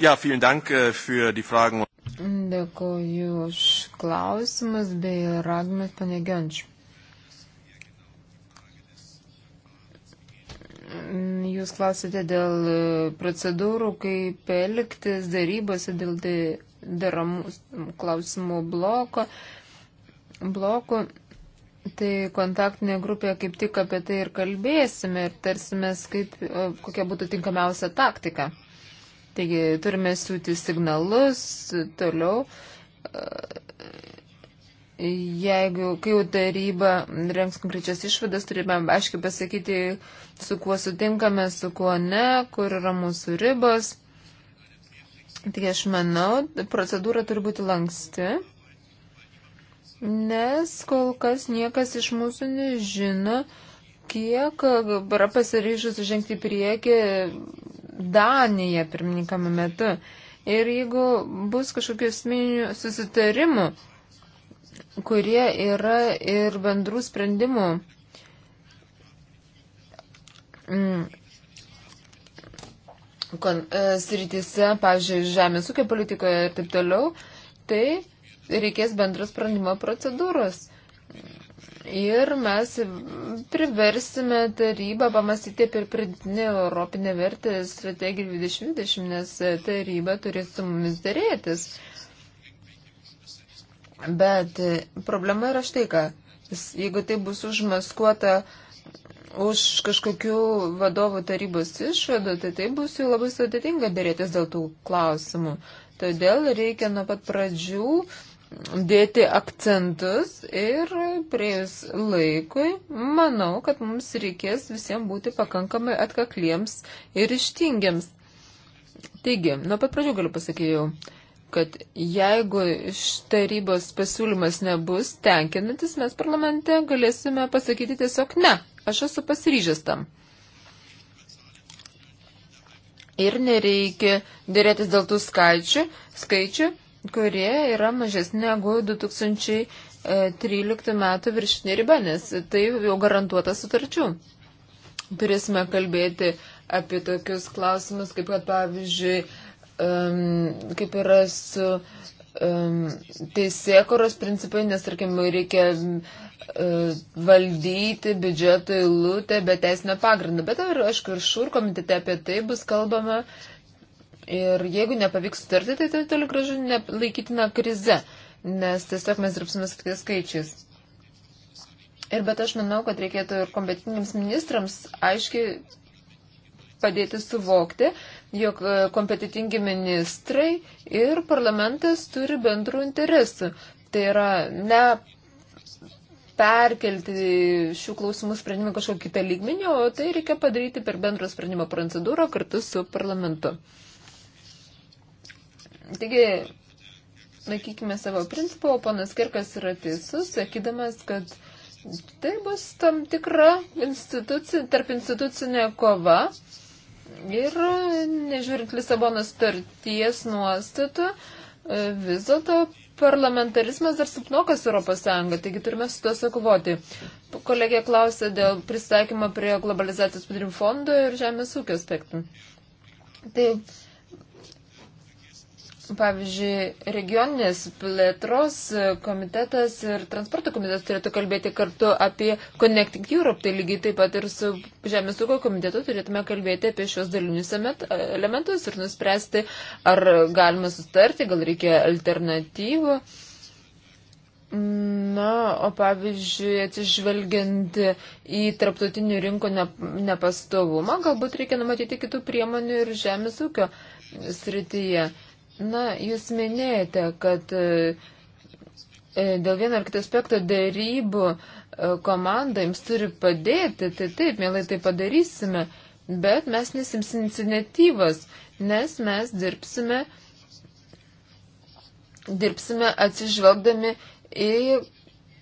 Ja, vielen Dank äh, für die Fragen. Dėkoju už klausimus bei raginimus panegiančių. Jūs klausite dėl procedūrų, kaip elgtis darybose dėl daramų klausimų bloko. blokų. Tai kontaktinė grupė kaip tik apie tai ir kalbėsime ir tarsimės, kaip, kokia būtų tinkamiausia taktika. Taigi turime siūti signalus toliau. E, jeigu, kai jau taryba renks konkrečias išvadas, turime aiškiai pasakyti, su kuo sutinkame, su kuo ne, kur yra mūsų ribos. Tai aš manau, procedūra turi būti lanksti, nes kol kas niekas iš mūsų nežino, kiek yra pasiryžus žengti prieki Danija pirmininkame metu. Ir jeigu bus kažkokių esminių susitarimų, kurie yra ir bendrų sprendimų mm, kon, e, sritise, pavyzdžiui, žemės ūkio politikoje ir taip toliau, tai reikės bendros sprendimo procedūros. Ir mes priversime tarybą pamastyti apie pridinę Europinę vertę strategiją 2020, nes taryba turės su mumis dėrėtis. Bet problema yra štai ką. Jeigu tai bus užmaskuota už kažkokių vadovų tarybos išvadų, tai tai bus jau labai sudėtinga dėrėtis dėl tų klausimų. Todėl reikia nuo pat pradžių uh, dėti akcentus ir prieus laikui, manau, kad mums reikės visiems būti pakankamai atkakliems ir ištingiams. Taigi, nuo pat pradžių galiu pasakėjau, kad jeigu iš tarybos pasiūlymas nebus tenkinantis, mes parlamente galėsime pasakyti tiesiog ne, aš esu pasiryžęs tam. Ir nereikia dėrėtis dėl tų skaičių, skaičių kurie yra mažesnė negu 2013 e, metų viršinė riba, nes tai jau garantuota sutarčių. Turėsime kalbėti apie tokius klausimus, kaip kad pavyzdžiui, um, kaip yra su um, teisėkoros principai, nes tarkim reikia um, valdyti biudžeto įlūtę be teisinio pagrindo. Bet ar, aišku, ir šur komitete apie tai bus kalbama. Uh, Ir jeigu nepavyks sutarti, tai tai toli gražu nelaikytina krize, nes tiesiog mes dirbsime su kitais skaičiais. Ir bet aš manau, kad reikėtų ir kompetingiems ministrams aiškiai padėti suvokti, jog e, kompetitingi ministrai ir parlamentas turi bendrų interesų. Tai yra ne perkelti šių klausimų sprendimą kažkokį kitą lygmenį, o tai reikia padaryti per bendrą sprendimo procedūrą kartu su parlamentu. Taigi, laikykime savo principą, o panas Kirkas yra teisus, sakydamas, kad tai bus tam tikra instituci, tarp institucinė kova. Ir nežiūrint Lisabonos starties nuostatų, e, vis dėlto parlamentarizmas dar supnokas Europos Sąjungą, taigi turime su tuo sakovoti. Kolegė klausė dėl pristaikymo prie globalizacijos padarim fondo ir žemės ūkio aspektų. Taip, Pavyzdžiui, regioninės plėtros komitetas ir transporto komitetas turėtų kalbėti kartu apie Connecting Europe, tai lygiai taip pat ir su Žemės ūkio komitetu turėtume kalbėti apie šios dalinius elementus ir nuspręsti, ar galima sustarti, gal reikia alternatyvų. Na, o pavyzdžiui, atsižvelgiant į tarptautinių rinkų nepastovumą, galbūt reikia numatyti kitų priemonių ir žemės ūkio srityje. Na, jūs minėjote, kad e, dėl vieno ar kito aspekto darybų e, komanda jums turi padėti, tai taip, mielai tai padarysime, bet mes nesims iniciatyvas, nes mes dirbsime, dirbsime atsižvelgdami į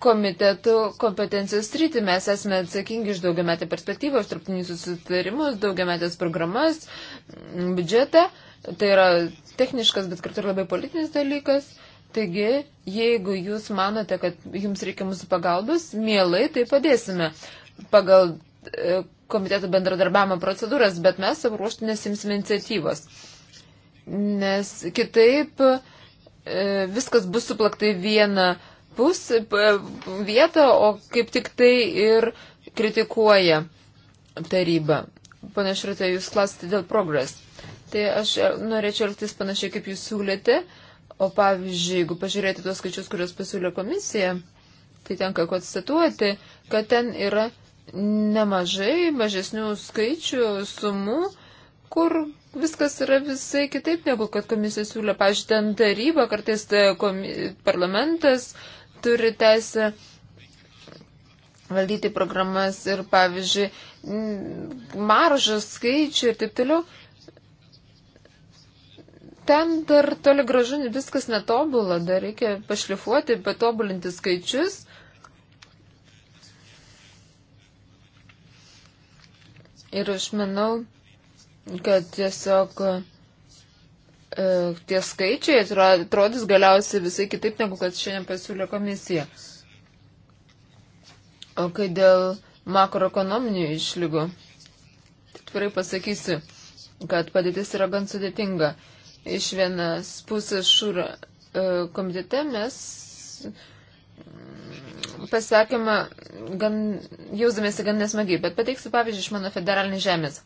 komitetų kompetencijos rytį. Mes esame atsakingi iš daugiametę perspektyvą, iš tarptinius susitarimus, daugiametės programas, biudžetą. Uh, Tai yra techniškas, bet kartu ir labai politinis dalykas. Taigi, jeigu jūs manote, kad jums reikia mūsų pagalbos, mielai tai padėsime pagal e, komiteto bendradarbiavimo procedūras, bet mes savo ruoštų nesimsime iniciatyvos. Nes kitaip e, viskas bus suplakta į vieną pus e, vietą, o kaip tik tai ir kritikuoja taryba. Panašiai, jūs klausite dėl progres tai aš e, norėčiau elgtis panašiai, kaip jūs siūlėte. O pavyzdžiui, jeigu pažiūrėti tuos skaičius, kuriuos pasiūlė komisija, tai tenka konstatuoti, kad ten yra nemažai mažesnių skaičių, sumų, kur viskas yra visai kitaip negu kad komisija siūlė. Pavyzdžiui, ten taryba, kartais tai komi... parlamentas turi teisę valdyti programas ir, pavyzdžiui, maržas, skaičių ir taip toliau ten dar toli gražu viskas netobula, dar reikia pašlifuoti, patobulinti skaičius. Ir aš manau, kad tiesiog e, tie skaičiai atrodys galiausiai visai kitaip, negu kad šiandien pasiūlė komisija. O kai dėl makroekonominių išlygų, tikrai pasakysiu, kad padėtis yra gan sudėtinga. E, Iš vienas pusės šūro e, komitete mes mm, pasakymą, gan, jausdamėsi gan nesmagiai, bet pateiksiu pavyzdį iš mano federalinės žemės,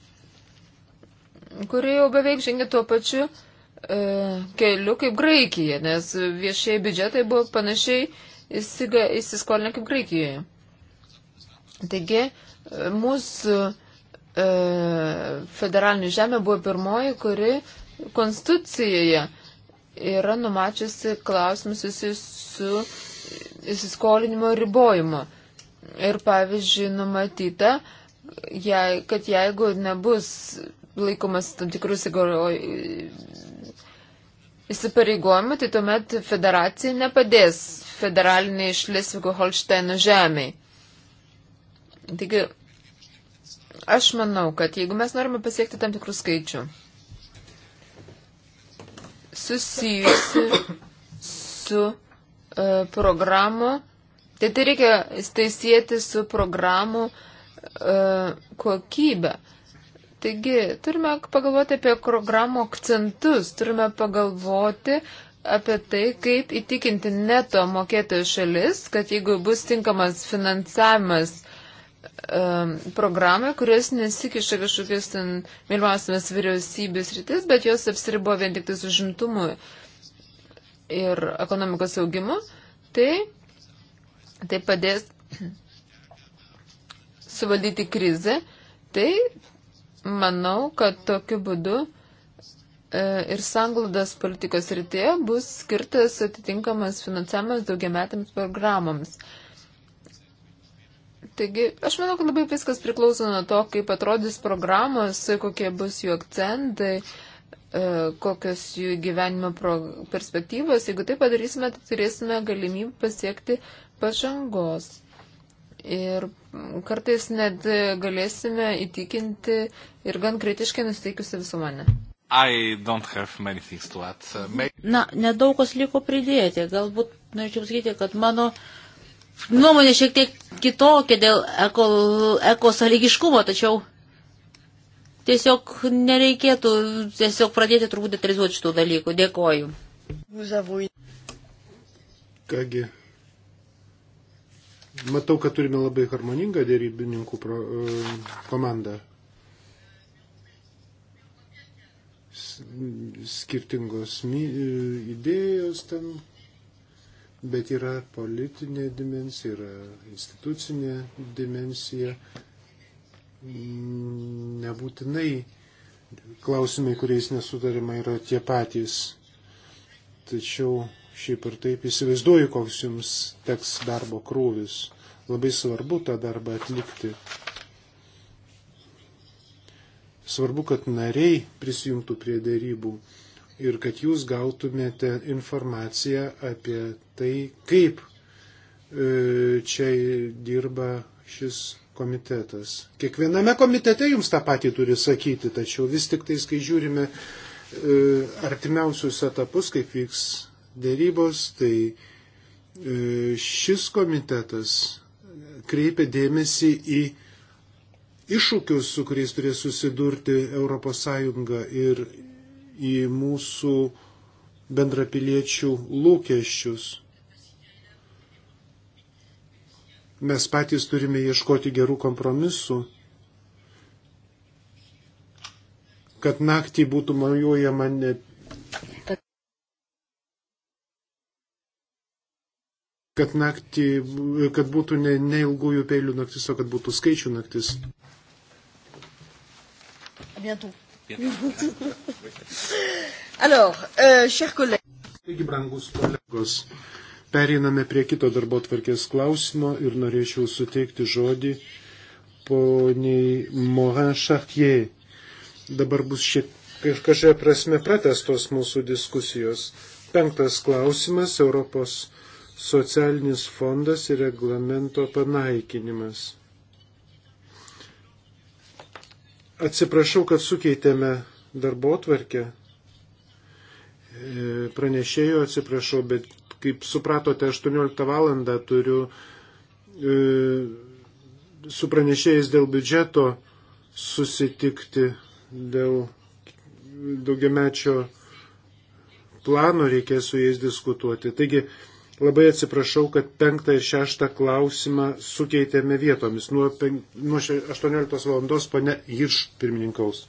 kuri jau beveik žengia tuo pačiu e, keliu kaip Graikija, nes viešieji biudžetai buvo panašiai įsiga, įsiskolinę kaip Graikijoje. Taigi, e, mūsų e, federalinė žemė buvo pirmoji, kuri e, Konstitucijoje yra numačiusi klausimus susijusius su įsiskolinimo ribojimu. Ir pavyzdžiui, numatyta, jei, kad jeigu nebus laikomas tam tikrus įsipareigojimų, tai tuomet federacija nepadės federaliniai išlisvigų Holšteino žemiai. Taigi, aš manau, kad jeigu mes norime pasiekti tam tikrų skaičių, susijusi su e, programu, tai tai reikia staisėti su programų e, kokybė. Taigi, turime pagalvoti apie programų akcentus, turime pagalvoti apie tai, kaip įtikinti neto mokėtojų šalis, kad jeigu bus tinkamas finansavimas Um, programą, kurios nesikiša kažkokios ten mylimasimės vyriausybės rytis, bet jos apsiribo vien tik tai užimtumu ir ekonomikos augimu, tai, tai padės (clears throat) suvaldyti krizę. Tai manau, kad tokiu būdu e, ir sanglaudas politikos rytėje bus skirtas atitinkamas finansavimas daugiametėms programams. E, Taigi, aš manau, kad labai viskas priklauso nuo to, kaip atrodys programos, kokie bus jų akcentai, e, kokios jų gyvenimo perspektyvos. Jeigu tai padarysime, tai turėsime galimybę pasiekti pažangos. Ir kartais net galėsime įtikinti ir gan kritiškai nusteikusi visuomenę. Uh, may... Na, nedaug kas liko pridėti. Galbūt norėčiau nu, pasakyti, kad mano uh, nuomonė šiek tiek kitokia dėl eko, ekosąlygiškumo, tačiau tiesiog nereikėtų tiesiog pradėti turbūt detalizuoti šitų dalykų. Dėkoju. Kągi, matau, kad turime labai harmoningą dėrybininkų pro, e, komandą. Skirtingos e, idėjos ten bet yra politinė dimensija, yra institucinė dimensija. Nebūtinai klausimai, kuriais nesudarima, yra tie patys. Tačiau šiaip ir taip įsivaizduoju, koks jums teks darbo krūvis. Labai svarbu tą darbą atlikti. Svarbu, kad nariai prisijungtų prie dėrybų ir kad jūs gautumėte informaciją apie tai, kaip e, čia dirba šis komitetas. Kiekviename komitete jums tą patį turi sakyti, tačiau vis tik tais, kai žiūrime e, artimiausius etapus, kaip vyks dėrybos, tai e, šis komitetas kreipia dėmesį į iššūkius, su kuriais turės susidurti ES ir į mūsų bendrapiliečių lūkesčius. Mes patys turime ieškoti gerų kompromisų, kad naktį būtų mojuojama ne kad naktį, kad būtų ne, ne ilgųjų peilių naktis, o kad būtų skaičių naktis. Bientôt. Alors, euh, chers collègues. Taigi, brangus kolegos, Pereiname prie kito darbo tvarkės klausimo ir norėčiau suteikti žodį poniai Morin Chartier. Dabar bus šiek tiek kažkokia prasme pratestos mūsų diskusijos. Penktas klausimas - Europos socialinis fondas ir reglamento panaikinimas. Atsiprašau, kad sukeitėme darbo tvarkę. E, pranešėjo atsiprašau, bet Kaip supratote, 18 valandą turiu e, su pranešėjais dėl biudžeto susitikti dėl daugiamečio plano, reikės su jais diskutuoti. Taigi, Labai atsiprašau, kad penktą ir šeštą klausimą sukeitėme vietomis. Nuo, pen... nuo 18 valandos pane Hirš pirmininkaus.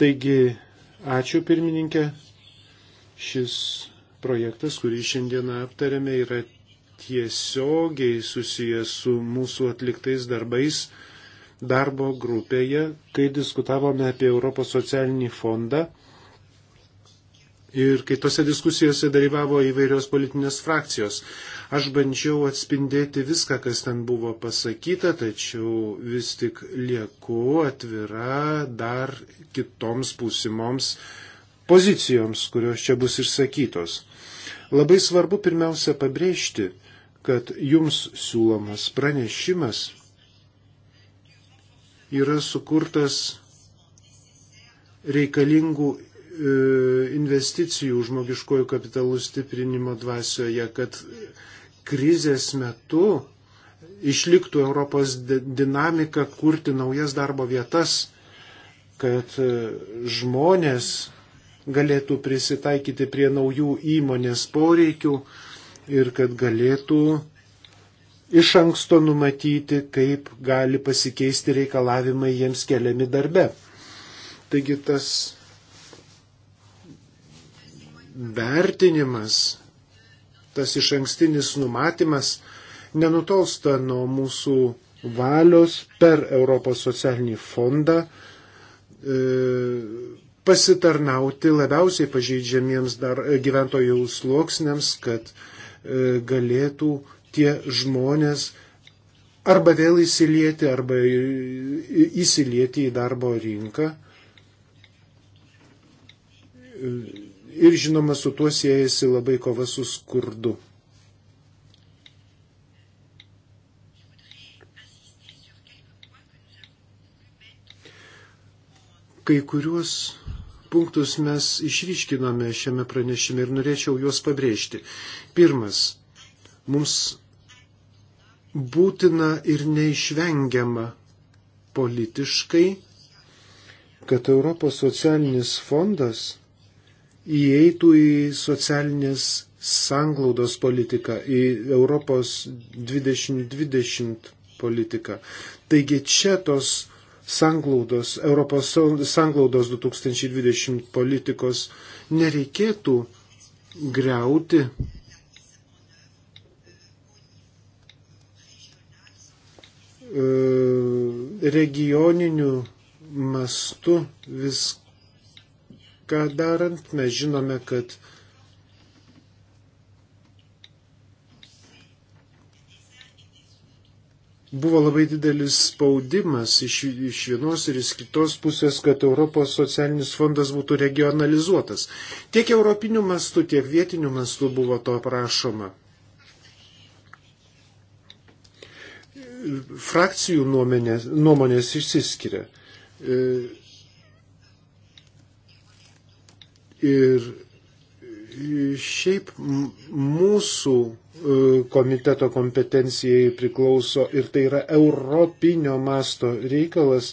Taigi, ačiū pirmininkė. Šis projektas, kurį šiandieną aptarėme, yra tiesiogiai susijęs su mūsų atliktais darbais darbo grupėje, kai diskutavome apie Europos socialinį fondą Ir kitose diskusijose dalyvavo įvairios politinės frakcijos. Aš bandžiau atspindėti viską, kas ten buvo pasakyta, tačiau vis tik lieku atvira dar kitoms pusimoms pozicijoms, kurios čia bus išsakytos. Labai svarbu pirmiausia pabrėžti, kad jums siūlomas pranešimas yra sukurtas reikalingų E, investicijų žmogiškojų kapitalų stiprinimo dvasioje, kad krizės metu išliktų Europos dinamika kurti naujas darbo vietas, kad e, žmonės galėtų prisitaikyti prie naujų įmonės poreikių ir kad galėtų iš anksto numatyti, kaip gali pasikeisti reikalavimai jiems keliami darbe. Taigi tas vertinimas, tas iš ankstinis numatymas nenutolsta nuo mūsų valios per Europos socialinį fondą e, pasitarnauti labiausiai pažeidžiamiems dar e, gyventojų sluoksniams, kad e, galėtų tie žmonės arba vėl įsilieti, arba įsilieti į darbo rinką ir žinoma su tuo siejasi labai kova su skurdu. Kai kuriuos punktus mes išryškinome šiame pranešime ir norėčiau juos pabrėžti. Pirmas, mums būtina ir neišvengiama politiškai, kad Europos socialinis fondas įeitų į socialinės sanglaudos politiką, į Europos 2020 politiką. Taigi čia tos sanglaudos, Europos sanglaudos 2020 politikos nereikėtų greuti. E, regioniniu mastu viską ką darant. Mes žinome, kad buvo labai didelis spaudimas iš, iš vienos ir iš kitos pusės, kad Europos socialinis fondas būtų regionalizuotas. Tiek europinių mastų, tiek vietinių mastų buvo to prašoma. Frakcijų nuomenės, nuomonės išsiskiria. E, Ir šiaip mūsų e, komiteto kompetencijai priklauso ir tai yra europinio masto reikalas,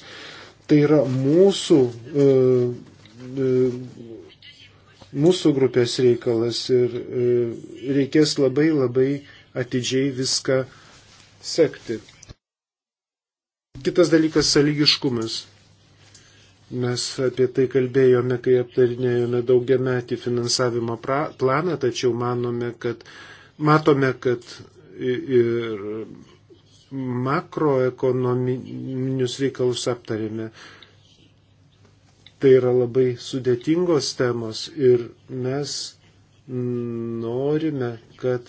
tai yra mūsų, e, e, mūsų grupės reikalas ir reikės labai labai atidžiai viską sekti. Kitas dalykas - saligiškumas. Mes apie tai kalbėjome, kai aptarinėjome daugiametį finansavimo pra, planą, tačiau manome, kad, matome, kad ir makroekonominius reikalus aptarėme. Tai yra labai sudėtingos temos ir mes norime, kad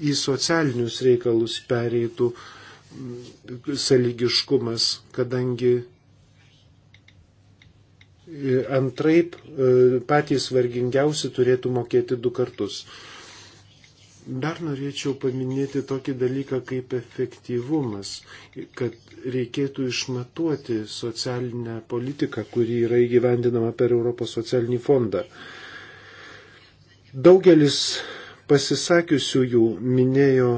į socialinius reikalus pereitų saligiškumas, kadangi E, antraip e, patys vargingiausi turėtų mokėti du kartus. Dar norėčiau paminėti tokį dalyką kaip efektyvumas, kad reikėtų išmatuoti socialinę politiką, kuri yra įgyvendinama per Europos socialinį fondą. Daugelis pasisakiusiųjų minėjo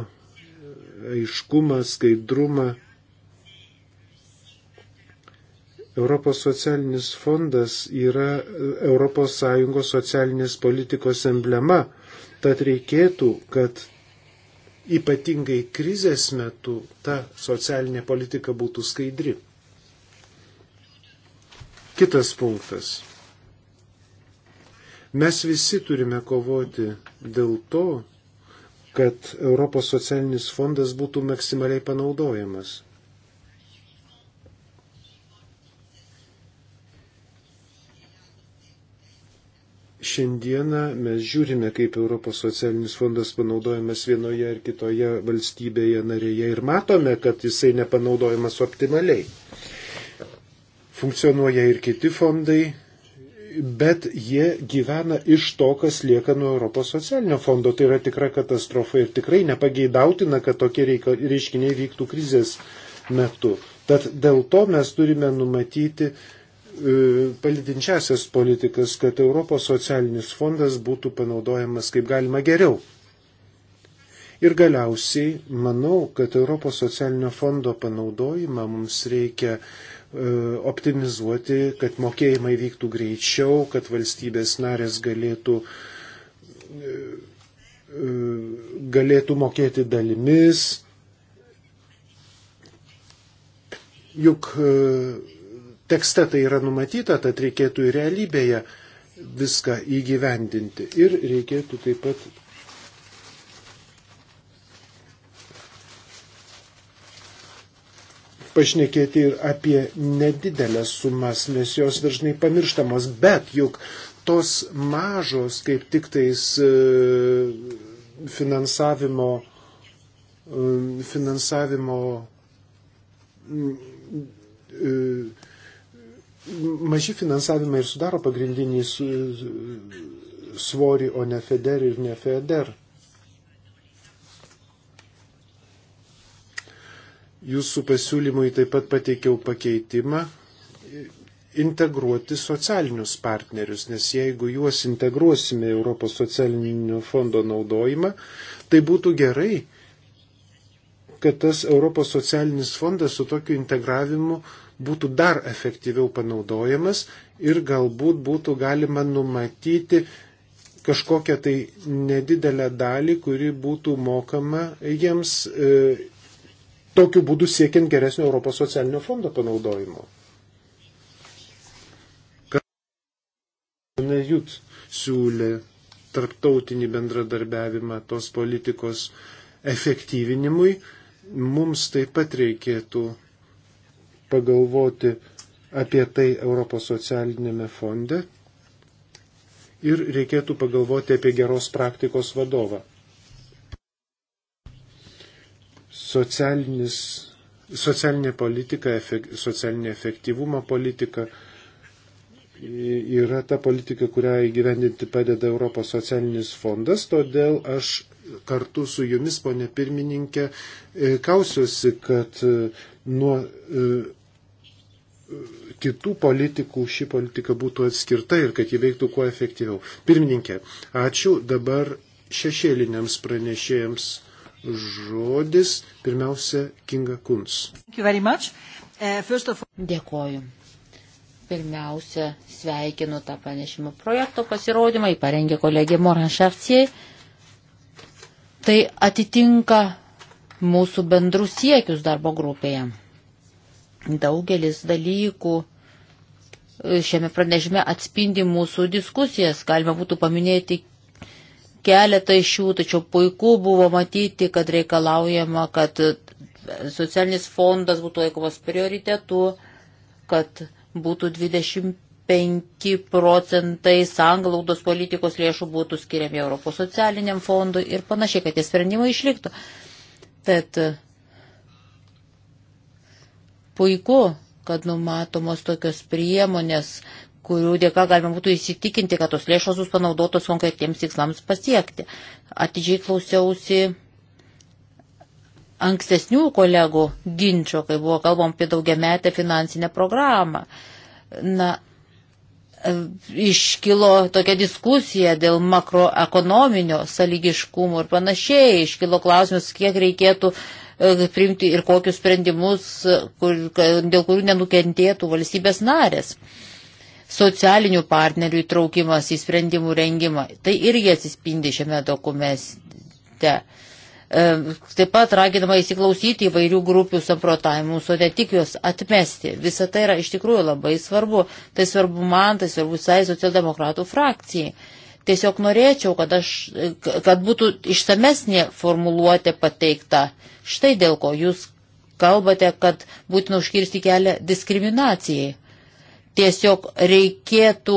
aiškumą, skaidrumą, Europos socialinis fondas yra ES socialinės politikos emblema, tad reikėtų, kad ypatingai krizės metu ta socialinė politika būtų skaidri. Kitas punktas. Mes visi turime kovoti dėl to, kad Europos socialinis fondas būtų maksimaliai panaudojamas. Šiandieną mes žiūrime, kaip Europos socialinis fondas panaudojamas vienoje ar kitoje valstybėje narėje ir matome, kad jisai nepanaudojamas optimaliai. Funkcionuoja ir kiti fondai, bet jie gyvena iš to, kas lieka nuo Europos socialinio fondo. Tai yra tikra katastrofa ir tikrai nepageidautina, kad tokie reiškiniai vyktų krizės metu. Tad dėl to mes turime numatyti E, palidinčiasias politikas, kad Europos socialinis fondas būtų panaudojamas kaip galima geriau. Ir galiausiai manau, kad Europos socialinio fondo panaudojimą mums reikia e, optimizuoti, kad mokėjimai vyktų greičiau, kad valstybės narės galėtų, e, galėtų mokėti dalimis. Juk tekste tai yra numatyta, tad reikėtų ir realybėje viską įgyvendinti. Ir reikėtų taip pat. Pašnekėti ir apie nedidelės sumas, nes jos dažnai pamirštamos, bet juk tos mažos kaip tik tais e, finansavimo, e, finansavimo e, maži finansavimai ir sudaro pagrindinį svorį, o ne FEDER ir ne FEDER. Jūsų pasiūlymui taip pat pateikiau pakeitimą integruoti socialinius partnerius, nes jeigu juos integruosime Europos socialinio fondo naudojimą, tai būtų gerai, kad tas Europos socialinis fondas su tokiu integravimu uh, būtų dar efektyviau panaudojamas ir galbūt būtų galima numatyti kažkokią tai nedidelę dalį, kuri būtų mokama jiems e, tokiu būdu siekiant geresnio Europos socialinio fondo panaudojimo. Kad jut siūlė tarptautinį bendradarbiavimą tos politikos efektyvinimui, mums taip pat reikėtų pagalvoti apie tai Europos socialinėme fonde ir reikėtų pagalvoti apie geros praktikos vadovą. Socialinis, socialinė politika, efek, socialinė efektyvumo politika yra ta politika, kurią įgyvendinti padeda Europos socialinis fondas, todėl aš kartu su jumis, ponė pirmininkė, e, kausiuosi, kad e, nuo e, kitų politikų ši politika būtų atskirta ir kad ji veiktų kuo efektyviau. Pirmininkė, ačiū. Dabar šešėliniams pranešėjams žodis. Pirmiausia, Kinga Kuns. Uh, Dėkoju. Pirmiausia, sveikinu tą pranešimo projekto pasirodymą, jį parengė kolegė Moran Šafcijai. Tai atitinka mūsų bendrus siekius darbo grupėje. Daugelis dalykų e, šiame pranešime atspindi mūsų diskusijas. Galima būtų paminėti keletą iš jų, tačiau puiku buvo matyti, kad reikalaujama, kad socialinis fondas būtų laikomas prioritetu, kad būtų 25 procentai sanglaudos politikos lėšų būtų skiriami Europos socialiniam fondui ir panašiai, kad tie sprendimai išliktų. Tad Puiku, kad numatomos tokios priemonės, kurių dėka galima būtų įsitikinti, kad tos lėšos bus panaudotos konkretiems tikslams pasiekti. Atidžiai klausiausi ankstesnių kolegų ginčio, kai buvo kalbam apie daugiametę finansinę programą. Na, iškilo tokia diskusija dėl makroekonominio saligiškumo ir panašiai, iškilo klausimas, kiek reikėtų E, priimti ir kokius sprendimus, kur, dėl kurių nenukentėtų valstybės narės. Socialinių partnerių įtraukimas į sprendimų rengimą. Tai irgi atsispindi šiame dokumente. E, taip pat raginama įsiklausyti įvairių grupių samprotavimus, o ne tik juos atmesti. Visa tai yra iš tikrųjų labai svarbu. Tai svarbu man, tai svarbu visai socialdemokratų frakcijai. Tiesiog norėčiau, kad, aš, kad būtų išsamesnė formuluotė pateikta. Štai dėl ko jūs kalbate, kad būtina užkirsti kelią diskriminacijai. Tiesiog reikėtų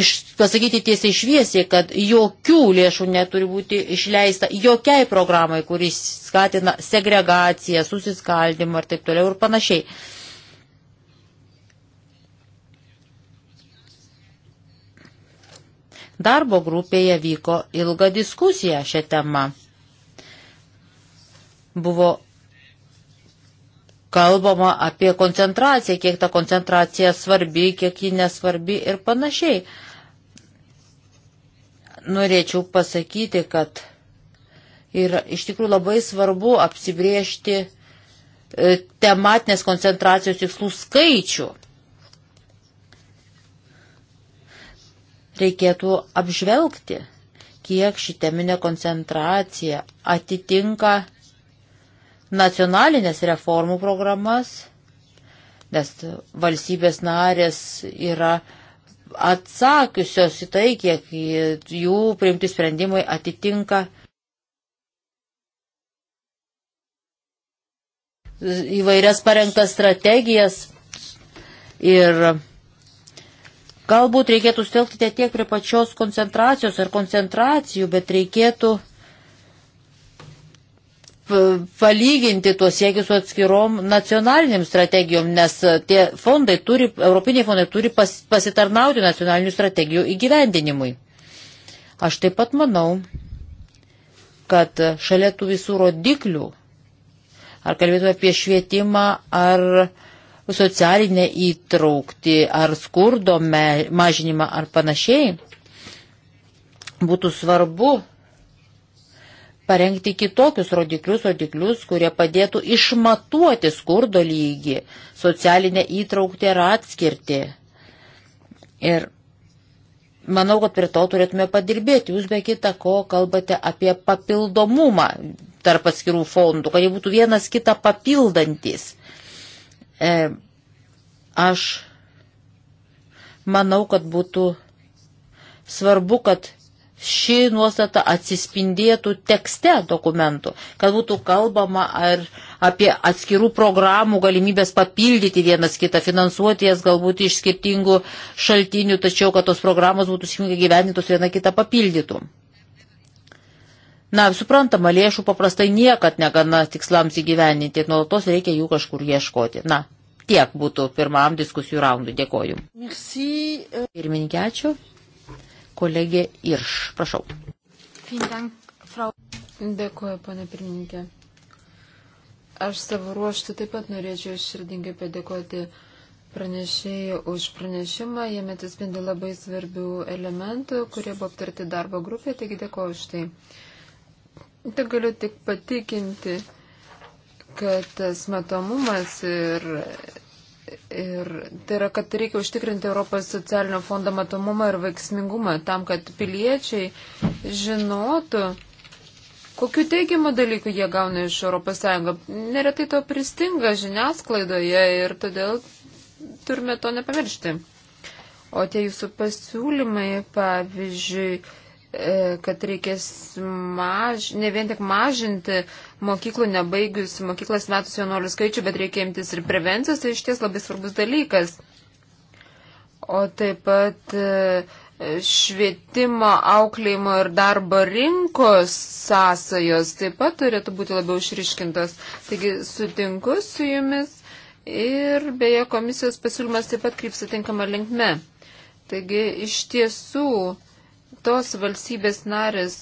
iš, pasakyti tiesiai šviesiai, kad jokių lėšų neturi būti išleista jokiai programai, kuris skatina segregaciją, susiskaldimą ir taip toliau ir panašiai. Uh, Darbo grupėje vyko ilga diskusija šią temą. Buvo kalbama apie koncentraciją, kiek ta koncentracija svarbi, kiek ji nesvarbi ir panašiai. Norėčiau pasakyti, kad ir iš tikrųjų labai svarbu apsibriežti e, tematinės koncentracijos tikslų skaičių. reikėtų apžvelgti, kiek ši teminė koncentracija atitinka nacionalinės reformų programas, nes valstybės narės yra atsakiusios į tai, kiek jų priimti sprendimai atitinka įvairias parengtas strategijas ir Galbūt reikėtų stelkti ne tiek prie pačios koncentracijos ar koncentracijų, bet reikėtų palyginti tuos siekius su atskirom nacionaliniam strategijom, nes e, tie fondai turi, europiniai fondai turi pas, pasitarnauti nacionalinių strategijų įgyvendinimui. Aš taip pat manau, kad šalia tų visų rodiklių, ar kalbėtume apie švietimą, ar uh, socialinę įtraukti ar skurdo mažinimą ar panašiai, būtų svarbu parengti kitokius rodiklius, rodiklius, kurie padėtų išmatuoti skurdo lygį, socialinę įtraukti ir atskirti. Ir manau, kad prie to turėtume padirbėti. Jūs be kita ko kalbate apie papildomumą tarp atskirų fondų, kad jie būtų vienas kitą papildantis. E, aš manau, kad būtų svarbu, kad ši nuostata atsispindėtų tekste dokumentų, kad būtų kalbama ar apie atskirų programų galimybės papildyti vienas kitą, finansuoti jas galbūt iš skirtingų šaltinių, tačiau kad tos programos būtų sėkmingai gyvenintos viena kitą papildytų. Na, suprantama, lėšų paprastai niekad negana tikslams įgyveninti ir nuolatos reikia jų kažkur ieškoti. Na, tiek būtų pirmam diskusijų raundui. Dėkoju. Merci. E- pirmininkė, ačiū. Kolegė Irš, prašau. Dėkoju, pane pirmininkė. Aš savo ruoštų taip pat norėčiau širdingai padėkoti pranešėjai už pranešimą. Jame atsispindi labai svarbių elementų, kurie buvo aptarti darbo grupėje, taigi dėkoju už tai. Uh, Tai galiu tik patikinti, kad tas matomumas ir, ir tai yra, kad reikia užtikrinti Europos socialinio fondo matomumą ir veiksmingumą tam, kad piliečiai žinotų, kokiu teigiamu dalyku jie gauna iš Europos Sąjungą. Neretai to pristinga žiniasklaidoje ir todėl turime to nepamiršti. O tie jūsų pasiūlymai, pavyzdžiui, E, kad reikės maž, ne vien tik mažinti mokyklų nebaigius mokyklas metus jaunuolių skaičių, bet reikia imtis ir prevencijos, tai iš ties labai svarbus dalykas. O taip pat e, švietimo, auklėjimo ir darbo rinkos sąsajos taip pat turėtų būti labiau išriškintos. Taigi sutinku su jumis ir beje komisijos pasiūlymas taip pat krypsta tinkama linkme. Taigi iš tiesų tos valstybės narės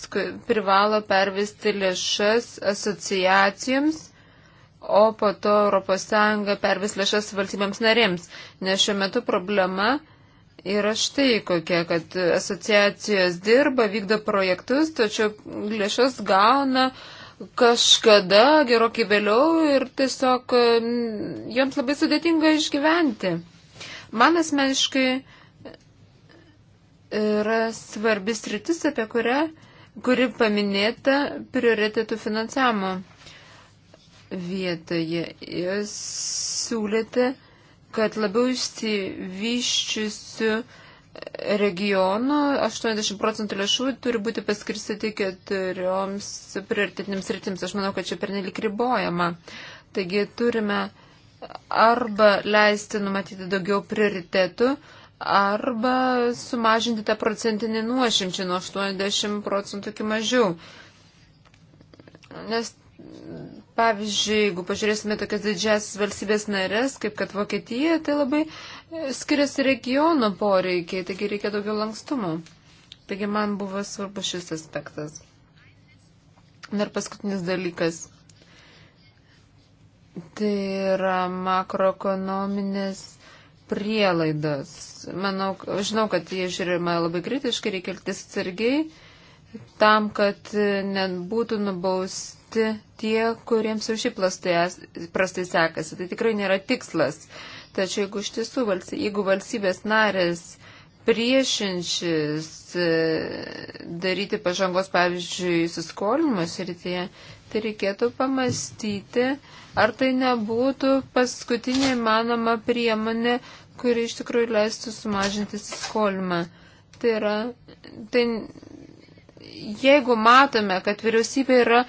privalo pervesti lėšas asociacijoms, o po to ES pervis lėšas valstybėms narėms. Nes šiuo metu problema yra štai kokia, kad asociacijos dirba, vykdo projektus, tačiau lėšas gauna kažkada, gerokai vėliau ir tiesiog mm, joms labai sudėtinga išgyventi. Man asmeniškai yra svarbis rytis, apie kurią, kuri paminėta prioritėtų finansavimo vietoje. Jūs siūlėte, kad labiau išsivyščiusių regionų 80 procentų lėšų turi būti paskirstyti keturioms prioritetinėms rytims. Aš manau, kad čia pernelik ribojama. Taigi turime arba leisti numatyti daugiau prioritetų, arba sumažinti tą procentinį nuošimčią nuo 80 procentų iki mažiau. Nes, pavyzdžiui, jeigu pažiūrėsime tokias didžiasias valstybės narės, kaip kad Vokietija, tai labai skiriasi regiono poreikiai, taigi reikia daugiau lankstumo. Taigi man buvo svarbu šis aspektas. Ir paskutinis dalykas. Tai yra makroekonominės prielaidos manau, žinau, kad jie žiūrima labai kritiškai, reikia elgtis atsargiai, tam, kad e, nebūtų nubausti tie, kuriems jau šiaip prastai sekasi. Tai tikrai nėra tikslas. Tačiau jeigu iš tiesų, jeigu valstybės narės priešinčius e, daryti pažangos, pavyzdžiui, susiskolimo srityje, tai reikėtų pamastyti, ar tai nebūtų paskutinė manoma priemonė kuri iš tikrųjų leistų sumažinti skolimą. Tai yra, tai jeigu matome, kad vyriausybė yra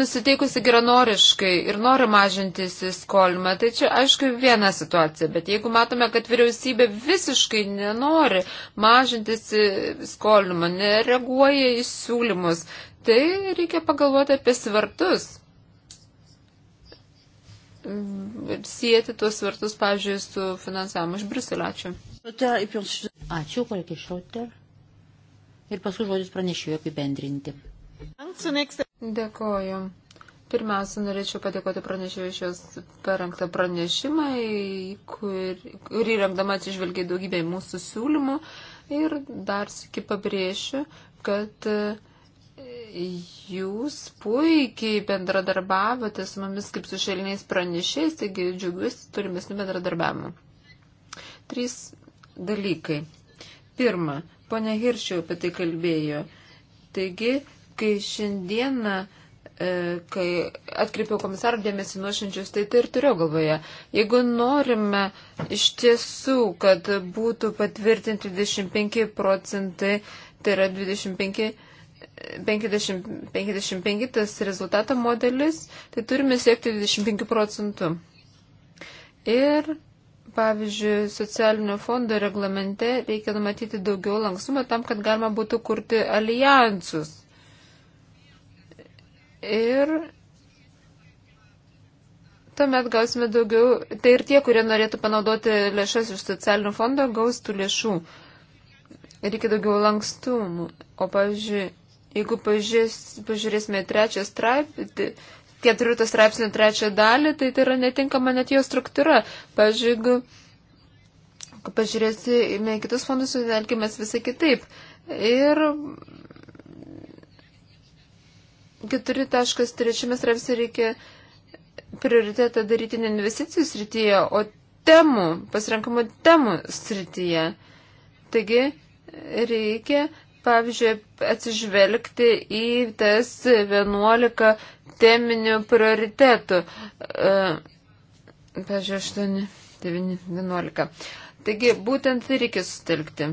nusiteikusi geranoriškai ir nori mažinti įsiskolimą, tai čia aišku viena situacija, bet jeigu matome, kad vyriausybė visiškai nenori mažinti įsiskolimą, nereaguoja į siūlymus, tai reikia pagalvoti apie svertus sieti tuos svertus, pavyzdžiui, su finansavimu iš Briuselio. Ačiū. Ačiū, kolegė Šoter. Ir paskui žodis pranešiu apibendrinti. Dėkoju. Pirmiausia, norėčiau padėkoti pranešėjui šios parengtą pranešimą, kur, kurį rengdama atsižvelgiai daugybė mūsų siūlymų. Ir dar sėki pabrėšiu, kad uh, jūs puikiai bendradarbiavote su mumis kaip su šeliniais pranešiais, taigi džiugiuosi turimesnių bendradarbiavimų. Trys dalykai. Pirma, ponia Hiršiau apie tai kalbėjo. Taigi, kai šiandieną, e, kai atkreipiau komisarų dėmesį nuošinčius, tai tai ir turiu galvoje. Jeigu norime iš tiesų, kad būtų patvirtinti 25 procentai, tai yra 25 procentai, 50, 55 tas rezultato modelis, tai turime siekti 25 procentų. Ir, pavyzdžiui, socialinio fondo reglamente reikia numatyti daugiau lankstumo tam, kad galima būtų kurti alijansus. Ir tuomet gausime daugiau, tai ir tie, kurie norėtų panaudoti lėšas iš socialinio fondo, gaus tų lėšų. Reikia daugiau lankstumų. O, pavyzdžiui, Jeigu pažiūrės, pažiūrėsime trečią straipsnį, tai ketvirtą straipsnį trečią dalį, tai tai yra netinkama net jo struktūra. Pavyzdžiui, jeigu pažiūrėsime kitus fondus, tai elgiamės visai kitaip. Ir 4.3 straipsnį reikia prioritetą daryti ne investicijų srityje, o temų, pasirenkamo temų srityje. Taigi reikia pavyzdžiui, atsižvelgti į tas 11 teminių prioritetų. E, pavyzdžiui, 8, 9, 11. Taigi, būtent tai reikia sutelkti.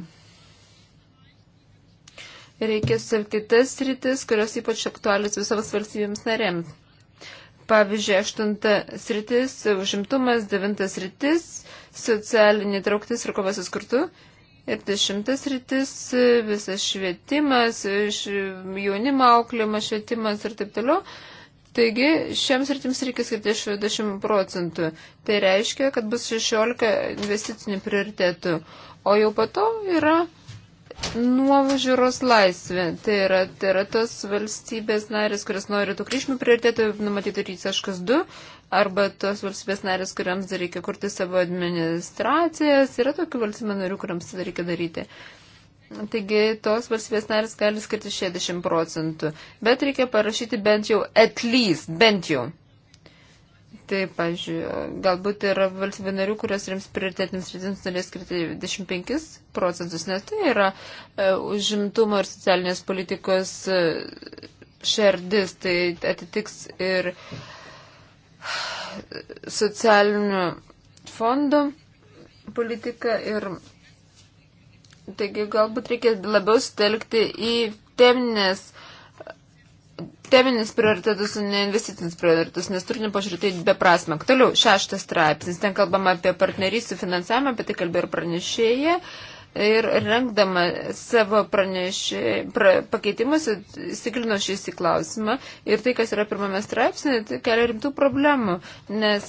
Reikia sutelkti tas rytis, kurios ypač aktualius visoms valstybėms narėms. Pavyzdžiui, aštunta sritis - užimtumas, devintas sritis - socialinė trauktis ir kovas su skurtu, Ir dešimtas rytis, visas švietimas, jaunimo auklėjimas, švietimas ir taip toliau. Taigi šiems rytims reikia skirti 60 procentų. Tai reiškia, kad bus 16 investicinių prioritetų. O jau po to yra nuovažiūros laisvė. Tai yra, tai yra tos valstybės narės, kurias nori tų kryšmių prioritetų numatyti rytis 2 arba tos valstybės narės, kuriams dar reikia kurti savo administracijas, yra tokių valstybių narių, kuriams tai reikia daryti. Taigi tos valstybės narės gali skirti 60 procentų, bet reikia parašyti bent jau at least, bent jau. Taip, pažiūrėjau, galbūt yra valstybė narių, kurios rims prioritetinis rytims norės skirti 25 procentus, nes tai yra e, užimtumo ir socialinės politikos e, šerdis, tai atitiks ir e, socialinių fondų politiką ir taigi galbūt reikia labiau stelkti į teminės, teminės prioritetus, ne investicinius prioritetus, nes turinio požiūrį tai beprasme. Toliau, šeštas straipsnis, ten kalbama apie partnerysį finansavimą, apie tai kalbėjo ir pranešėja. Uh, ir rengdama savo pranešį, pra, pakeitimus, įsiklino šis į klausimą ir tai, kas yra pirmame straipsnė, tai kelia rimtų problemų, nes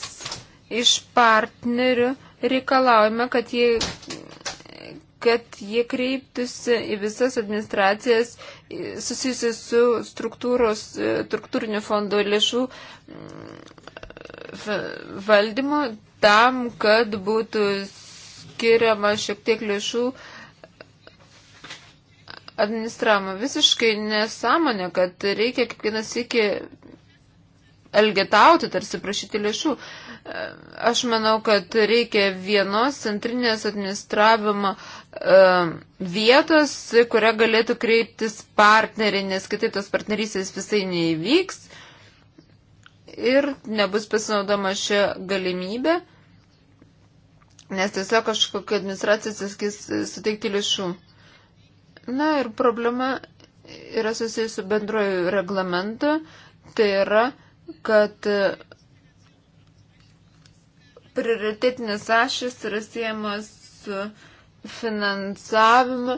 iš partnerių reikalaujame, kad jie kad jie kreiptųsi į visas administracijas susijusias su struktūros, struktūrinių fondų lėšų mm, valdymu tam, kad būtų skiriama šiek tiek lėšų administravimą. Visiškai nesąmonė, kad reikia kiekvienas iki elgetauti, tarsi prašyti lėšų. Aš manau, kad reikia vienos centrinės administravimo e, vietos, kurią galėtų kreiptis partneriai, nes kitaip tos partnerysės visai neįvyks ir nebus pasinaudama šią galimybę nes tiesiog kažkokia administracija atsiskis suteikti lėšų. Na ir problema yra susijusi su bendroju reglamentu, tai yra, kad prioritetinės ašys yra siejamas su finansavimu.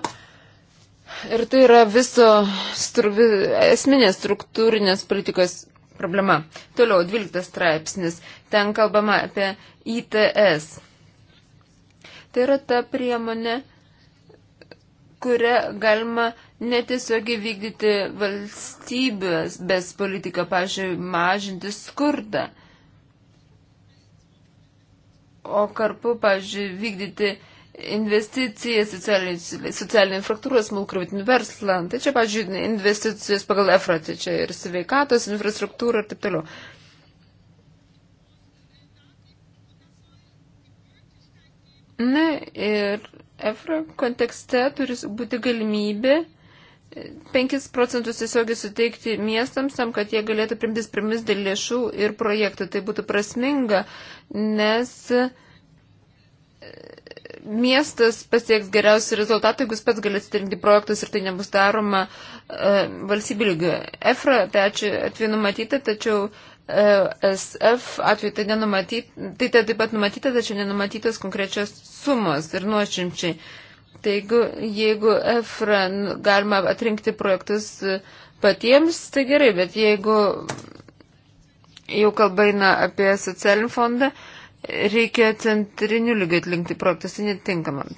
Ir tai yra viso stru, esminės struktūrinės politikos problema. Toliau, 12 straipsnis. Ten kalbama apie ITS Tai yra ta priemonė, kurią galima netiesiog įvykdyti valstybės bes politiką, pažiūrėjau, mažinti skurdą. O karpu, pažiūrėjau, vykdyti investicijas socialinį infrastruktūrą, smulkruvitinį verslą. Tai čia, pažiūrėjau, investicijos pagal EFRA, tai čia ir sveikatos infrastruktūra ir taip toliau. Na ir EFRA kontekste turi būti galimybė 5 e, procentus tiesiogiai suteikti miestams tam, kad jie galėtų primti sprendimus dėl lėšų ir projektų. Tai būtų prasminga, nes e, miestas pasieks geriausių rezultatų, jeigu jis pats galės atrinkti projektus ir tai nebus daroma e, valstybių lygiu. EFRA, tai ačiū atveju numatyta, tačiau e, E SF atveju tai nenumatyta, tai taip pat numatyta, tačiau nenumatytos konkrečios sumos ir nuošimčiai. Tai jeigu, jeigu EFRA nu, galima atrinkti projektus e, patiems, tai gerai, bet jeigu jau kalba eina apie socialinį fondą, reikia centrinių lygių atlinkti projektus, tai netinkama.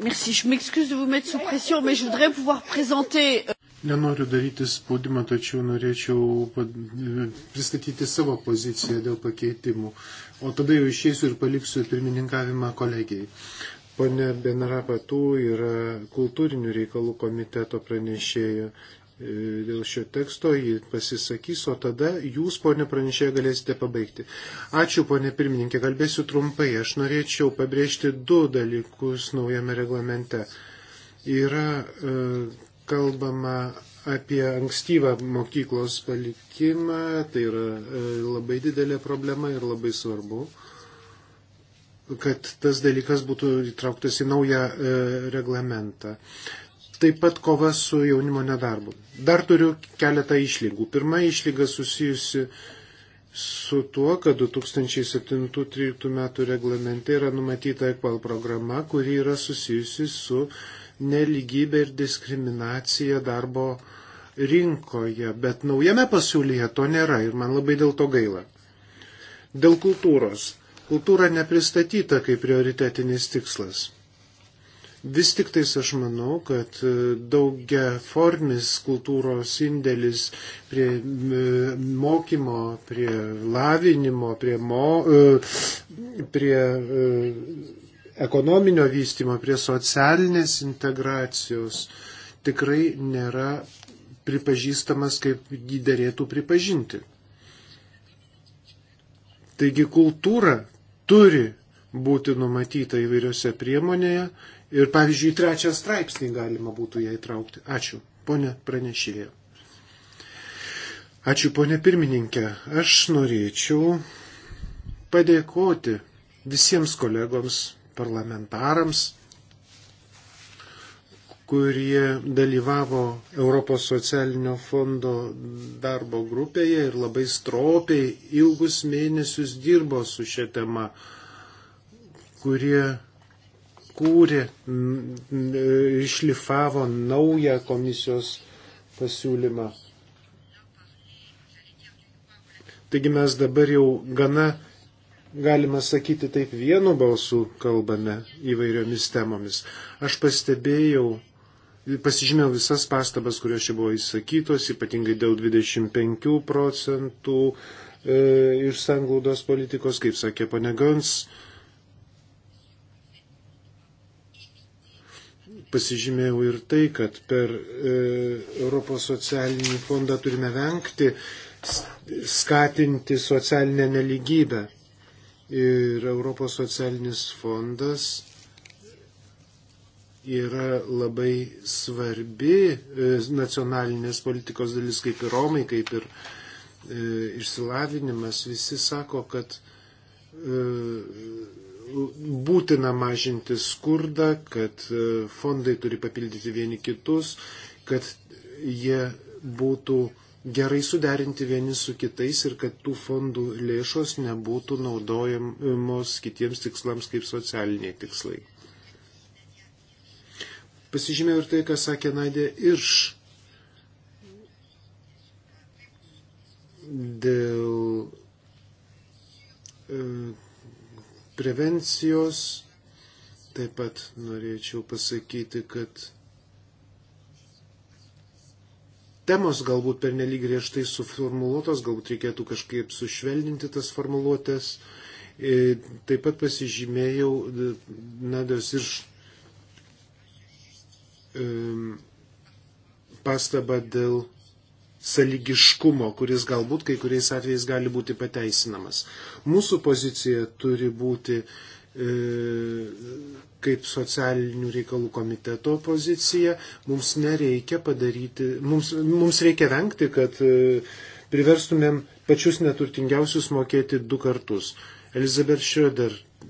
Merci, je m'excuse de vous mettre sous pression, mais je voudrais pouvoir présenter. Nenoriu daryti spaudimą, tačiau norėčiau pristatyti savo poziciją dėl pakeitimų. O tada jau išeisiu ir paliksiu pirmininkavimą kolegijai. Pone Benrapatų yra kultūrinių reikalų komiteto pranešėja e, dėl šio teksto, jį pasisakys, o tada jūs, ponė pranešėja, galėsite pabaigti. Ačiū, ponė pirmininkė, kalbėsiu trumpai. Aš norėčiau pabrėžti du dalykus naujame reglamente. Yra e, kalbama apie ankstyvą mokyklos palikimą, tai yra e, labai didelė problema ir labai svarbu, kad tas dalykas būtų įtrauktas į naują e, reglamentą. Taip pat kova su jaunimo nedarbu. Dar turiu keletą išlygų. Pirma išlyga susijusi su tuo, kad 2007-2013 metų reglamente yra numatyta EQUAL programa, kuri yra susijusi su uh, neligybę ir diskriminaciją darbo rinkoje, bet naujame pasiūlyje to nėra ir man labai dėl to gaila. Dėl kultūros. Kultūra nepristatyta kaip prioritetinis tikslas. Vis tik tais aš manau, kad e, daugia formis kultūros indėlis prie mokymo, prie lavinimo, prie, mo, e, prie e, ekonominio vystimo, prie socialinės integracijos tikrai nėra pripažįstamas, kaip jį dėrėtų pripažinti. Taigi kultūra turi būti numatyta įvairiose priemonėje ir, pavyzdžiui, trečią straipsnį galima būtų ją įtraukti. Ačiū, ponė pranešėja. Ačiū, ponė pirmininkė. Aš norėčiau padėkoti visiems kolegoms, parlamentarams, kurie dalyvavo Europos socialinio fondo darbo grupėje ir labai stropiai ilgus mėnesius dirbo su šia tema, kurie kūrė, e, išlifavo naują komisijos pasiūlymą. Taigi mes dabar jau gana galima sakyti taip vienu balsu kalbame įvairiomis temomis. Aš pastebėjau, pasižymėjau visas pastabas, kurios čia buvo įsakytos, ypatingai dėl 25 procentų e, iš sanglaudos politikos, kaip sakė panegans. Pasižymėjau ir tai, kad per e, Europos socialinį fondą turime vengti skatinti socialinę neligybę ir Europos socialinis fondas yra labai svarbi e, nacionalinės politikos dalis, kaip ir Romai, kaip ir e, išsilavinimas. Visi sako, kad e, būtina mažinti skurdą, kad e, fondai turi papildyti vieni kitus, kad jie būtų e, gerai suderinti vieni su kitais ir kad tų fondų lėšos nebūtų naudojamos kitiems tikslams kaip socialiniai tikslai. Pasižymėjau ir tai, ką sakė Nadė Irš dėl e, prevencijos. Taip pat norėčiau pasakyti, kad temos galbūt pernelyg griežtai suformuoluotos, galbūt reikėtų kažkaip sušvelninti tas formuluotės. E, taip pat pasižymėjau Nadios iš pastabą dėl saligiškumo, kuris galbūt kai kuriais atvejais gali būti pateisinamas. Mūsų pozicija turi būti e, kaip socialinių reikalų komiteto pozicija, mums nereikia padaryti, mums, mums reikia vengti, kad e, priverstumėm pačius neturtingiausius mokėti du kartus. Elizabeth Schroeder e,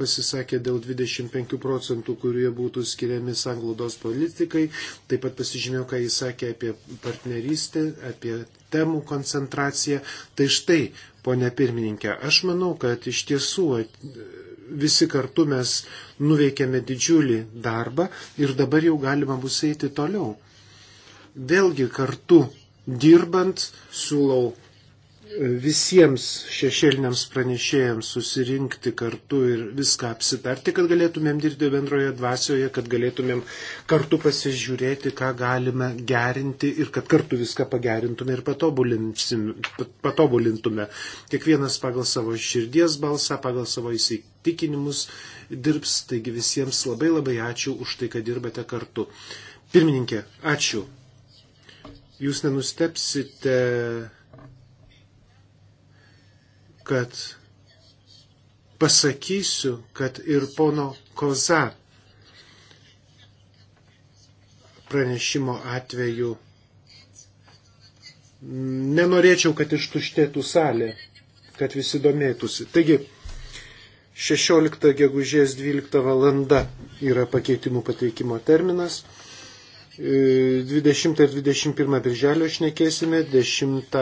pasisakė dėl 25 procentų, kurie būtų skiriami sanglaudos politikai. Taip pat pasižymėjau, ką jis sakė apie partnerystę, apie temų koncentraciją. Tai štai, ponia pirmininkė, aš manau, kad iš tiesų e, visi kartu mes nuveikėme didžiulį darbą ir dabar jau galima bus eiti toliau. Vėlgi kartu dirbant siūlau visiems šešėliniams pranešėjams susirinkti kartu ir viską apsitarti, kad galėtumėm dirbti bendroje dvasioje, kad galėtumėm kartu pasižiūrėti, ką galime gerinti ir kad kartu viską pagerintume ir patobulintume. Kiekvienas pagal savo širdies balsą, pagal savo įsitikinimus dirbs, taigi visiems labai labai ačiū už tai, kad dirbate kartu. Pirmininkė, ačiū. Jūs nenustepsite kad pasakysiu, kad ir pono Koza pranešimo atveju nenorėčiau, kad ištuštėtų salė, kad visi domėtųsi. Taigi, 16 gegužės 12 valanda yra pakeitimų pateikimo terminas. 20 ir 21 birželio šnekėsime, 10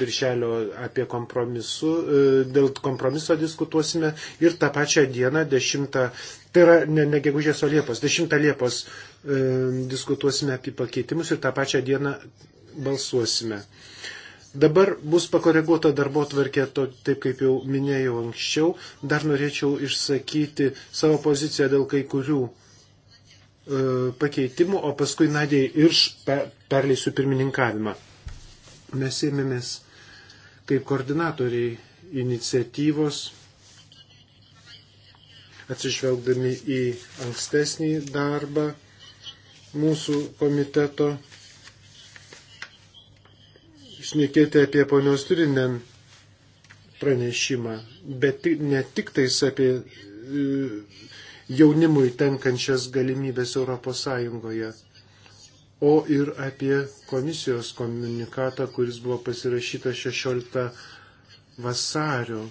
birželio apie kompromisu, e, dėl kompromiso diskutuosime ir tą pačią dieną, 10, tai yra ne, ne gegužės, o Liepos, 10 Liepos e, diskutuosime apie pakeitimus ir tą pačią dieną balsuosime. Dabar bus pakoreguota darbo tvarkė, to, taip kaip jau minėjau anksčiau, dar norėčiau išsakyti savo poziciją dėl kai kurių E, pakeitimų, o paskui Nadėjai ir perleisiu pirmininkavimą. Mes ėmėmės kaip koordinatoriai iniciatyvos, atsižvelgdami į ankstesnį darbą mūsų komiteto, šnekėti apie ponios turinen pranešimą, bet ne tik tais apie e, jaunimui tenkančias galimybės ES, o ir apie komisijos komunikatą, kuris buvo pasirašytas 16 vasario.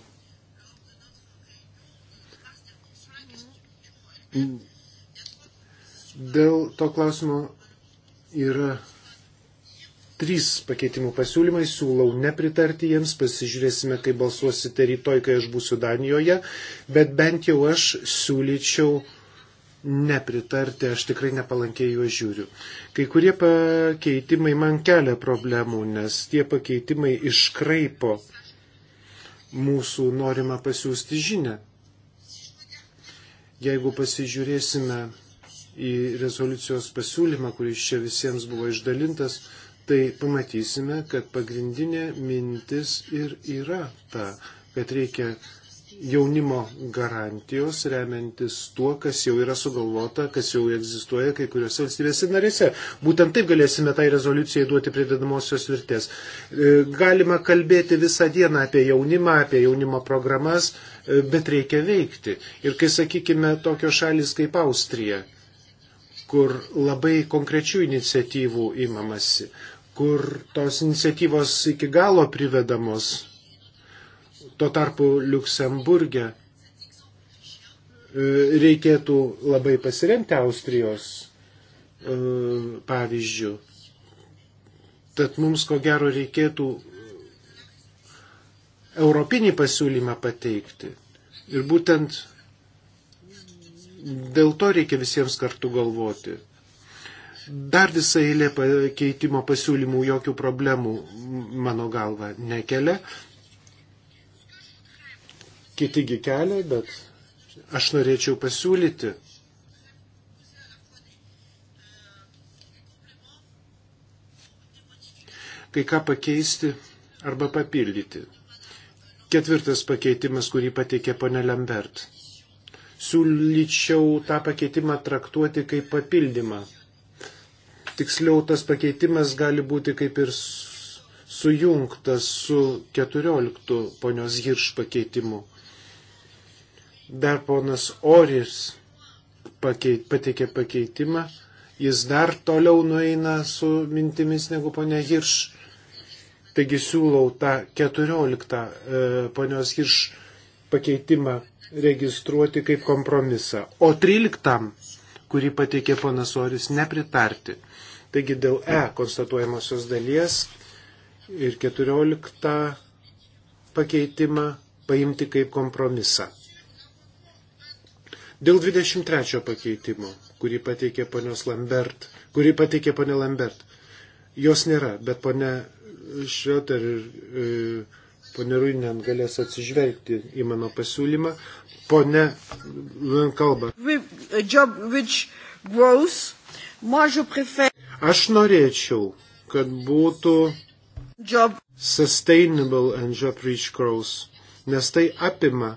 Dėl to klausimo yra Trys pakeitimų pasiūlymai, siūlau nepritarti jiems, pasižiūrėsime, kaip balsuosite rytoj, kai aš būsiu Danijoje, bet bent jau aš siūlyčiau nepritarti, aš tikrai nepalankiai juos žiūriu. Kai kurie pakeitimai man kelia problemų, nes tie pakeitimai iškraipo mūsų norimą pasiūsti žinę. Jeigu pasižiūrėsime į rezoliucijos pasiūlymą, kuris čia visiems buvo išdalintas, tai pamatysime, kad pagrindinė mintis ir yra ta, kad reikia jaunimo garantijos remiantis tuo, kas jau yra sugalvota, kas jau egzistuoja kai kuriuose valstybėse narėse. Būtent taip galėsime tai rezoliucijai duoti pridedamosios vertės. E, galima kalbėti visą dieną apie jaunimą, apie jaunimo programas, e, bet reikia veikti. Ir kai sakykime tokios šalis kaip Austrija, kur labai konkrečių iniciatyvų imamasi kur tos iniciatyvos iki galo privedamos. Tuo tarpu Luksemburgė e, reikėtų labai pasiremti Austrijos e, pavyzdžių. Tad mums ko gero reikėtų europinį pasiūlymą pateikti. Ir būtent dėl to reikia visiems kartu galvoti. Dar visa eilė keitimo pasiūlymų jokių problemų, mano galva, nekelia. Kitigi kelia, bet aš norėčiau pasiūlyti. Kai ką pakeisti arba papildyti. Ketvirtas pakeitimas, kurį pateikė ponė Lambert. Siūlyčiau tą pakeitimą traktuoti kaip papildymą tiksliau tas pakeitimas gali būti kaip ir sujungtas su 14 ponios Hirš pakeitimu. Dar ponas Oris pakeit, pateikė pakeitimą, jis dar toliau nueina su mintimis negu ponia Hirš. Taigi siūlau tą 14 e, ponios Hirš pakeitimą registruoti kaip kompromisą, o 13, kurį pateikė ponas Oris, nepritarti. Taigi dėl E konstatuojamosios dalies ir 14 pakeitimą paimti kaip kompromisą. Dėl 23 pakeitimo, kurį pateikė ponios Lambert, kurį pateikė ponė Lambert, jos nėra, bet ponė Šrioter ir e, ponė Ruinen galės atsižvelgti į mano pasiūlymą. Pone Ruinen kalba. Job which grows. Moi, je préfère. Aš norėčiau, kad būtų job. sustainable and job rich growth, nes tai apima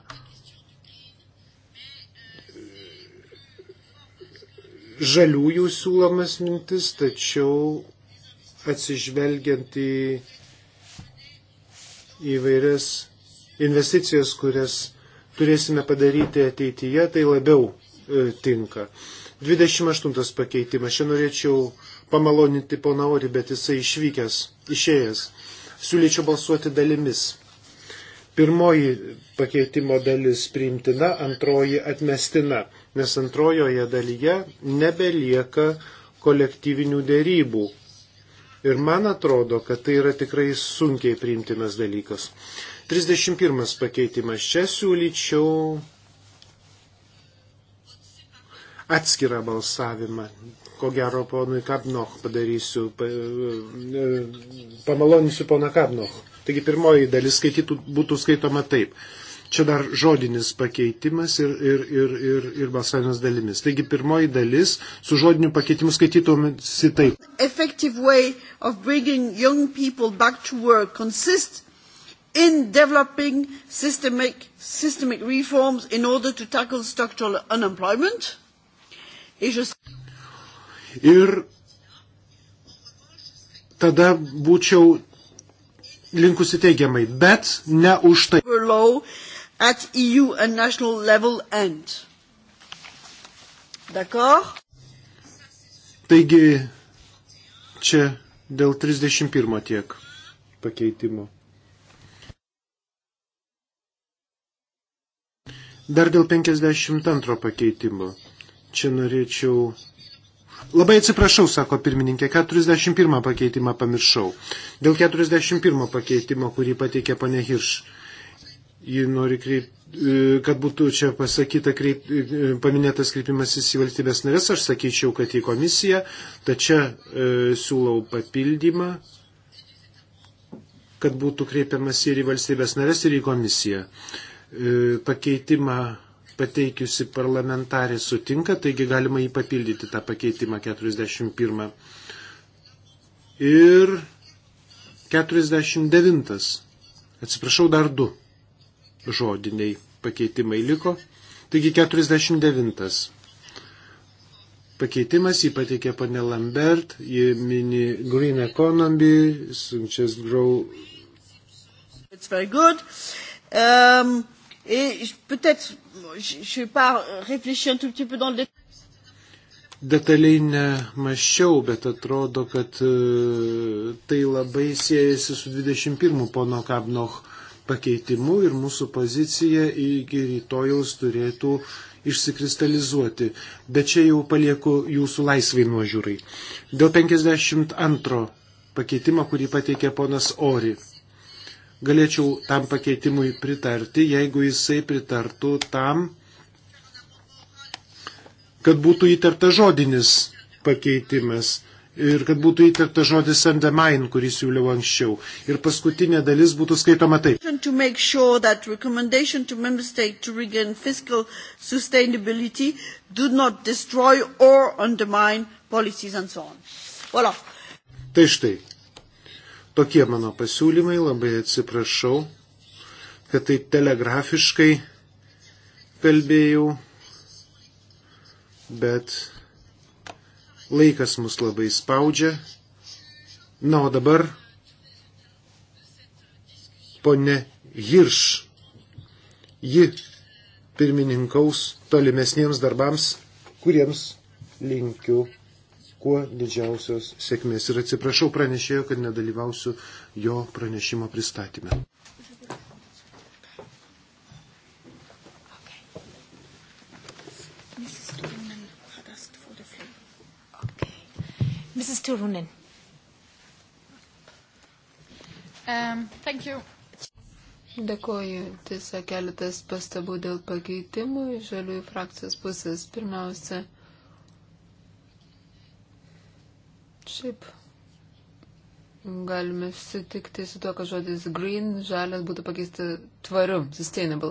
žaliųjų siūlomas mintis, tačiau atsižvelgiant į įvairias investicijas, kurias turėsime padaryti ateityje, tai labiau e, tinka. 28 pakeitimas. Čia norėčiau pamaloninti poną Orį, bet jisai išvykęs, išėjęs. Siūlyčiau balsuoti dalimis. Pirmoji pakeitimo dalis priimtina, antroji atmestina, nes antrojoje dalyje nebelieka kolektyvinių dėrybų. Ir man atrodo, kad tai yra tikrai sunkiai priimtinas dalykas. 31 pakeitimas. Čia siūlyčiau atskirą balsavimą. Ko gero, ponui Kabnoch padarysiu, e, pamalonysiu poną Kabnoch. Taigi pirmoji dalis skaitytų, būtų skaitoma taip. Čia dar žodinis pakeitimas ir, ir, ir, ir, ir balsavimas dalimis. Taigi pirmoji dalis su žodiniu pakeitimu skaitytumėsi taip. Effective way of bringing young people back to work consists in developing systemic, systemic reforms in order to tackle structural unemployment Ir tada būčiau linkusi teigiamai, bet ne už tai. E Taigi čia dėl 31 tiek pakeitimo. Dar dėl 52 pakeitimo. Čia norėčiau. Labai atsiprašau, sako pirmininkė, 41 pakeitimą pamiršau. Dėl 41 pakeitimo, kurį pateikė pane Hirš, ji nori, kreip, e, kad būtų čia pasakyta, kreip, e, paminėtas kreipimasis į valstybės narės, aš sakyčiau, kad į komisiją, tačiau e, siūlau papildymą, kad būtų kreipiamas ir į valstybės narės, ir į komisiją. E, pakeitimą pateikiusi parlamentarė sutinka, taigi galima jį papildyti tą pakeitimą 41. Ir 49. Atsiprašau, dar du žodiniai pakeitimai liko. Taigi 49. Pakeitimas jį pateikė pane Lambert, jį mini Green Economy, sunčias Grow. It's very good. Um, et peut-être je, je vais pas réfléchir un tout petit peu dans le détail. Detaliai nemašiau, bet atrodo, kad e, tai labai siejasi su 21 pono Kabnoch pakeitimu ir mūsų pozicija iki rytojaus turėtų išsikristalizuoti. Bet čia jau palieku jūsų laisvai nuožiūrai. Dėl 52 pakeitimo, kurį pateikė ponas Ori galėčiau tam pakeitimui pritarti, jeigu jisai pritartų tam, kad būtų įtarta žodinis pakeitimas ir kad būtų įtarta žodis and the mind, kurį siūliau anksčiau. Ir paskutinė dalis būtų skaitoma taip. To make sure that recommendation to member state to regain fiscal sustainability do not destroy or undermine policies and so on. Voilà. Tai štai. Tokie mano pasiūlymai, labai atsiprašau, kad tai telegrafiškai kalbėjau, bet laikas mus labai spaudžia. Na, o dabar ponė Hirš. Ji pirmininkaus tolimesniems darbams, kuriems linkiu kuo didžiausios sėkmės. Ir atsiprašau pranešėjo, kad nedalyvausiu jo pranešimo pristatymę. Mrs. Turunen. Um, thank you. Dėkoju. Tiesiog keletas pastabų dėl pakeitimų iš žaliųjų frakcijos pusės. Pirmiausia, Šiaip galime sutikti su to, kad žodis green, žalias būtų pakeisti tvariu, sustainable.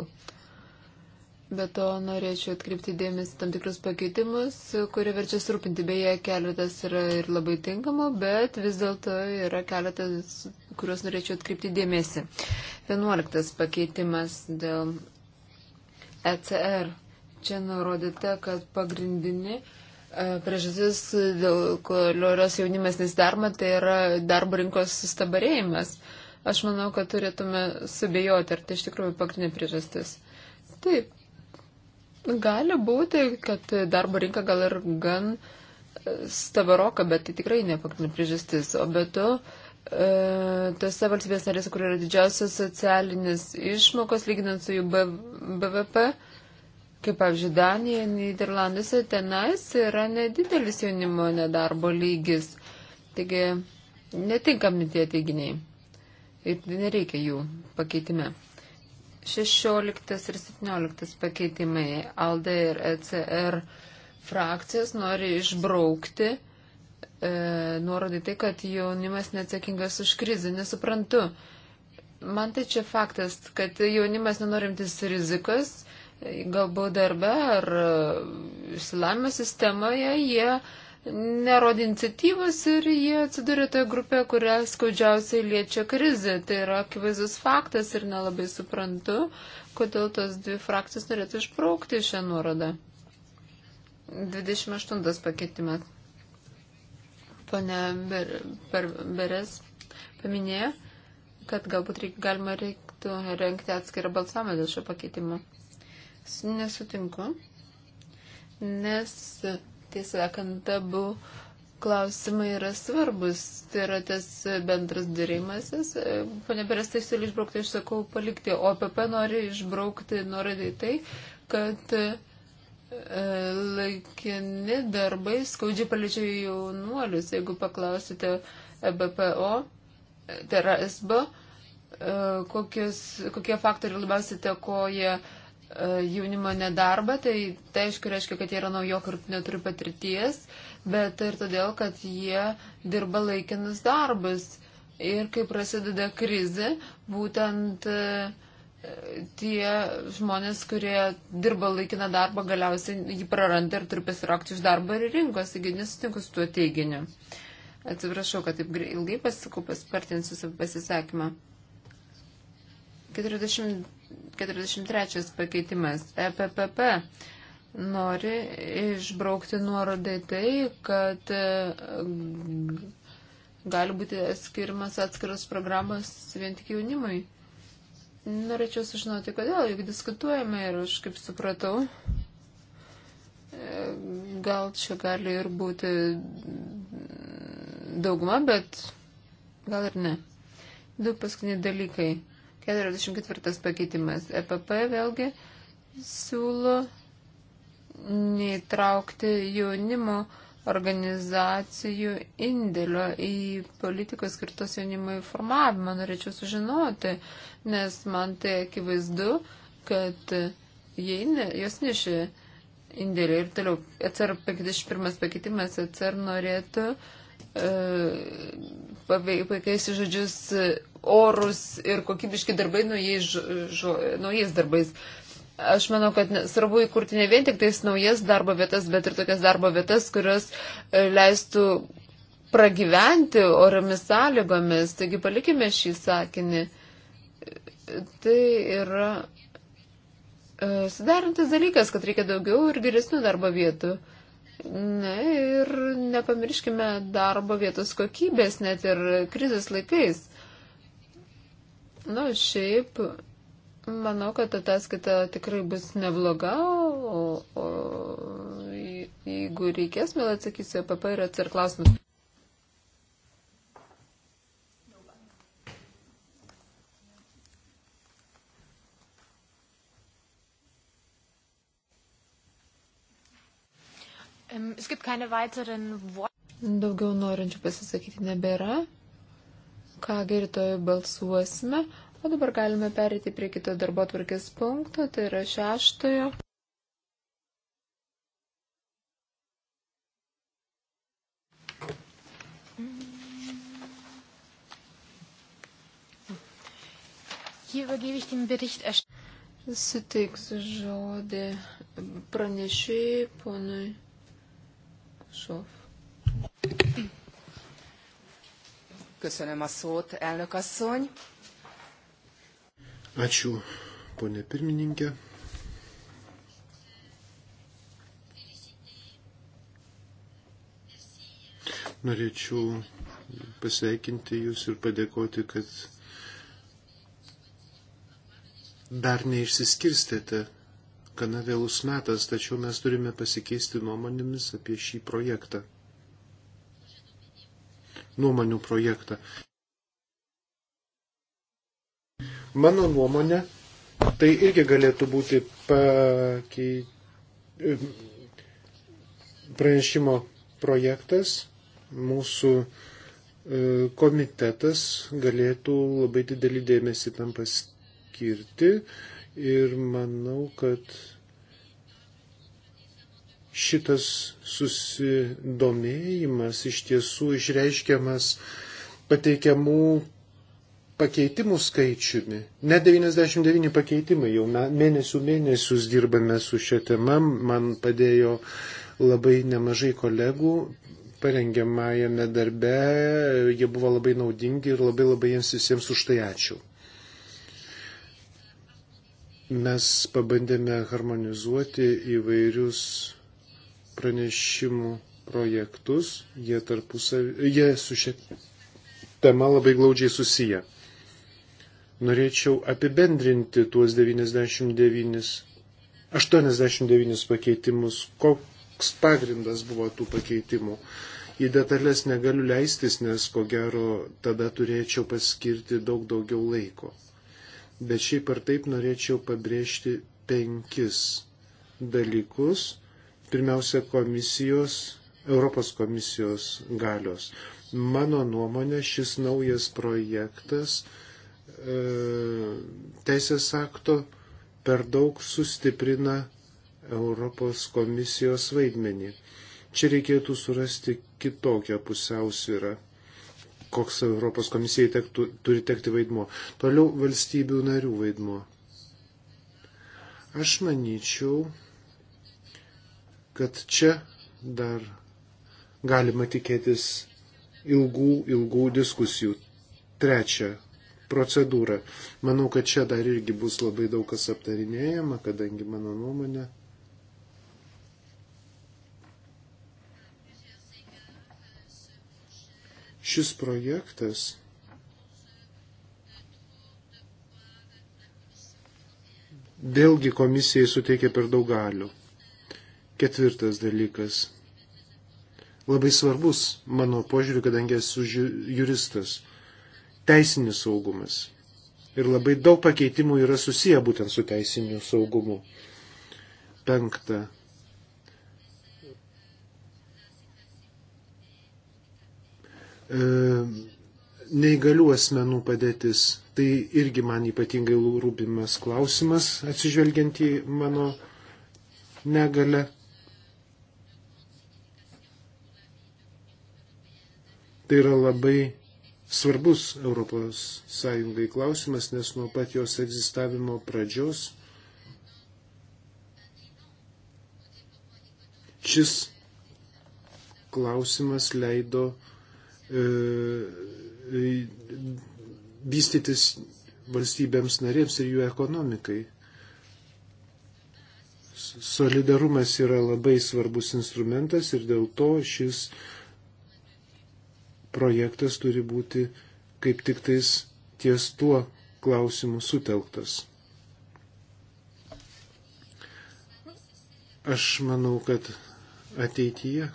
Bet to norėčiau atkreipti dėmesį tam tikrus pakeitimus, kurie verčia surūpinti. Beje, keletas yra ir labai tinkamų, bet vis dėlto yra keletas, kuriuos norėčiau atkreipti dėmesį. Vienuoliktas pakeitimas dėl ECR. Čia nurodyta, kad pagrindinė uh, E, priežastis, dėl kurios jaunimas nesidarma, tai yra darbo rinkos sustabarėjimas. Aš manau, kad turėtume subėjoti, ar tai iš tikrųjų pagrindinė priežastis. Taip, gali būti, kad darbo rinka gal ir gan e, stabaroka, bet tai tikrai ne pagrindinė priežastis. O be to, e, tose valstybės narėse, kur yra didžiausias socialinis išmokos, lyginant su jų BVP, Kaip pavyzdžiui, Danija, Niderlanduose tenais yra nedidelis jaunimo nedarbo lygis. Taigi netinkami tie teiginiai. Ir nereikia jų pakeitime. 16 ir 17 pakeitimai ALDE ir ECR frakcijas nori išbraukti e, nuorodai tai, kad jaunimas neatsakingas už krizę. Nesuprantu. Man tai čia faktas, kad jaunimas nenorimtis rizikos galbūt darbe ar e, išsilavimo sistemoje jie nerodė iniciatyvos ir jie atsidūrė toje grupėje, kurią skaudžiausiai liečia krizė. Tai yra akivaizdus faktas ir nelabai suprantu, kodėl tos dvi frakcijos norėtų išbraukti šią nuorodą. 28 pakeitimas. Pane Ber, per, Beres paminėjo, kad galbūt reik, galima reiktų renkti atskirą balsavimą dėl šio pakeitimo nesutinku, nes tiesą sakant, abu klausimai yra svarbus. Tai yra tas bendras dėrimasis. Pane Beres, tai siūlį išbraukti, aš sakau, palikti. O PP nori išbraukti, nori tai, tai kad e, laikini darbai skaudžiai paliečia jaunuolius. Jeigu paklausite e BPO, tai yra SBO, e, kokios, kokie faktoriai labiausiai tekoja uh, E, jaunimo nedarbą, tai tai aišku reiškia, kad jie yra naujokai ir neturi patirties, bet ir todėl, kad jie dirba laikinus darbus. Ir kai prasideda krizė, būtent e, tie žmonės, kurie dirba laikiną darbą, galiausiai jį praranda ir turi pasirakti iš darbo ir rinkos, taigi nesutinku su tuo teiginiu. Atsiprašau, kad taip ilgai pasakau, paspartinsiu savo pasisakymą. 40 43 pakeitimas. EPPP nori išbraukti nuorodą į tai, kad e, gali būti skirimas atskiros programos vien tik jaunimui. Norėčiau sužinoti, kodėl, juk diskutuojame ir aš kaip supratau, e, gal čia gali ir būti dauguma, bet gal ir ne. Du paskutiniai dalykai. 44 pakeitimas. EPP vėlgi siūlo neįtraukti jaunimo organizacijų indėlio į politikos skirtos jaunimui formavimą. Norėčiau sužinoti, nes man tai akivaizdu, kad jie ne, jos nešė indėlį ir toliau. ECR 51 pakeitimas ECR norėtų e, pakeisi žodžius e, orus ir kokybiški darbai naujais, žo, naujais darbais. Aš manau, kad svarbu įkurti ne vien tik tais naujas darbo vietas, bet ir tokias darbo vietas, kurios e, leistų pragyventi oriomis sąlygomis. Taigi palikime šį sakinį. Tai yra e, sudarantis dalykas, kad reikia daugiau ir geresnių darbo vietų. Uh, Ne, ir nepamirškime darbo vietos kokybės net ir krizės laikais. Na, šiaip, manau, kad ataskaita tikrai bus nebloga, o, o jeigu reikės, mėl atsakysiu apie pairats ir klausimus. Ähm, es gibt keine weiteren Worte. Daugiau norinčių pasisakyti nebėra. Kągi rytoj balsuosime, o dabar galime perėti prie kito darbo tvarkės punkto, tai yra šeštojo. Suteiksiu žodį pranešėjai ponui Sof. Köszönöm a szót, elnök asszony. Ačiū, ponė pirmininkė. Norėčiau pasveikinti Jūs ir padėkoti, kad dar neišsiskirstėte gana vėlus metas, tačiau mes turime pasikeisti nuomonėmis apie šį projektą. Nuomonių projektą. Mano nuomonė, tai irgi galėtų būti pakei... pranešimo projektas. Mūsų e, komitetas galėtų labai didelį dėmesį tam paskirti ir manau, kad šitas susidomėjimas iš tiesų išreiškiamas pateikiamų pakeitimų skaičiumi. Net 99 pakeitimai jau mėnesių mėnesius dirbame su šia tema. Man padėjo labai nemažai kolegų parengiamajame darbe. Jie buvo labai naudingi ir labai labai jiems visiems už tai ačiū. Mes pabandėme harmonizuoti įvairius pranešimų projektus, jie tarpusavį, jie su šia tema labai glaudžiai susiję. Norėčiau apibendrinti tuos 99, 89 pakeitimus, koks pagrindas buvo tų pakeitimų. Į detalės negaliu leistis, nes ko gero tada turėčiau paskirti daug daugiau laiko bet šiaip ar taip norėčiau pabrėžti penkis dalykus. Pirmiausia, komisijos, Europos komisijos galios. Mano nuomonė, šis naujas projektas e, teisės akto per daug sustiprina Europos komisijos vaidmenį. Čia reikėtų surasti kitokią pusiausvyrą koks Europos komisijai tektų, turi tekti vaidmuo. Toliau valstybių narių vaidmuo. Aš manyčiau, kad čia dar galima tikėtis ilgų, ilgų diskusijų. Trečia procedūra. Manau, kad čia dar irgi bus labai daug kas aptarinėjama, kadangi mano nuomonė Šis projektas vėlgi komisijai suteikia per daug galių. Ketvirtas dalykas. Labai svarbus mano požiūriu, kadangi esu juristas. Teisinis saugumas. Ir labai daug pakeitimų yra susiję būtent su teisiniu saugumu. Penkta. E, neįgalių asmenų padėtis. Tai irgi man ypatingai rūpimas klausimas, atsižvelgiant į mano negalę. Tai yra labai svarbus ES klausimas, nes nuo pat jos egzistavimo pradžios šis klausimas leido E, e, vystytis valstybėms narėms ir jų ekonomikai. Solidarumas yra labai svarbus instrumentas ir dėl to šis projektas turi būti kaip tik tais ties tuo klausimu sutelktas. Aš manau, kad ateityje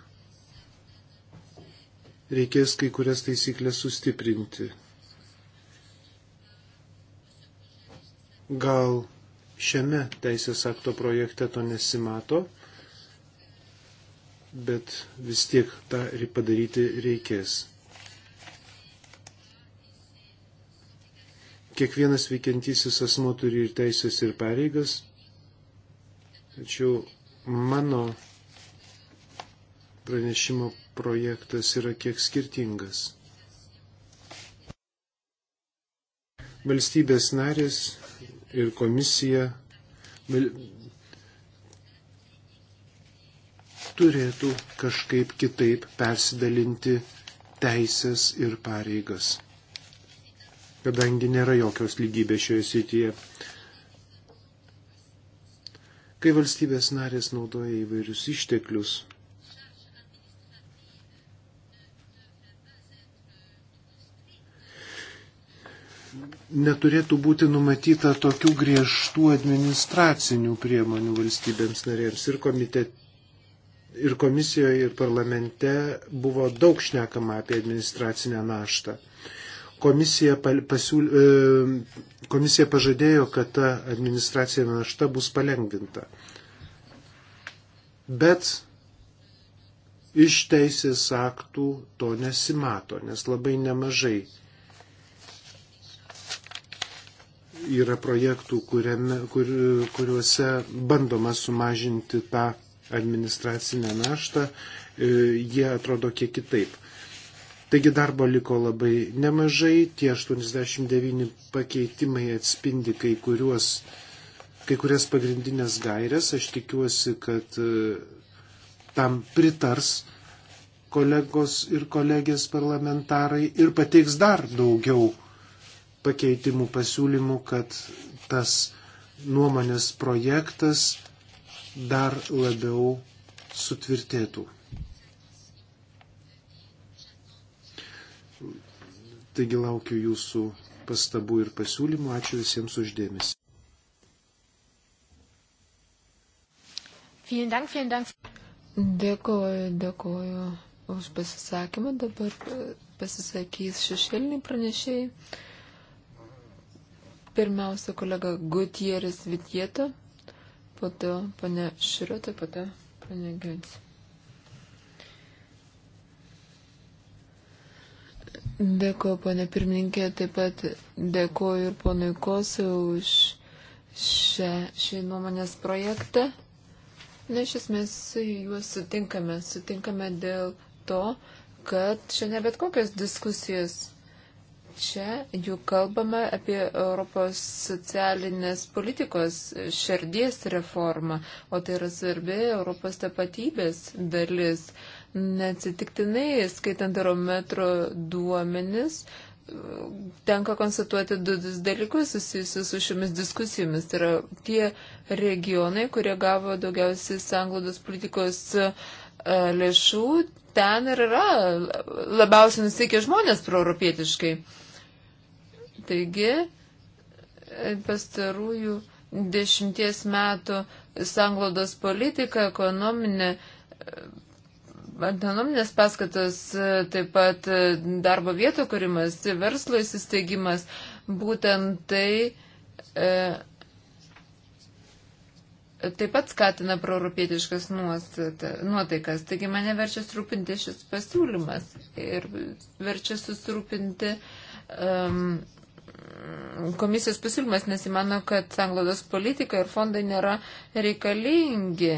reikės kai kurias taisyklės sustiprinti. Gal šiame teisės akto projekte to nesimato, bet vis tiek tą padaryti reikės. Kiekvienas veikiantysis asmo turi ir teisės, ir pareigas, tačiau mano pranešimo projektas yra kiek skirtingas. Valstybės narės ir komisija turėtų kažkaip kitaip persidalinti teisės ir pareigas, kadangi nėra jokios lygybės šioje srityje. Kai valstybės narės naudoja įvairius išteklius, neturėtų būti numatyta tokių griežtų administracinių priemonių valstybėms narėms. Ir, komite, ir komisijoje, ir parlamente buvo daug šnekama apie administracinę naštą. Komisija, pasiūl, e, komisija pažadėjo, kad ta administracinė našta bus palengvinta. Bet iš teisės aktų to nesimato, nes labai nemažai yra projektų, kuriame, kur, kuriuose bandoma sumažinti tą administracinę naštą, e, jie atrodo kiek kitaip. Taigi darbo liko labai nemažai, tie 89 pakeitimai atspindi kai, kuriuos, kai kurias pagrindinės gairias. Aš tikiuosi, kad e, tam pritars kolegos ir kolegės parlamentarai ir pateiks dar daugiau pakeitimų pasiūlymų, kad tas nuomonės projektas dar labiau sutvirtėtų. Taigi laukiu jūsų pastabų ir pasiūlymų. Ačiū visiems uždėmesi. Dėkuoju, dėkuoju už pasisakymą. Dabar e, pasisakys šešėliniai pranešėjai. Pirmiausia, kolega Gutieris Vitieto, po to pane Širotė, po to pane Gins. Dėkuoju, pane pirmininkė, taip pat dėkuoju ir ponui Kosui už šią, šį nuomonės projektą. Na, iš esmės, juos sutinkame. Sutinkame dėl to, kad šiandien bet kokios diskusijos čia juk kalbame apie Europos socialinės politikos širdies reformą, o tai yra svarbi Europos tapatybės dalis. Neatsitiktinai, skaitant Eurometro duomenis, tenka konstatuoti du dalykus susijusius su šiomis diskusijomis. Tai yra tie regionai, kurie gavo daugiausiai sanglaudos politikos e, lėšų, ten ir yra labiausiai nusiteikę žmonės proeuropietiškai. Taigi, pastarųjų dešimties metų sanglaudos politika, ekonominė, ekonominės paskatos, taip pat darbo vietų kūrimas, verslo įsisteigimas, būtent tai e, taip pat skatina proeuropietiškas nuotaikas. Taigi mane verčia surūpinti šis pasiūlymas ir verčia susirūpinti um, e, komisijos pasiūlymas, nes įmano, kad sanglaudos politika ir fondai nėra reikalingi.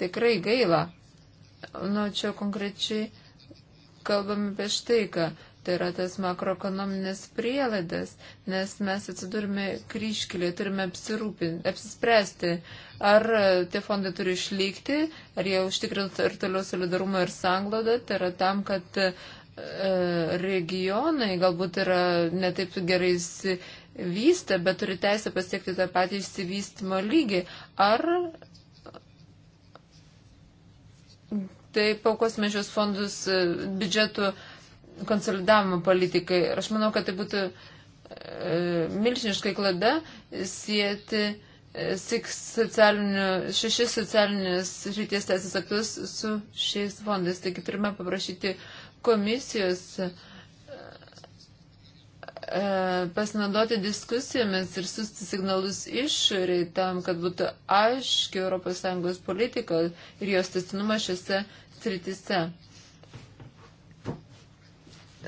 Tikrai gaila. Nu, čia konkrečiai kalbame apie štai, ką tai yra tas makroekonominės prielaidas, nes mes atsidurime kryškilį, turime apsispręsti, ar tie fondai turi išlikti, ar jie užtikrins ir toliau solidarumą ir sanglaudą, tai yra tam, kad uh, regionai galbūt yra netaip gerai įsivystę, bet turi teisę pasiekti tą patį išsivystymo lygį. Ar tai paukosime šios fondus e, biudžetų konsolidavimo politikai? Ir aš manau, kad tai būtų e, milžiniškai klada sieti e, socialinių, šešis socialinės ryties teisės aktus su šiais fondais. Taigi turime paprašyti uh, komisijos e, e, pasinaudoti diskusijomis ir susti signalus išoriai tam, kad būtų aiški ES politika ir jos testinumas šiuose sritise.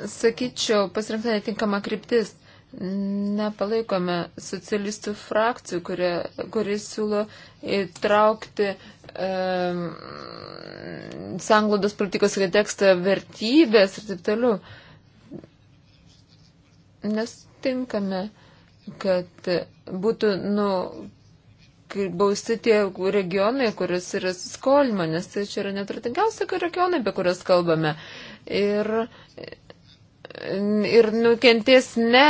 Sakyčiau, pasirinkta netinkama kryptis nepalaikome socialistų frakcijų, kurie, kuris siūlo įtraukti e, sanglodos politikos kontekstą vertybės ir taip toliau. Nes tinkame, kad būtų nu, bausti tie regionai, kuris yra skolima, nes tai čia yra netratingiausia regionai, apie kurias kalbame. Ir ir nukentės ne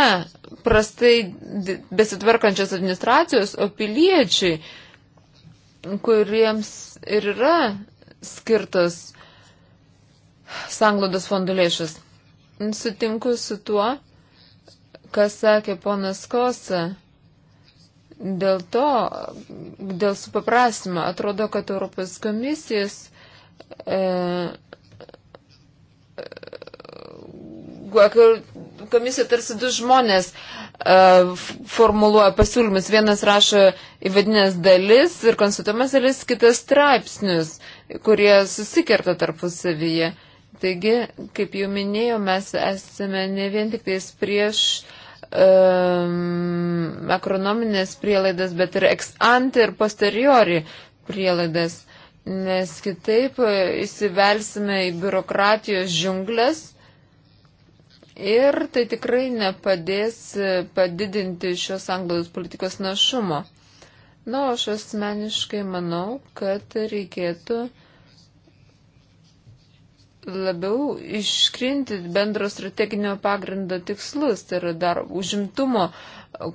prastai besitvarkančios administracijos, o piliečiai, kuriems ir yra skirtos sanglodos fondų lėšas. Sutinku su tuo, kas sakė ponas Kosa. Dėl to, dėl supaprasimo, atrodo, kad Europos komisijos e, komisija tarsi du žmonės uh, formuluoja pasiūlymus. Vienas rašo įvadinės dalis ir konsultuomas dalis, kitas straipsnius, kurie susikerta tarpusavyje. Taigi, kaip jau minėjau, mes esame ne vien tik tais prieš um, ekonominės prielaidas, bet ir ex ante ir posteriori prielaidas, nes kitaip e, įsivelsime į biurokratijos džiunglės Ir tai tikrai nepadės e, padidinti šios anglos politikos našumo. Na, aš asmeniškai manau, kad reikėtų labiau iškrinti bendro strateginio pagrindo tikslus, tai yra dar užimtumo e, e,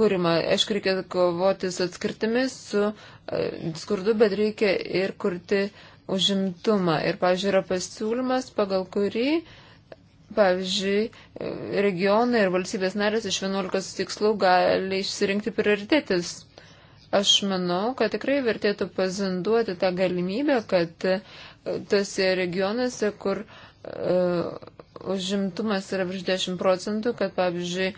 kūrimą. Aišku, reikia kovoti su atskirtimis, su skurdu, bet reikia ir kurti užimtumą. Ir, pažiūrėjau, yra pasiūlymas, pagal kurį uh, Pavyzdžiui, regionai ir valstybės narės iš 11 tikslų gali išsirinkti prioritetis. Aš manau, kad tikrai vertėtų pazinduoti tą galimybę, kad e, tose regionuose, kur uh, užimtumas yra virš 10 procentų, kad pavyzdžiui,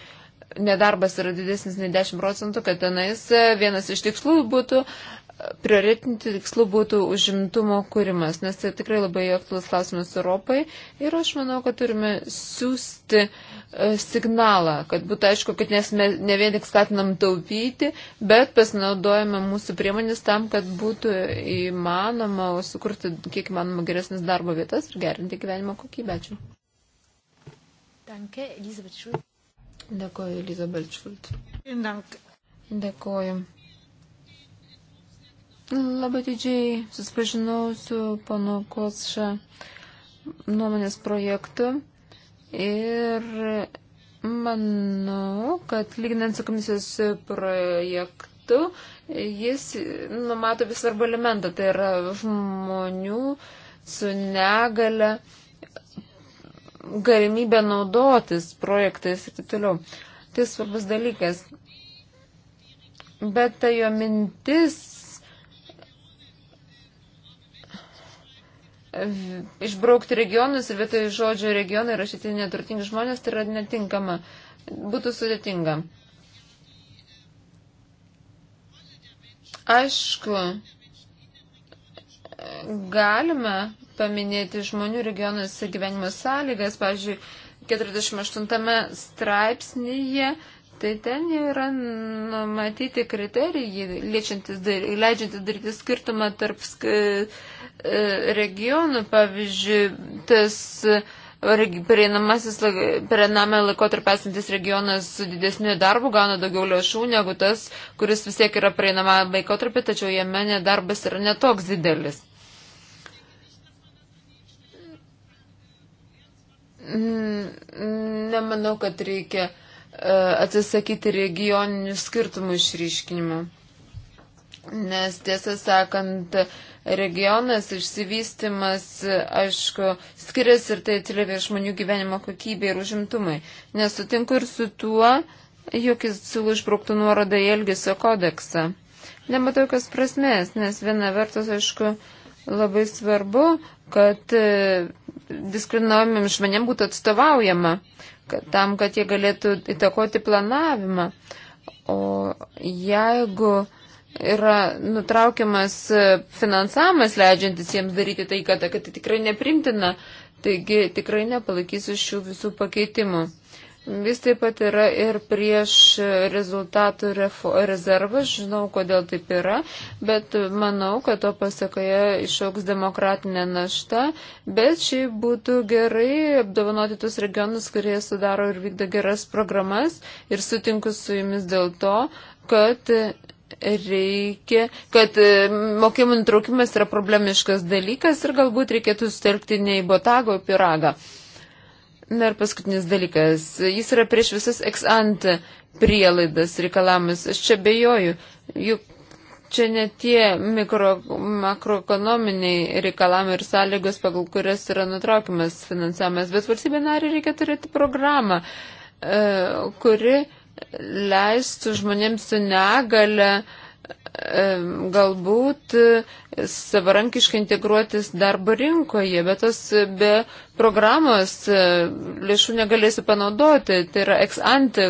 nedarbas yra didesnis nei 10 procentų, kad tenais e, vienas iš tikslų būtų uh, prioritinti tikslu būtų užimtumo kūrimas, nes tai tikrai labai aktuolus klausimas Europai ir aš manau, kad turime siūsti e, signalą, kad būtų aišku, kad mes ne vien tik skatinam taupyti, bet pasinaudojame mūsų priemonės tam, kad būtų įmanoma sukurti kiek įmanoma geresnis darbo vietas ir gerinti gyvenimo kokybę. Ačiū. Danke, Elisabeth Schult. Dėkoju, Elisabeth Schult. Dėkoju. Labai didžiai susipažinau su pano Kosša nuomonės projektu ir manau, kad lyginant su komisijos projektu, jis numato vis svarbą elementą, tai yra žmonių su negale galimybė naudotis projektais ir taip toliau. Tai svarbus dalykas. Bet ta jo mintis išbraukti regionus ir vietoj žodžio regionai rašyti neturtingi žmonės, tai yra netinkama. Būtų sudėtinga. Aišku, galime paminėti žmonių regionuose gyvenimo sąlygas, pavyzdžiui, 48 straipsnėje tai ten jau yra numatyti kriterijai, leidžiantis daryti skirtumą tarp e, regionų, pavyzdžiui, tas e, prieinamasis, prieiname laikotarp esantis regionas su didesniu darbu gauna daugiau lėšų negu tas, kuris vis tiek yra prieinama laikotarpį, tačiau jame nedarbas yra netoks didelis. Nemanau, kad reikia uh, atsisakyti regioninių skirtumų išryškinimo. Nes tiesą sakant, regionas išsivystimas, aišku, skiriasi ir tai atsiliepia žmonių gyvenimo kokybė ir užimtumai. Nesutinku ir su tuo, jog jis siūlo išbrauktų nuorodą į Elgesio kodeksą. Nematau kas prasmės, nes viena vertus, aišku, labai svarbu, kad diskriminuojamiems žmonėms būtų atstovaujama kad, tam, kad jie galėtų įtakoti planavimą. O jeigu yra nutraukiamas finansavimas, leidžiantis jiems daryti tai, kad, kad tai tikrai neprimtina, taigi tikrai nepalaikysiu šių visų pakeitimų. Vis taip pat yra ir prieš rezultatų rezervas, žinau, kodėl taip yra, bet manau, kad to pasakoje išauks demokratinė našta, bet šiaip būtų gerai apdovanoti tuos regionus, kurie sudaro ir vykdo geras programas ir sutinku su jumis dėl to, kad reikia, kad mokymų nutraukimas yra problemiškas dalykas ir galbūt reikėtų sutelkti ne į botago piragą. Na ir paskutinis dalykas. Jis yra prieš visas ex-ant prielaidas reikalavimus. Aš čia bejoju. Juk čia ne tie mikro, makroekonominiai reikalavimai ir sąlygos, pagal kurias yra nutraukiamas finansavimas, bet valstybė nariai reikia turėti programą, e, kuri leistų žmonėms su negale uh, galbūt e, savarankiškai integruotis darbo rinkoje, bet tos e, be programos e, lėšų negalėsiu panaudoti. Tai yra ex ante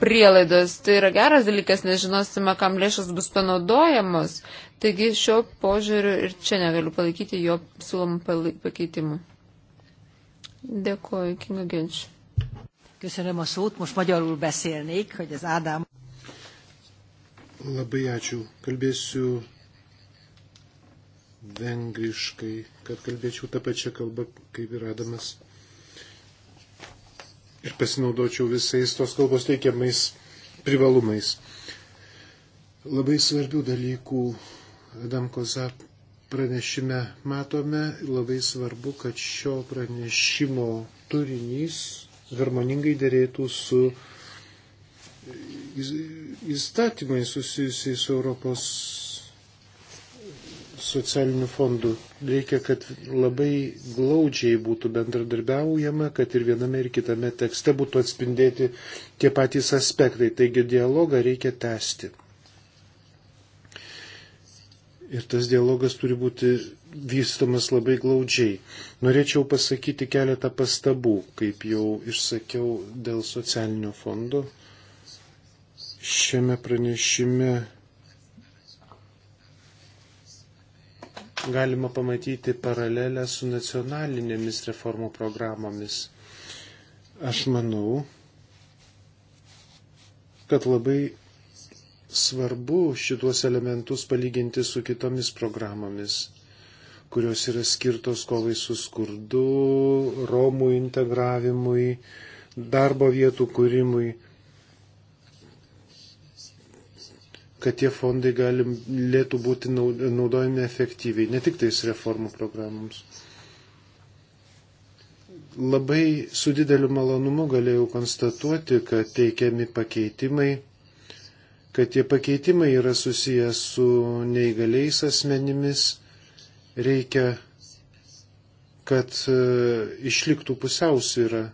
prielaidos. Tai yra geras dalykas, nežinosime, kam lėšas bus panaudojamos. Taigi šio požiūriu ir čia negaliu palaikyti jo siūlomų pakeitimų. Dėkuoju, Kinga Genč. Köszönöm a szót, most magyarul beszélnék, hogy az Ádám Labai ačiū. Kalbėsiu vengriškai, kad kalbėčiau tą pačią kalbą, kaip ir Adamas. Ir pasinaudočiau visais tos kalbos teikiamais privalumais. Labai svarbių dalykų Adamkoza pranešime matome. Labai svarbu, kad šio pranešimo turinys harmoningai dėrėtų su įstatymai susijusiai su Europos socialiniu fondu. Reikia, kad labai glaudžiai būtų bendradarbiaujama, kad ir viename ir kitame tekste būtų atspindėti tie patys aspektai. Taigi dialogą reikia tęsti. Ir tas dialogas turi būti vystomas labai glaudžiai. Norėčiau pasakyti keletą pastabų, kaip jau išsakiau, dėl socialinio fondo šiame pranešime galima pamatyti paralelę su nacionalinėmis reformų programomis. Aš manau, kad labai svarbu šituos elementus palyginti su kitomis programomis, kurios yra skirtos kovai su skurdu, Romų integravimui, darbo vietų kūrimui. kad tie fondai galėtų būti naudojami efektyviai, ne tik tais reformų programoms. Labai su dideliu malonumu galėjau konstatuoti, kad teikiami pakeitimai, kad tie pakeitimai yra susijęs su neįgaliais asmenimis, reikia, kad e, išliktų pusiausvyrą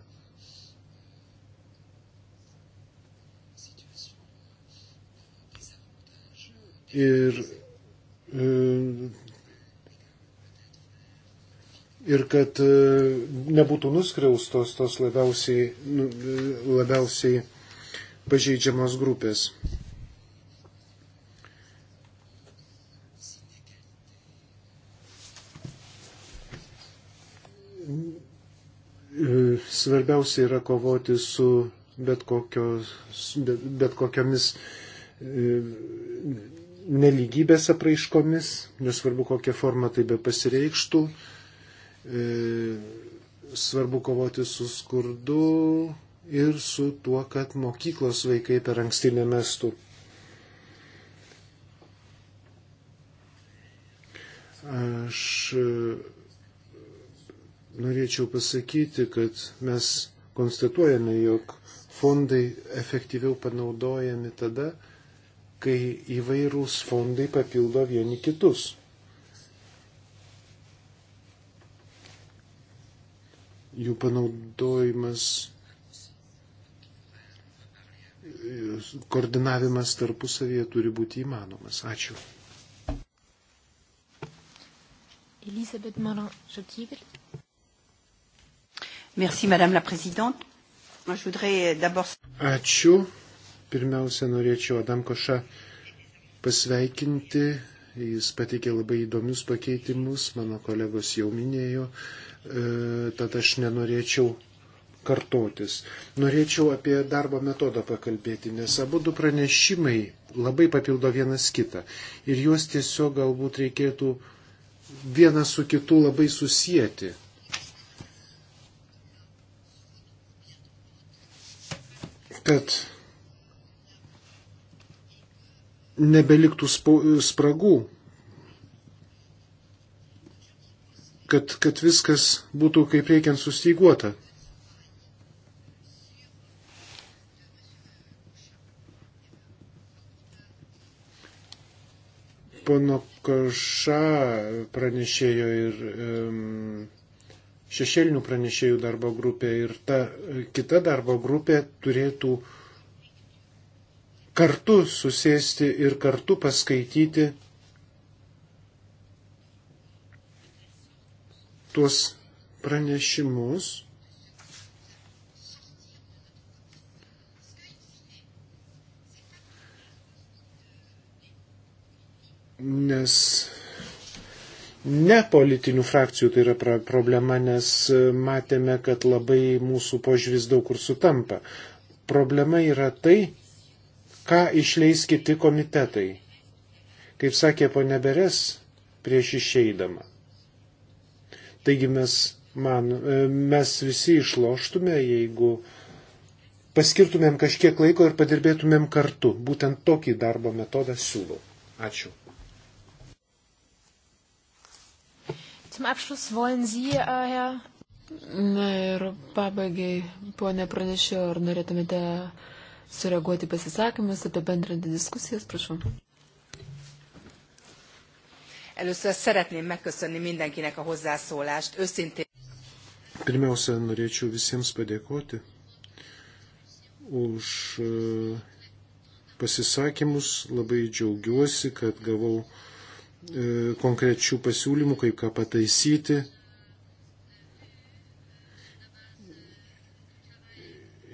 ir, e, ir kad e, nebūtų nuskriaustos tos labiausiai, nu, e, labiausiai pažeidžiamos grupės. svarbiausia yra kovoti su bet, kokios, bet, bet kokiamis neligybės apraiškomis, nesvarbu kokią formą tai be pasireikštų, e, svarbu kovoti su skurdu ir su tuo, kad mokyklos vaikai per anksti nemestų. Aš e, norėčiau pasakyti, kad mes konstatuojame, jog fondai efektyviau panaudojami tada, kai įvairūs fondai papildo vieni kitus. Jų panaudojimas, koordinavimas tarpusavėje turi būti įmanomas. Ačiū. Elisabeth Morin-Jokivil. Merci, Madame la Présidente. Moi, je voudrais d'abord. Ačiū. Pirmiausia, norėčiau Adamkošą pasveikinti. Jis pateikė labai įdomius pakeitimus, mano kolegos jau minėjo, e, tad aš nenorėčiau kartotis. Norėčiau apie darbo metodą pakalbėti, nes abu du pranešimai labai papildo vienas kitą ir juos tiesiog galbūt reikėtų vieną su kitu labai susijęti. Kad nebeliktų spragų, kad, kad viskas būtų kaip reikiant sustyguota. Pono Koša pranešėjo ir um, šešėlinių pranešėjų darbo grupė ir ta kita darbo grupė turėtų uh, kartu susėsti ir kartu paskaityti tuos pranešimus. Nes ne politinių frakcijų tai yra problema, nes matėme, kad labai mūsų požiūris daug kur sutampa. Problema yra tai, ką išleis kiti komitetai. Kaip sakė ponė Beres prieš išeidama. Taigi mes, man, e, mes visi išloštume, jeigu paskirtumėm kažkiek laiko ir padirbėtumėm kartu. Būtent tokį darbo metodą siūlau. Ačiū. Zum Abschluss wollen Sie, äh, Herr. Na ir pabaigai, ponė pranešė, ar norėtumėte sureaguoti pasisakymus, apibendrinti diskusijas, prašau. Először szeretném megköszönni mindenkinek a hozzászólást. Őszintén. Pirmiausia, norėčiau visiems padėkoti už e, pasisakymus. Labai džiaugiuosi, kad gavau e, konkrečių pasiūlymų, kaip ką pataisyti.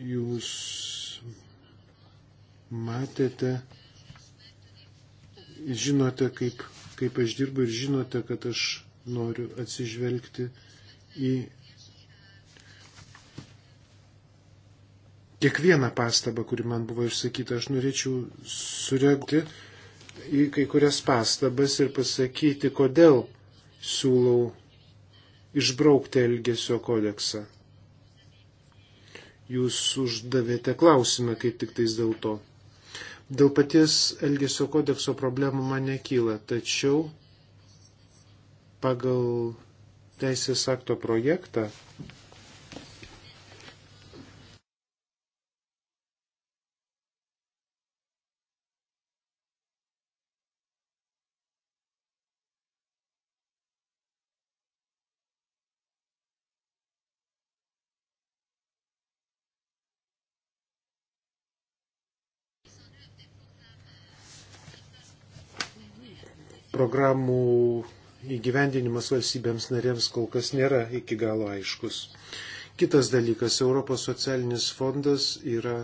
Jūs matėte, žinote, kaip, kaip aš dirbu ir žinote, kad aš noriu atsižvelgti į kiekvieną pastabą, kuri man buvo išsakyta. Aš norėčiau sureagti į kai kurias pastabas ir pasakyti, kodėl siūlau išbraukti Elgesio kodeksą. Jūs uždavėte klausimą kaip tik tais dėl to. Dėl paties Elgesio kodekso problemų man nekyla, tačiau pagal teisės akto projektą programų įgyvendinimas valstybėms narėms kol kas nėra iki galo aiškus. Kitas dalykas - Europos socialinis fondas yra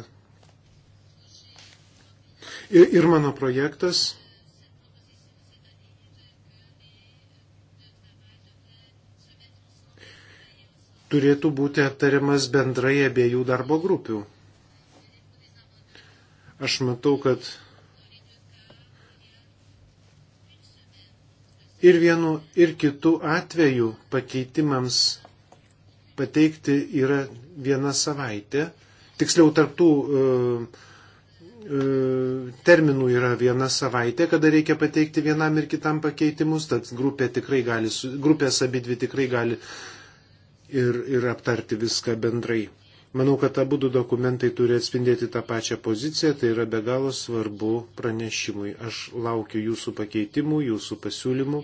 ir, ir mano projektas. turėtų būti aptariamas bendrai abiejų darbo grupių. Aš matau, kad ir vienu, ir kitu atveju pakeitimams pateikti yra viena savaitė. Tiksliau, tarptų e, e, terminų yra viena savaitė, kada reikia pateikti vienam ir kitam pakeitimus, tad grupė tikrai gali, grupės abidvi tikrai gali ir, ir aptarti viską bendrai. Manau, kad abu du dokumentai turi atspindėti tą pačią poziciją, tai yra be galo svarbu pranešimui. Aš laukiu jūsų pakeitimų, jūsų pasiūlymų.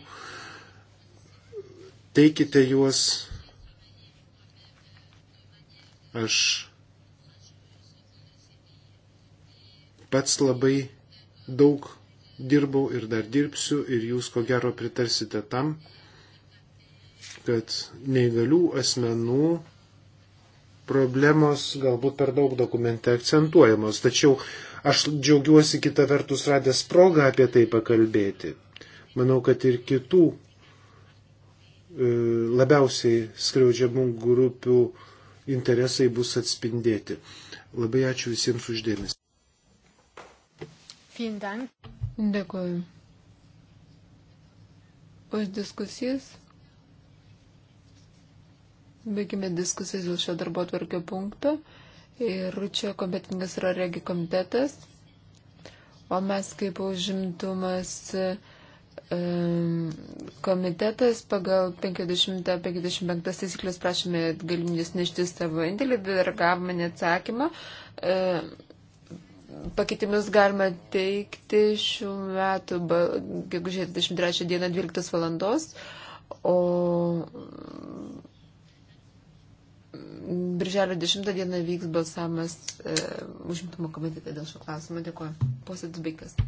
Teikite juos. Aš pats labai daug dirbau ir dar dirbsiu ir jūs ko gero pritarsite tam, kad neįgalių asmenų problemos galbūt per daug dokumente akcentuojamos, tačiau aš džiaugiuosi kitą vertus radęs progą apie tai pakalbėti. Manau, kad ir kitų e, labiausiai skriaudžiamų grupių interesai bus atspindėti. Labai ačiū visiems uždėmesi. Dėkuoju. Už diskusijas. Baigime diskusijas dėl šio darbo atvarkio punkto. Ir čia kompetingas yra regi komitetas. O mes kaip užimtumas komitetas pagal 50-55 taisyklės prašome galimybės nešti savo indėlį ir gavome neatsakymą. Pakeitimus galima teikti šių metų, gegužės 23 dieną 12 valandos, o Birželio 10 dieną vyks balsavimas e, užimtumo komitete dėl šio klausimo. Dėkuoju. Posėdis baigtas.